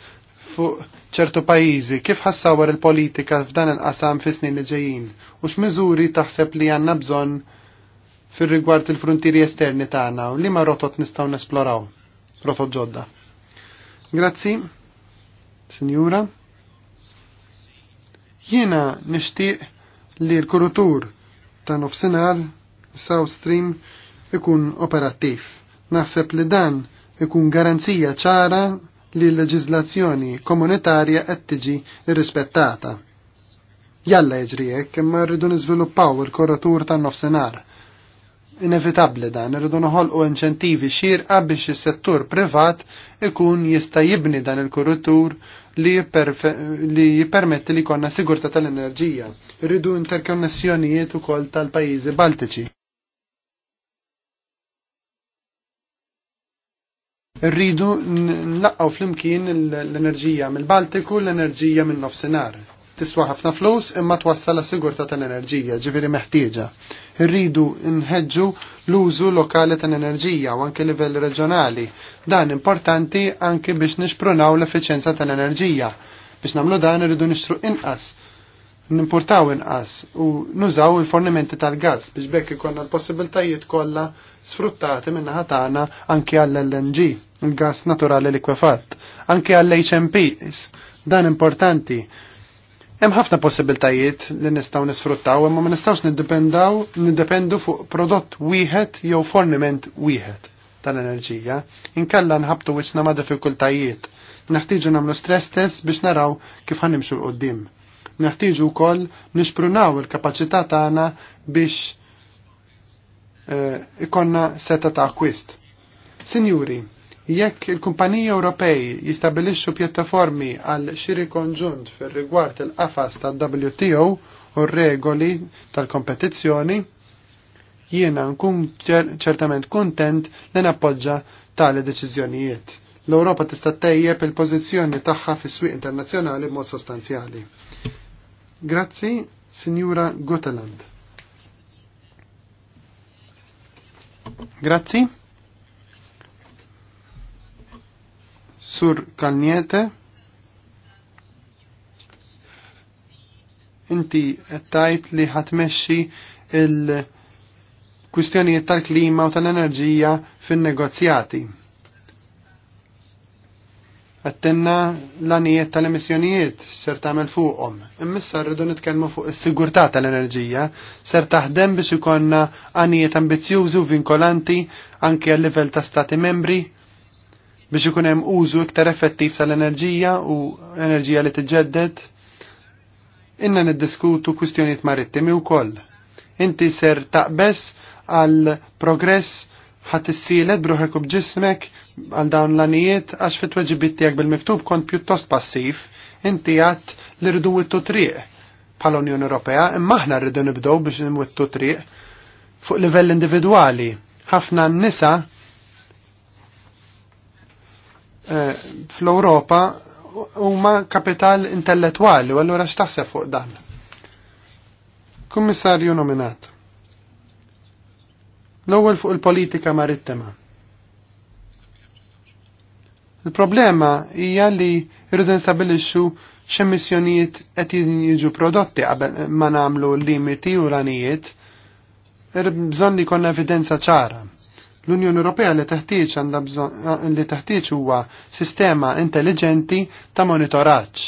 fuq ċertu pajjiżi, kif ħassawar il-politika f'dan il-qasam fis-snin li ġejjin u x'miżuri taħseb li għandna bżonn fil-rigward il-frontieri esterni tagħna u liema rotot nistgħu nesploraw, rotot ġodda. Grazzi, Sinjura. Jiena nixtieq li l-kurutur ta' nofsinhar South Stream ikun operattiv. Naħseb li dan ikun garanzija ċara li l-leġizlazzjoni komunitarja qed tiġi rispettata. Jalla jiġri hekk imma rridu niżviluppaw il kuratur tan-nofsinhar inevitabli dan, irridu noħolqu inċentivi xirqa biex is-settur privat ikun jista' jibni dan il kurutur li, jipermetti jippermetti li konna sigurta tal-enerġija. Irridu interkonnessjonijiet ukoll tal-pajjiżi Baltiċi. Irridu fl flimkien l-enerġija mill-Baltiku l-enerġija minn nofsinhar. Tiswa ħafna flus imma twassal la sigurta tal-enerġija, ġiviri meħtieġa rridu nħeġġu l-użu lokali ta' enerġija u anke livell reġjonali. Dan importanti anke biex nixprunaw l efficienza tal-enerġija. Biex nagħmlu dan rridu nixtru inqas nimportaw inqas u nużaw il-fornimenti tal-gas biex bekk ikonna l-possibiltajiet kollha sfruttati minna ħatana anke għall-LNG, il-gas naturali likwefat, anke għall-HMPs, dan importanti Hemm ħafna possibiltajiet li nistgħu nisfruttaw imma ma nistgħux niddependaw niddependu fuq prodott wieħed jew forniment wieħed tal-enerġija. Inkella nħabtu wiċċna ma' diffikultajiet. Naħtiġu nagħmlu stress test biex naraw kif ħanimxu l-qoddim. Naħtiġu wkoll nixprunaw il-kapaċità tagħna biex eh, ikonna seta ta' akwist. Sinjuri, Jekk il-kumpaniji Ewropej jistabilixxu pjattaformi għal xiri konġunt fir-rigward il-qafas tal-WTO u regoli tal-kompetizzjoni, jiena nkun ċertament kontent li nappoġġa tali deċiżjonijiet. L-Ewropa tista' tejjeb il-pożizzjoni tagħha fis-swieq internazzjonali b'mod sostanzjali. Grazzi, Sinjura Guteland. Grazzi. Sur Kalniete, inti tajt li ħatmexxi il-kwistjonijiet tal-klima u tal-enerġija fin-negozjati. Għattenna l-anijiet tal-emissjonijiet ser tagħmel fuqhom. Immissa rridu nitkellmu fuq is-sigurtà tal-enerġija ser taħdem biex ikonna għanijiet ambizzjużi u vinkolanti anke għal livell ta' stati membri biex ikun hemm użu iktar effettiv tal-enerġija u enerġija li tiġġedded inna niddiskutu kwistjonijiet marittimi wkoll. Inti ser taqbess għal progress ħat issielet bruħek u bġismek għal dawn l-anijiet għax fit tweġibit tiegħek bil-miktub kont pjuttost passiv, inti għat li rridu wittu triq bħal Unjoni Ewropea, imma aħna rridu nibdew biex nwittu triq fuq livell individwali. Ħafna n nisa Eh, fl-Ewropa huma kapital intellettwali u allura x'taħseb fuq dan? Kummissarju nominat. L-ewwel fuq il-politika marittima. Il-problema hija li rridu nstabilixxu x'emissjonijiet qed jiġu prodotti qabel ma nagħmlu limiti u ranijiet. Bżonn li konna evidenza ċara L-Unjoni Ewropea li teħtieġ għandha eh, li teħtieġ huwa sistema intelligenti ta' monitoraġġ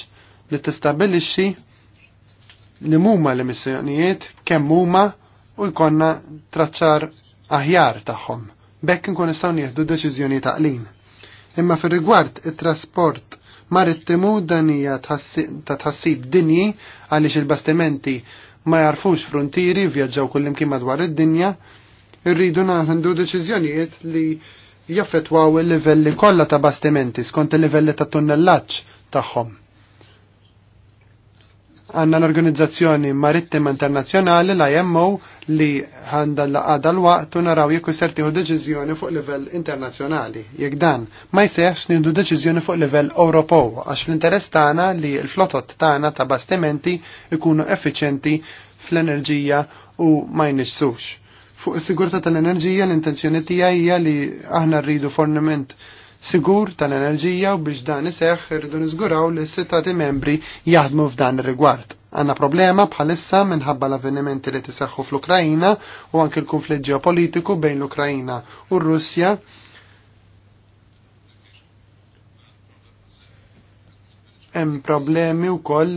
li tistabilixxi li huma l-emissjonijiet kemm huma u jkollna traċċar aħjar tagħhom. Bekk nkun nistgħu nieħdu deċiżjoni taqlin. Imma fir-rigward it-trasport marittimu dan hija ta' tħassib dinji għaliex il-bastimenti ma jarfux frontieri vjaġġaw kullimkien madwar id-dinja irridu naħandu deċiżjonijiet li jaffetwaw il-livelli kollha ta' bastimenti skont il-livelli ta' tunnellaġġ tagħhom. Għanna l-Organizzazzjoni Marittima Internazzjonali l-IMO li għandha l-għada l-waqt u naraw jekk sertiħu deċiżjoni fuq livell internazzjonali. Jekk dan ma jsejħx nieħdu deċiżjoni fuq livell Ewropew għax fl interess tagħna li l-flotot tagħna ta' bastimenti ikunu effiċenti fl-enerġija u ma jnixsux Fuq is-sigurtà tal-enerġija l-intenzjoni tiegħi hija li aħna rridu forniment sigur tal-enerġija u biex dan iseħħ irridu niżguraw li s sitati membri jaħdmu f'dan ir-rigward. Għanna problema bħalissa minħabba l-avvenimenti li tiseħħu fl-Ukrajina u anke l-konflitt ġeopolitiku bejn l-Ukrajina u r-Russja. Hemm problemi wkoll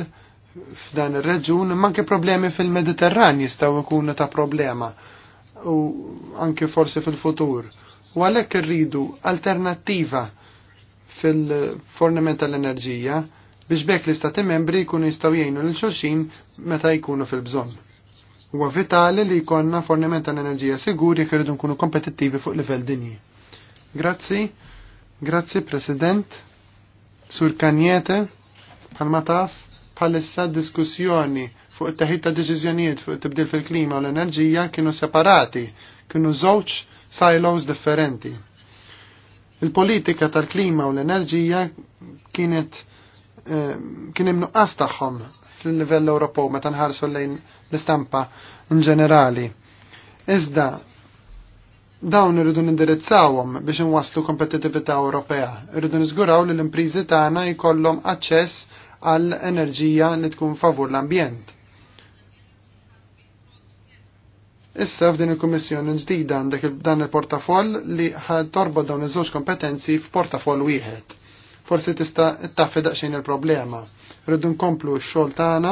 f'dan ir-reġun, ma anke problemi fil-Mediterran jistgħu jkunu ta' problema u anke forsi fil-futur. U għalhekk irridu alternattiva fil-forniment tal-enerġija biex bekk l-istati membri jkunu jistgħu jgħinu lil xulxin meta jkunu fil-bżonn. Huwa vitali li jkollna forniment tal-enerġija sigur jekk irridu nkunu kompetittivi fuq livell dinji. Grazzi, grazzi President, Sur Kanjete, bħalma taf, bħalissa diskussjoni fuq it-taħid ta' deċiżjonijiet fuq tibdil fil-klima u l-enerġija kienu separati, kienu żewġ silos differenti. Il-politika tal-klima u l-enerġija kienet eh, kien hemm nuqqas tagħhom fil-livell Ewropew meta nħarsu lejn l-istampa in ġenerali. Iżda dawn irridu nindirizzawhom biex inwasslu kompetitività Ewropea. Irridu niżguraw li l-impriżi tagħna jkollhom aċċess għall enerġija li tkun favur l-ambjent. Issa f'din il-Kummissjoni ġdida għandek dan il-portafoll li torba dawn iż-żewġ kompetenzi f'portafoll wieħed. Forsi tista' taffi daqsxejn il-problema. Rridu nkomplu x-xogħol tagħna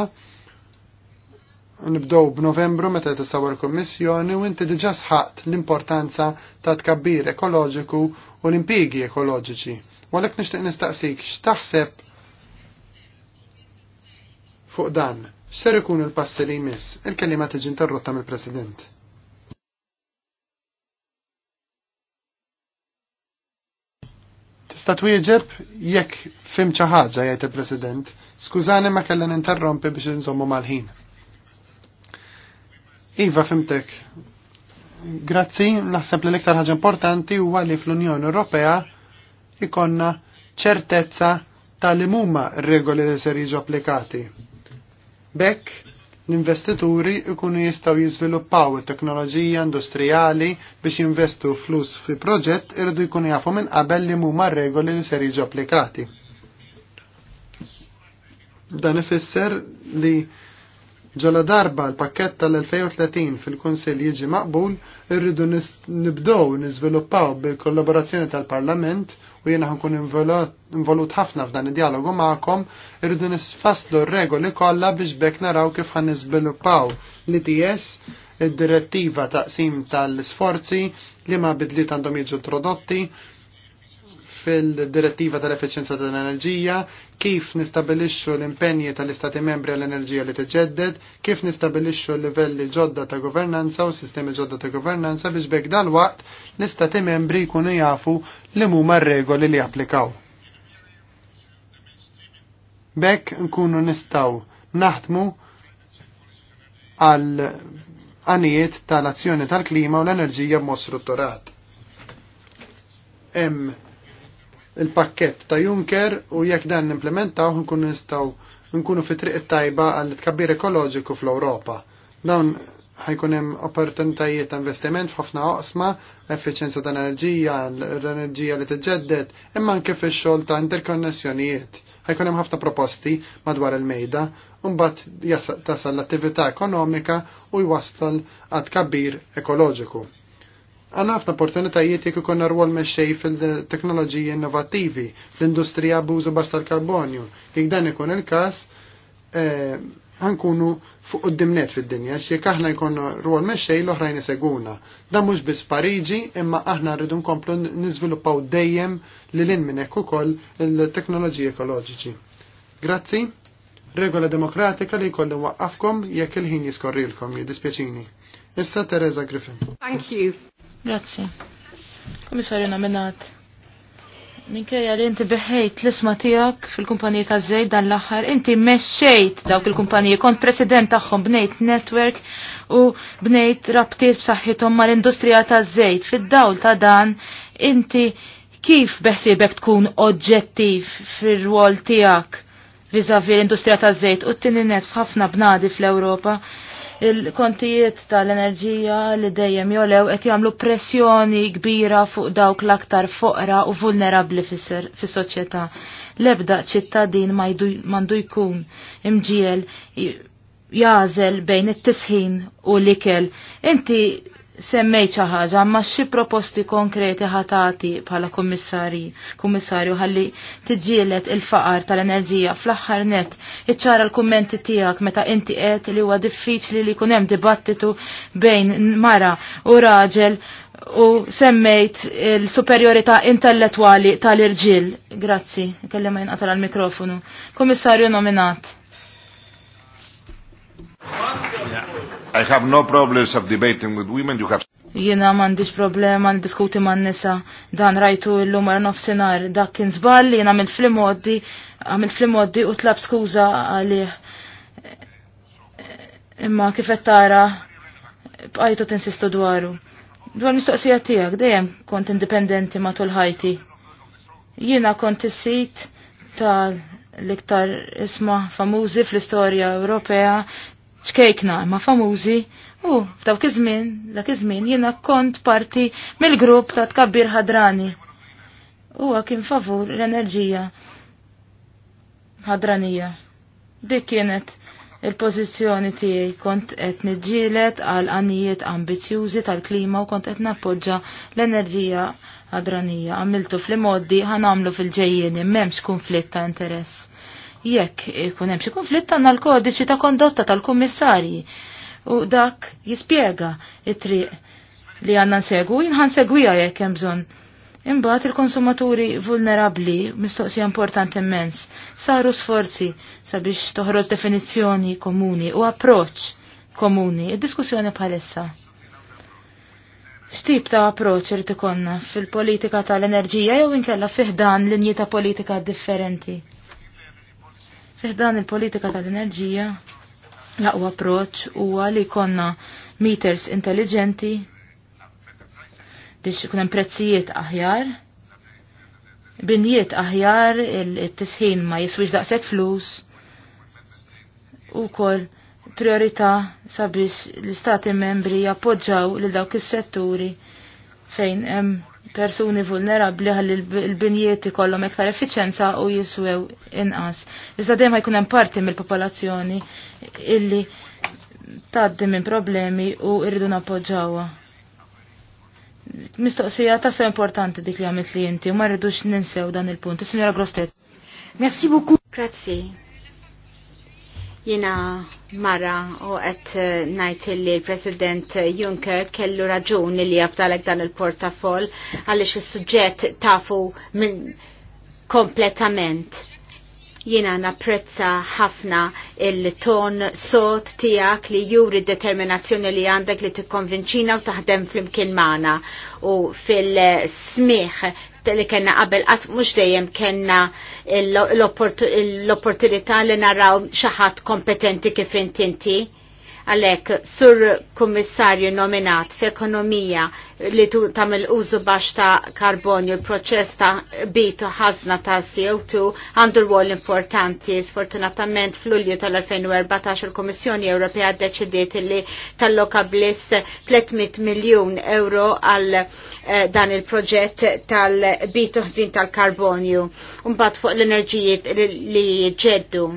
nibdow b'Novembru meta tisawar il-Kummissjoni u inti diġà sħaqt l-importanza ta' tkabbir ekoloġiku u l-impigi ekoloġiċi. Walek nixtieq nistaqsik x'taħseb fuq dan. Ser ikun il-passi li jmiss, il-kelima tiġi interrotta mill-President. Tista' twieġeb jekk fim xi ħaġa jgħid il-President. Skużani ma kellen ninterrompi biex inżommu mal-ħin. Iva fimtek. Grazzi, naħseb li l-iktar ħaġa importanti huwa li fl-Unjoni Ewropea ikonna ċertezza tal-imuma regoli li ser jiġu applikati. Bekk L-investituri ikunu jistaw jizviluppaw it-teknoloġija industrijali biex jinvestu flus fi proġett irridu jkunu jafu minn qabel li huma regoli li ser jiġu applikati. Dan ifisser li ġala darba l-pakket tal-2030 fil-Kunsill jiġi maqbul, irridu nibdow niżviluppaw bil-kollaborazzjoni tal-Parlament u jiena ħankun involut ħafna f'dan id-dialogu ma'kom, irridu nisfaslu r-regoli kollha biex bekk naraw kif ħan niżviluppaw l-ITS id-direttiva taqsim tal-sforzi li ma bidliet għandhom jiġu introdotti fil-direttiva tal-efficienza tal-enerġija, kif nistabilixxu l-impenji tal-istati membri għall-enerġija li tiġġedded, kif nistabilixxu l livelli ġodda ta' governanza u sistemi ġodda ta' governanza biex bekk dal-waqt l-istati membri jkunu jafu li huma regoli li applikaw. Bekk nkunu nistaw naħdmu għal għanijiet tal-azzjoni tal-klima u l-enerġija b'mod strutturat. Hemm il-pakket ta' Juncker u jekk dan implementaw nkun nistaw nkunu fi triq tajba għal tkabbir ekoloġiku fl-Ewropa. Dawn ħajkun hemm opportunitajiet ta' investiment f'ħafna oqsma, effiċjenza ta' enerġija, l-enerġija li tiġġedded, imma anke fix-xogħol ta' interkonnessjonijiet. Ħajkun hemm ħafna proposti madwar il-mejda, u mbagħad tasal l-attività ekonomika u jwassal għad kabbir ekoloġiku. Għanna ħafna opportunitajiet jekk ikun rwol meċċej fil-teknoloġiji innovattivi, fl-industrija b'użu baxx tal-karbonju. Jek dan ikun il-każ, eh, ħankunu fuq dimnet fid-dinja, xie aħna jkollna rwol meċċej l-oħrajn seguna. Dan mhux biss Pariġi, imma aħna rridu nkomplu niżviluppaw dejjem lil l minn hekk ukoll il-teknoloġiji ekoloġiċi. Grazzi, regola demokratika li jkollu waqqafkom jekk il-ħin jiskorrilkom jidispieċini. Issa Teresa Griffin. Thank you. Grazzi. Komissarju nominat. Minkejja li inti beħejt l-isma tijak fil-kumpanija ta' zejt dan l-axar, inti meċċejt dawk il-kumpanija, kont president tagħhom bnejt network u bnejt rabtiet b'saħħithom mal-industrija ta' zejt. Fid-dawl ta' dan, inti kif beħsibek tkun oġġettiv fir-rwol tijak vizavi l-industrija ta' zejt u t-tini net f'ħafna bnadi fl-Ewropa il-kontijiet tal-enerġija li dejjem jolew qed jagħmlu pressjoni kbira fuq dawk l-aktar foqra u vulnerabbli fis-soċjetà. Lebda ċittadin mandu jkun imġiel jażel bejn it-tisħin u l-ikel. Inti semmejt xi ħaġa ma xi proposti konkreti ħatati bħala kummissarji kummissarju ħalli tiġġieled il-faqar tal-enerġija fl-aħħar net iċċara l-kummenti tiegħek meta inti qed li huwa diffiċli li jkun hemm dibattitu bejn mara u raġel u semmejt il-superjorità intellettwali tal-irġiel. Grazzi, kellem jinqata' l-mikrofonu. Kummissarju nominat. Yeah. I have no problems of debating with women, you have... Jena mandiġ problema diskuti man nisa dan rajtu l-lum għar nofsinar dak kien zbal jina għamilt fl-moddi għamilt fl-moddi u tlab skuza għalih imma kifet tara bqajtu tinsistu dwaru dwar mistoqsija tijak dejjem kont indipendenti tul ħajti jina kont is-sit tal l-iktar isma famużi fl-istorja Ewropea ċkejkna imma famużi u f'dawk iż-żmien, dak iż-żmien jiena kont parti mill-grupp ta' tkabbir ħadrani. Huwa kien favur l-enerġija ħadranija. Dik kienet il-pożizzjoni tiegħi kont qed niġġielet għal għanijiet ambizjużi tal-klima u kont qed nappoġġa l-enerġija ħadranija. Għamiltu fl-modi ħanamlu fil ġejjeni m'hemmx konflitt ta' interess jekk ikun hemm xi konflitt għandna l-kodiċi ta' kondotta tal-kummissarji u dak jispjega it-triq li għandna nsegwu jinħan segwija jekk hemm bżonn. Imbagħad il-konsumaturi vulnerabbli mistoqsija importanti immens saru sforzi sabiex toħroġ definizzjoni komuni u approċċ komuni id-diskussjoni bħalissa. X'tip ta' approċċ irid ikonna fil-politika tal-enerġija jew inkella fih dan linji ta' politika differenti? Fiħdan il-politika tal-enerġija l-aqwa approċ huwa li konna meters intelligenti biex kunem prezzijiet aħjar, binjiet aħjar, il-tisħin ma jiswix daqsek flus, u kol priorita sabiex l-istati membri jappoġġaw l dawk is-setturi fejn hemm persuni vulnerabli ħalli l binjieti ikollhom iktar effiċenza u jiswew inqas. Iżda dejjem jkun hemm parti mill-popolazzjoni illi tgħaddi minn problemi u rridu nappoġġawha. Mistoqsija tassa importanti dik li għamilt li inti u ma rridux ninsew dan il-punt. Signora Grostet. Merci beaucoup. Grazie. Jena Mara, u għet eh, najt li l-President Juncker kellu raġun li jafdalek dan il-portafol għalix il-sujġet tafu minn kompletament. Jina napprezza ħafna il-ton sot tijak li juri determinazzjoni li għandek li t-konvinċina u taħdem fl-imkien maħna u fil-smiħ li kena qabel qatt mhux dejjem kena l-opportunità li naraw xi ħadd kompetenti kif intinti. Għalek, sur kummissarju nominat f'ekonomija li tamil użu bax ta' karbonju, il-proċess ta' bitu ħazna ta' CO2 għandu rwol importanti. Sfortunatament fl-Ulju tal-2014 il komissjoni Ewropea deċidiet li talloka bliss 300 miljon euro għal eh, dan il-proġett tal-bitu ħzin tal-karbonju. bat fuq l-enerġijiet li ġeddu.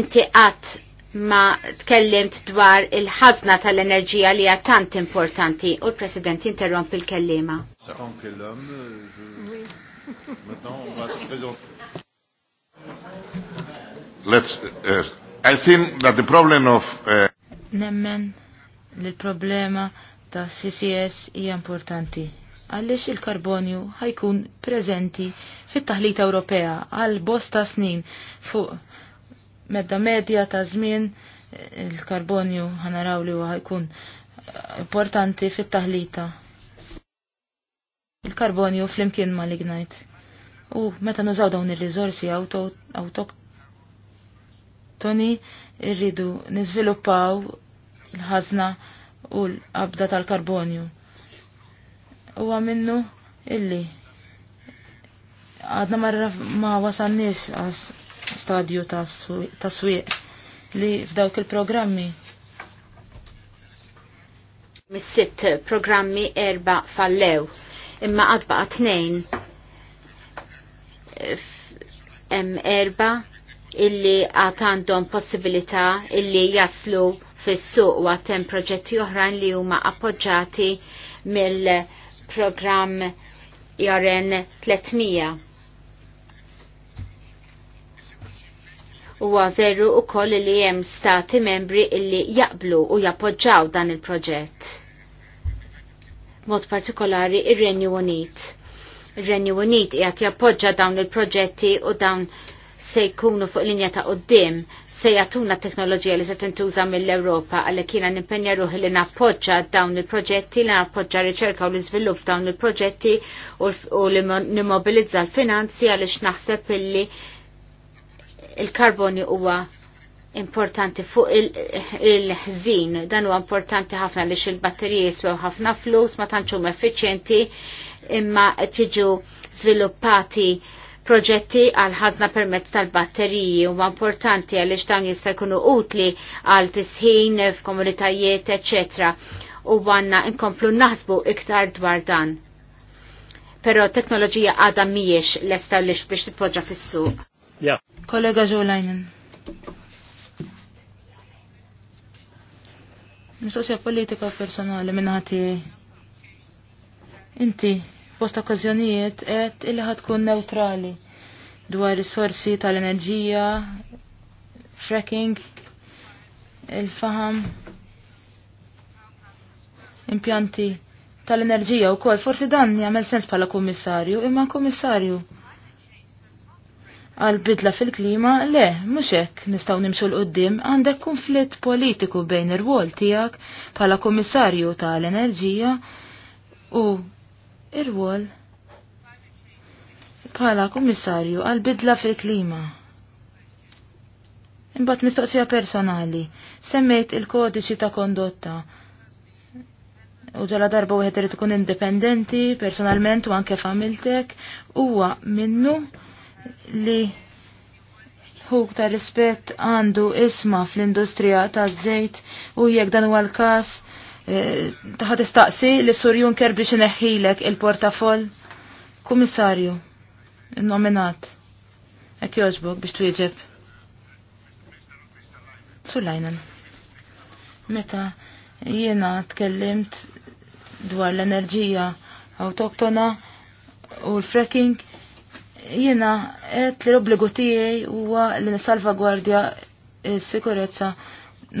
Inti għat ma tkellimt dwar il-ħazna tal-enerġija li hija tant importanti u l-President interromp il-kellima. Euh, Let's, uh, I think that the problem of... Uh, Nemmen li l-problema ta' CCS hija importanti għaliex il-karbonju ħajkun preżenti fit-taħlita Ewropea għal bosta snin fuq medda medja ta' żmien il-karbonju ħanaraw li huwa jkun importanti fit-taħlita. Il-karbonju flimkien ma l-ignajt. U meta nużaw dawn ir-riżorsi autoktoni irridu niżviluppaw l ħazna u l-qabda tal-karbonju. U minnu illi għadna marra ma wasanniex għas stadju ta' swieq li f'dawk il-programmi mis-sitt programmi erba fallew imma għadbaqa tnejn hemm erba illi għad għandhom possibilità illi jaslu fis-suq u għatem proġetti oħrajn li huma appoġġati mill-programm Jaren 300. Huwa veru wkoll li hemm stati membri illi jaqblu u jappoġġaw dan il-proġett. Mod partikolari ir-Renju Unit. Ir-Renju Unit qiegħed jappoġġa dawn il-proġetti u dawn se jkunu fuq linja ta' qoddim se jatuna teknoloġija li se tintuża mill-Ewropa għalli kiena nimpenja ruħi li nappoġġa dawn il-proġetti, li nappoġġa riċerka u l-iżvilupp dawn il-proġetti u li nimmobilizza l-finanzi għaliex naħseb illi il karboni huwa importanti fuq il-ħżin, il dan huwa importanti ħafna li il-batteriji jiswew ħafna flus, ma tantxhom effiċjenti, imma tiġu żviluppati proġetti għal ħazna permezz tal-batteriji huma importanti għaliex dawn jista' jkunu utli għal tisħin f'komunitajiet, ecc. U għanna inkomplu naħsbu iktar dwar dan. Pero teknoloġija għadha mhijiex l-established biex tipoġġa fis-suq. Ja. Kollega Ġulajnen. Mistoqsija politika personali minna ħati. Inti, fost okkazjonijiet, et illi ħatkun neutrali dwar risorsi tal-enerġija, fracking, il-faham, impjanti tal-enerġija u kol. Forsi dan jagħmel sens bħala kummissarju, imma kummissarju għal bidla fil-klima, le, mhux hekk nistgħu nimxu l qoddim għandek konflitt politiku bejn ir wol tiegħek bħala kummissarju tal-enerġija u ir wol bħala kummissarju għal bidla fil-klima. Imbat mistoqsija personali, semmejt il-kodiċi ta' kondotta. U ġala darba wieħed irid ikun indipendenti personalment u anke familtek, huwa minnu li ħuk ta' rispett għandu isma fl-industrija taż-żejt u jekk dan huwa l-każ taħat eh, istaqsi li Sur Junker biex ineħħilek il-portafoll kummissarju nominat ek jogħġbok biex twieġeb. Sulajnen. Meta jiena tkellimt dwar l-enerġija autoktona u l-fracking Jiena qed li l-obbligu tiegħi huwa li nisalvagwardja s-sikurezza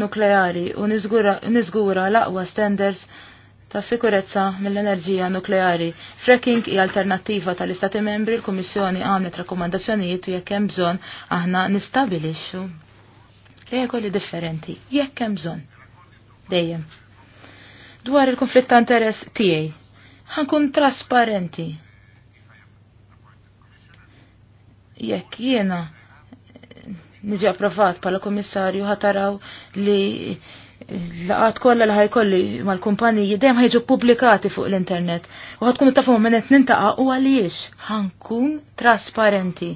nukleari u niżgura l-aqwa standards ta' sikurezza mill-enerġija nukleari. Fracking hija alternattiva tal-Istati Membri l-Kummissjoni għamlet rakkomandazzjonijiet jekk hemm bżonn aħna nistabilixxu regoli differenti jekk hemm bżonn dejjem. Dwar il-konflitt ta' interess tiegħi ħankun trasparenti jekk jiena niġi approvat pala komissarju ħataraw li laqat kollha li ħajkolli mal-kumpaniji dejjem ħajġu publikati fuq l-internet u ħatkunu tafu minn qed nintaqa' u għaliex ħankun trasparenti.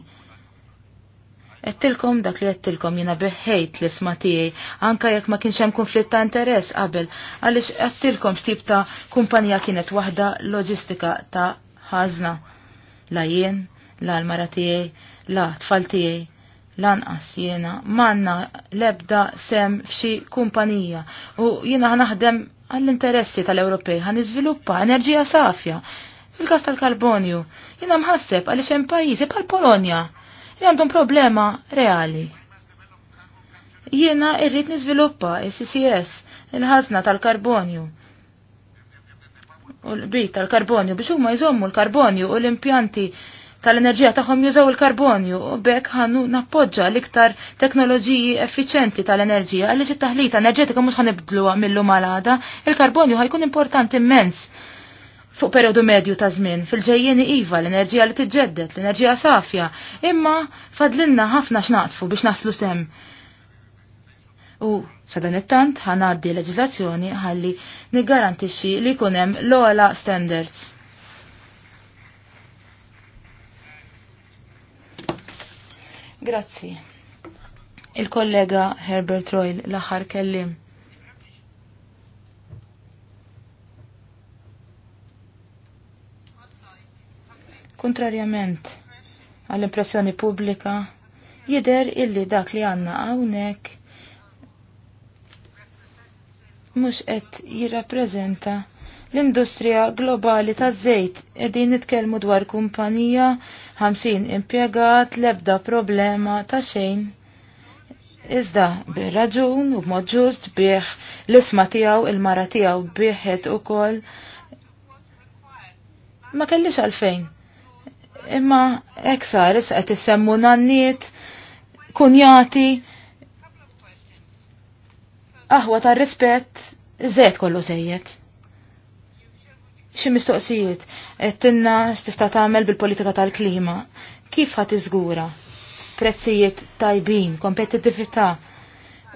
Għettilkom dak li għettilkom jina beħħejt l-isma tijaj, anka jekk ma kienx hemm konflitt ta' interess qabel, għaliex għettilkom xtib ta' kumpanija kienet waħda loġistika ta' ħażna. La jien, la l-mara tiegħi, la tfal tiegħi. Lanqas jiena manna lebda sem f'xi kumpanija u jiena ħanaħdem għall-interessi tal-Ewropej għan iżviluppa enerġija safja. Fil-kas tal-karbonju, jiena mħasseb għaliex hemm pajjiżi bħal Polonja li għandhom problema reali. Jiena irrit niżviluppa il ccs il-ħażna tal-karbonju u l-bit tal-karbonju biex huma jżommu l-karbonju u l-impjanti tal-enerġija tagħhom jużaw il-karbonju u bekk ħannu nappoġġa l-iktar teknoloġiji effiċenti tal-enerġija għaliex it-taħlita enerġetika mhux ħanibdluha mill-lum għada, il-karbonju ħajkun importanti immens fuq periodu medju ta' żmien fil-ġejjeni iva l-enerġija li tiġġedded, l-enerġija safja, imma fadlinna ħafna x'naqtfu biex naslu sem. U sa it-tant ħanaddi leġiżlazzjoni ħalli niggarantixxi li jkun hemm l-ogħla standards Grazzi. Il-kollega Herbert Royle l-aħħar kellim. Kontrarjament għall-impressjoni pubblika, jider illi dak li għanna għawnek mux qed jirrappreżenta l-industrija globali ta' żejt qegħdin nitkellmu dwar kumpanija 50 impjegat lebda problema ta' xejn. Iżda, bir-raġun u b'mod ġust bieħ l-isma tiegħu il-mara tiegħu bieħet ukoll. Ma kellix għalfejn. Imma hekk sar issa qed issemmu nanniet, kunjati, aħwa tar rispett, żed kollu żejjed xi mistoqsijiet tinna x'tista' tagħmel bil-politika tal-klima. Kif ħadd izgura? prezzijiet tajbin, kompetitivita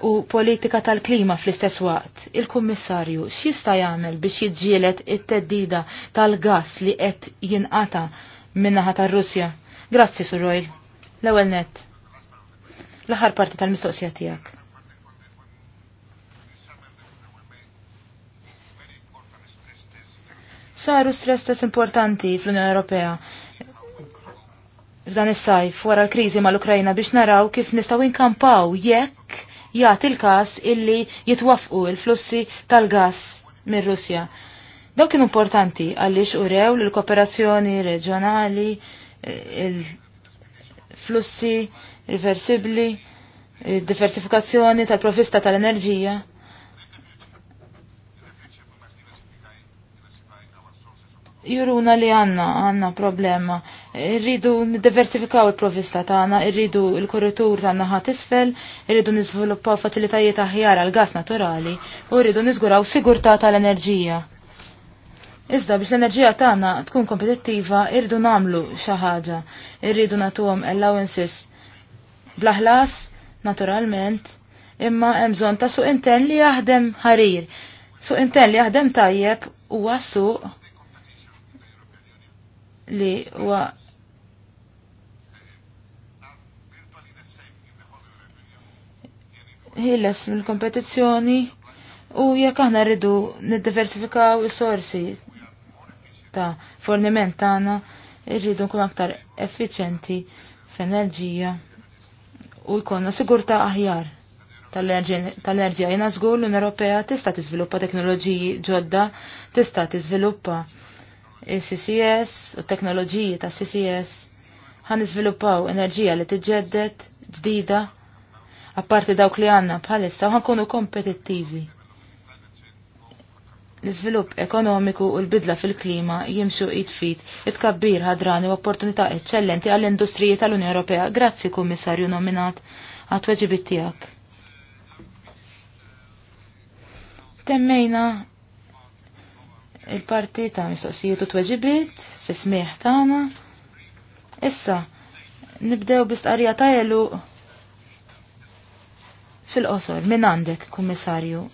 u politika tal-klima fl-istess waqt, il-Kummissarju x'jista' jagħmel biex jiġġieled it-teddida tal-gass li qed jinqata min-naħa tar-Russja. Grazzi, Sur Royal. L-ewwel net. L-aħħar parti tal-mistoqsija tiegħek. saru stress test importanti fl-Unjoni Ewropea f'dan is-sajf wara l-kriżi mal-Ukrajna biex naraw kif nistgħu inkampaw jekk jagħti l-każ illi jitwaffqu l-flussi tal-gass mir-Russja. Dawk kienu importanti għaliex urew l-kooperazzjoni reġjonali, il-flussi riversibbli, diversifikazzjoni tal-provista tal-enerġija. juruna li għanna, għanna problema. Irridu diversifikaw il-provista tagħna, irridu il-korritur għanna ħat isfel, irridu niżviluppaw faċilitajiet aħjar għal gas naturali, u rridu niżguraw sigurtà tal-enerġija. Iżda biex l-enerġija tagħna tkun kompetittiva, irridu nagħmlu xi ħaġa, irridu nagħtuhom allowances blaħlas, naturalment, imma hemm bżonn ta' suq intern li jaħdem ħarir. su intern li jaħdem tajjeb huwa suq li huwa ħilles mill-kompetizzjoni u jekk aħna rridu niddiversifikaw is-sorsi ta' forniment tagħna, rridu nkun aktar effiċenti f'enerġija u jkollna sigurtà aħjar tal-enerġija. Jiena żgur l-Unjoni Ewropea tista' tiżviluppa teknoloġiji ġodda, tista' tiżviluppa il-CCS u teknoloġiji ta' CCS għan izviluppaw enerġija li tiġġedded ġdida apparti dawk li għanna bħalissa għan ħankunu kompetittivi. L-iżvilupp ekonomiku u l-bidla fil-klima jimxu id-fit, it-kabbir ħadrani u opportunità eccellenti għall-industriji tal-Unja Ewropea. Grazzi, kummissarju nominat, għat weġibittijak Temmejna il-parti ta' mistoqsijiet u tweġibiet fi smieħ tagħna. Issa nibdew bistqarrija ta' jelu fil-qosor minn għandek, kummissarju.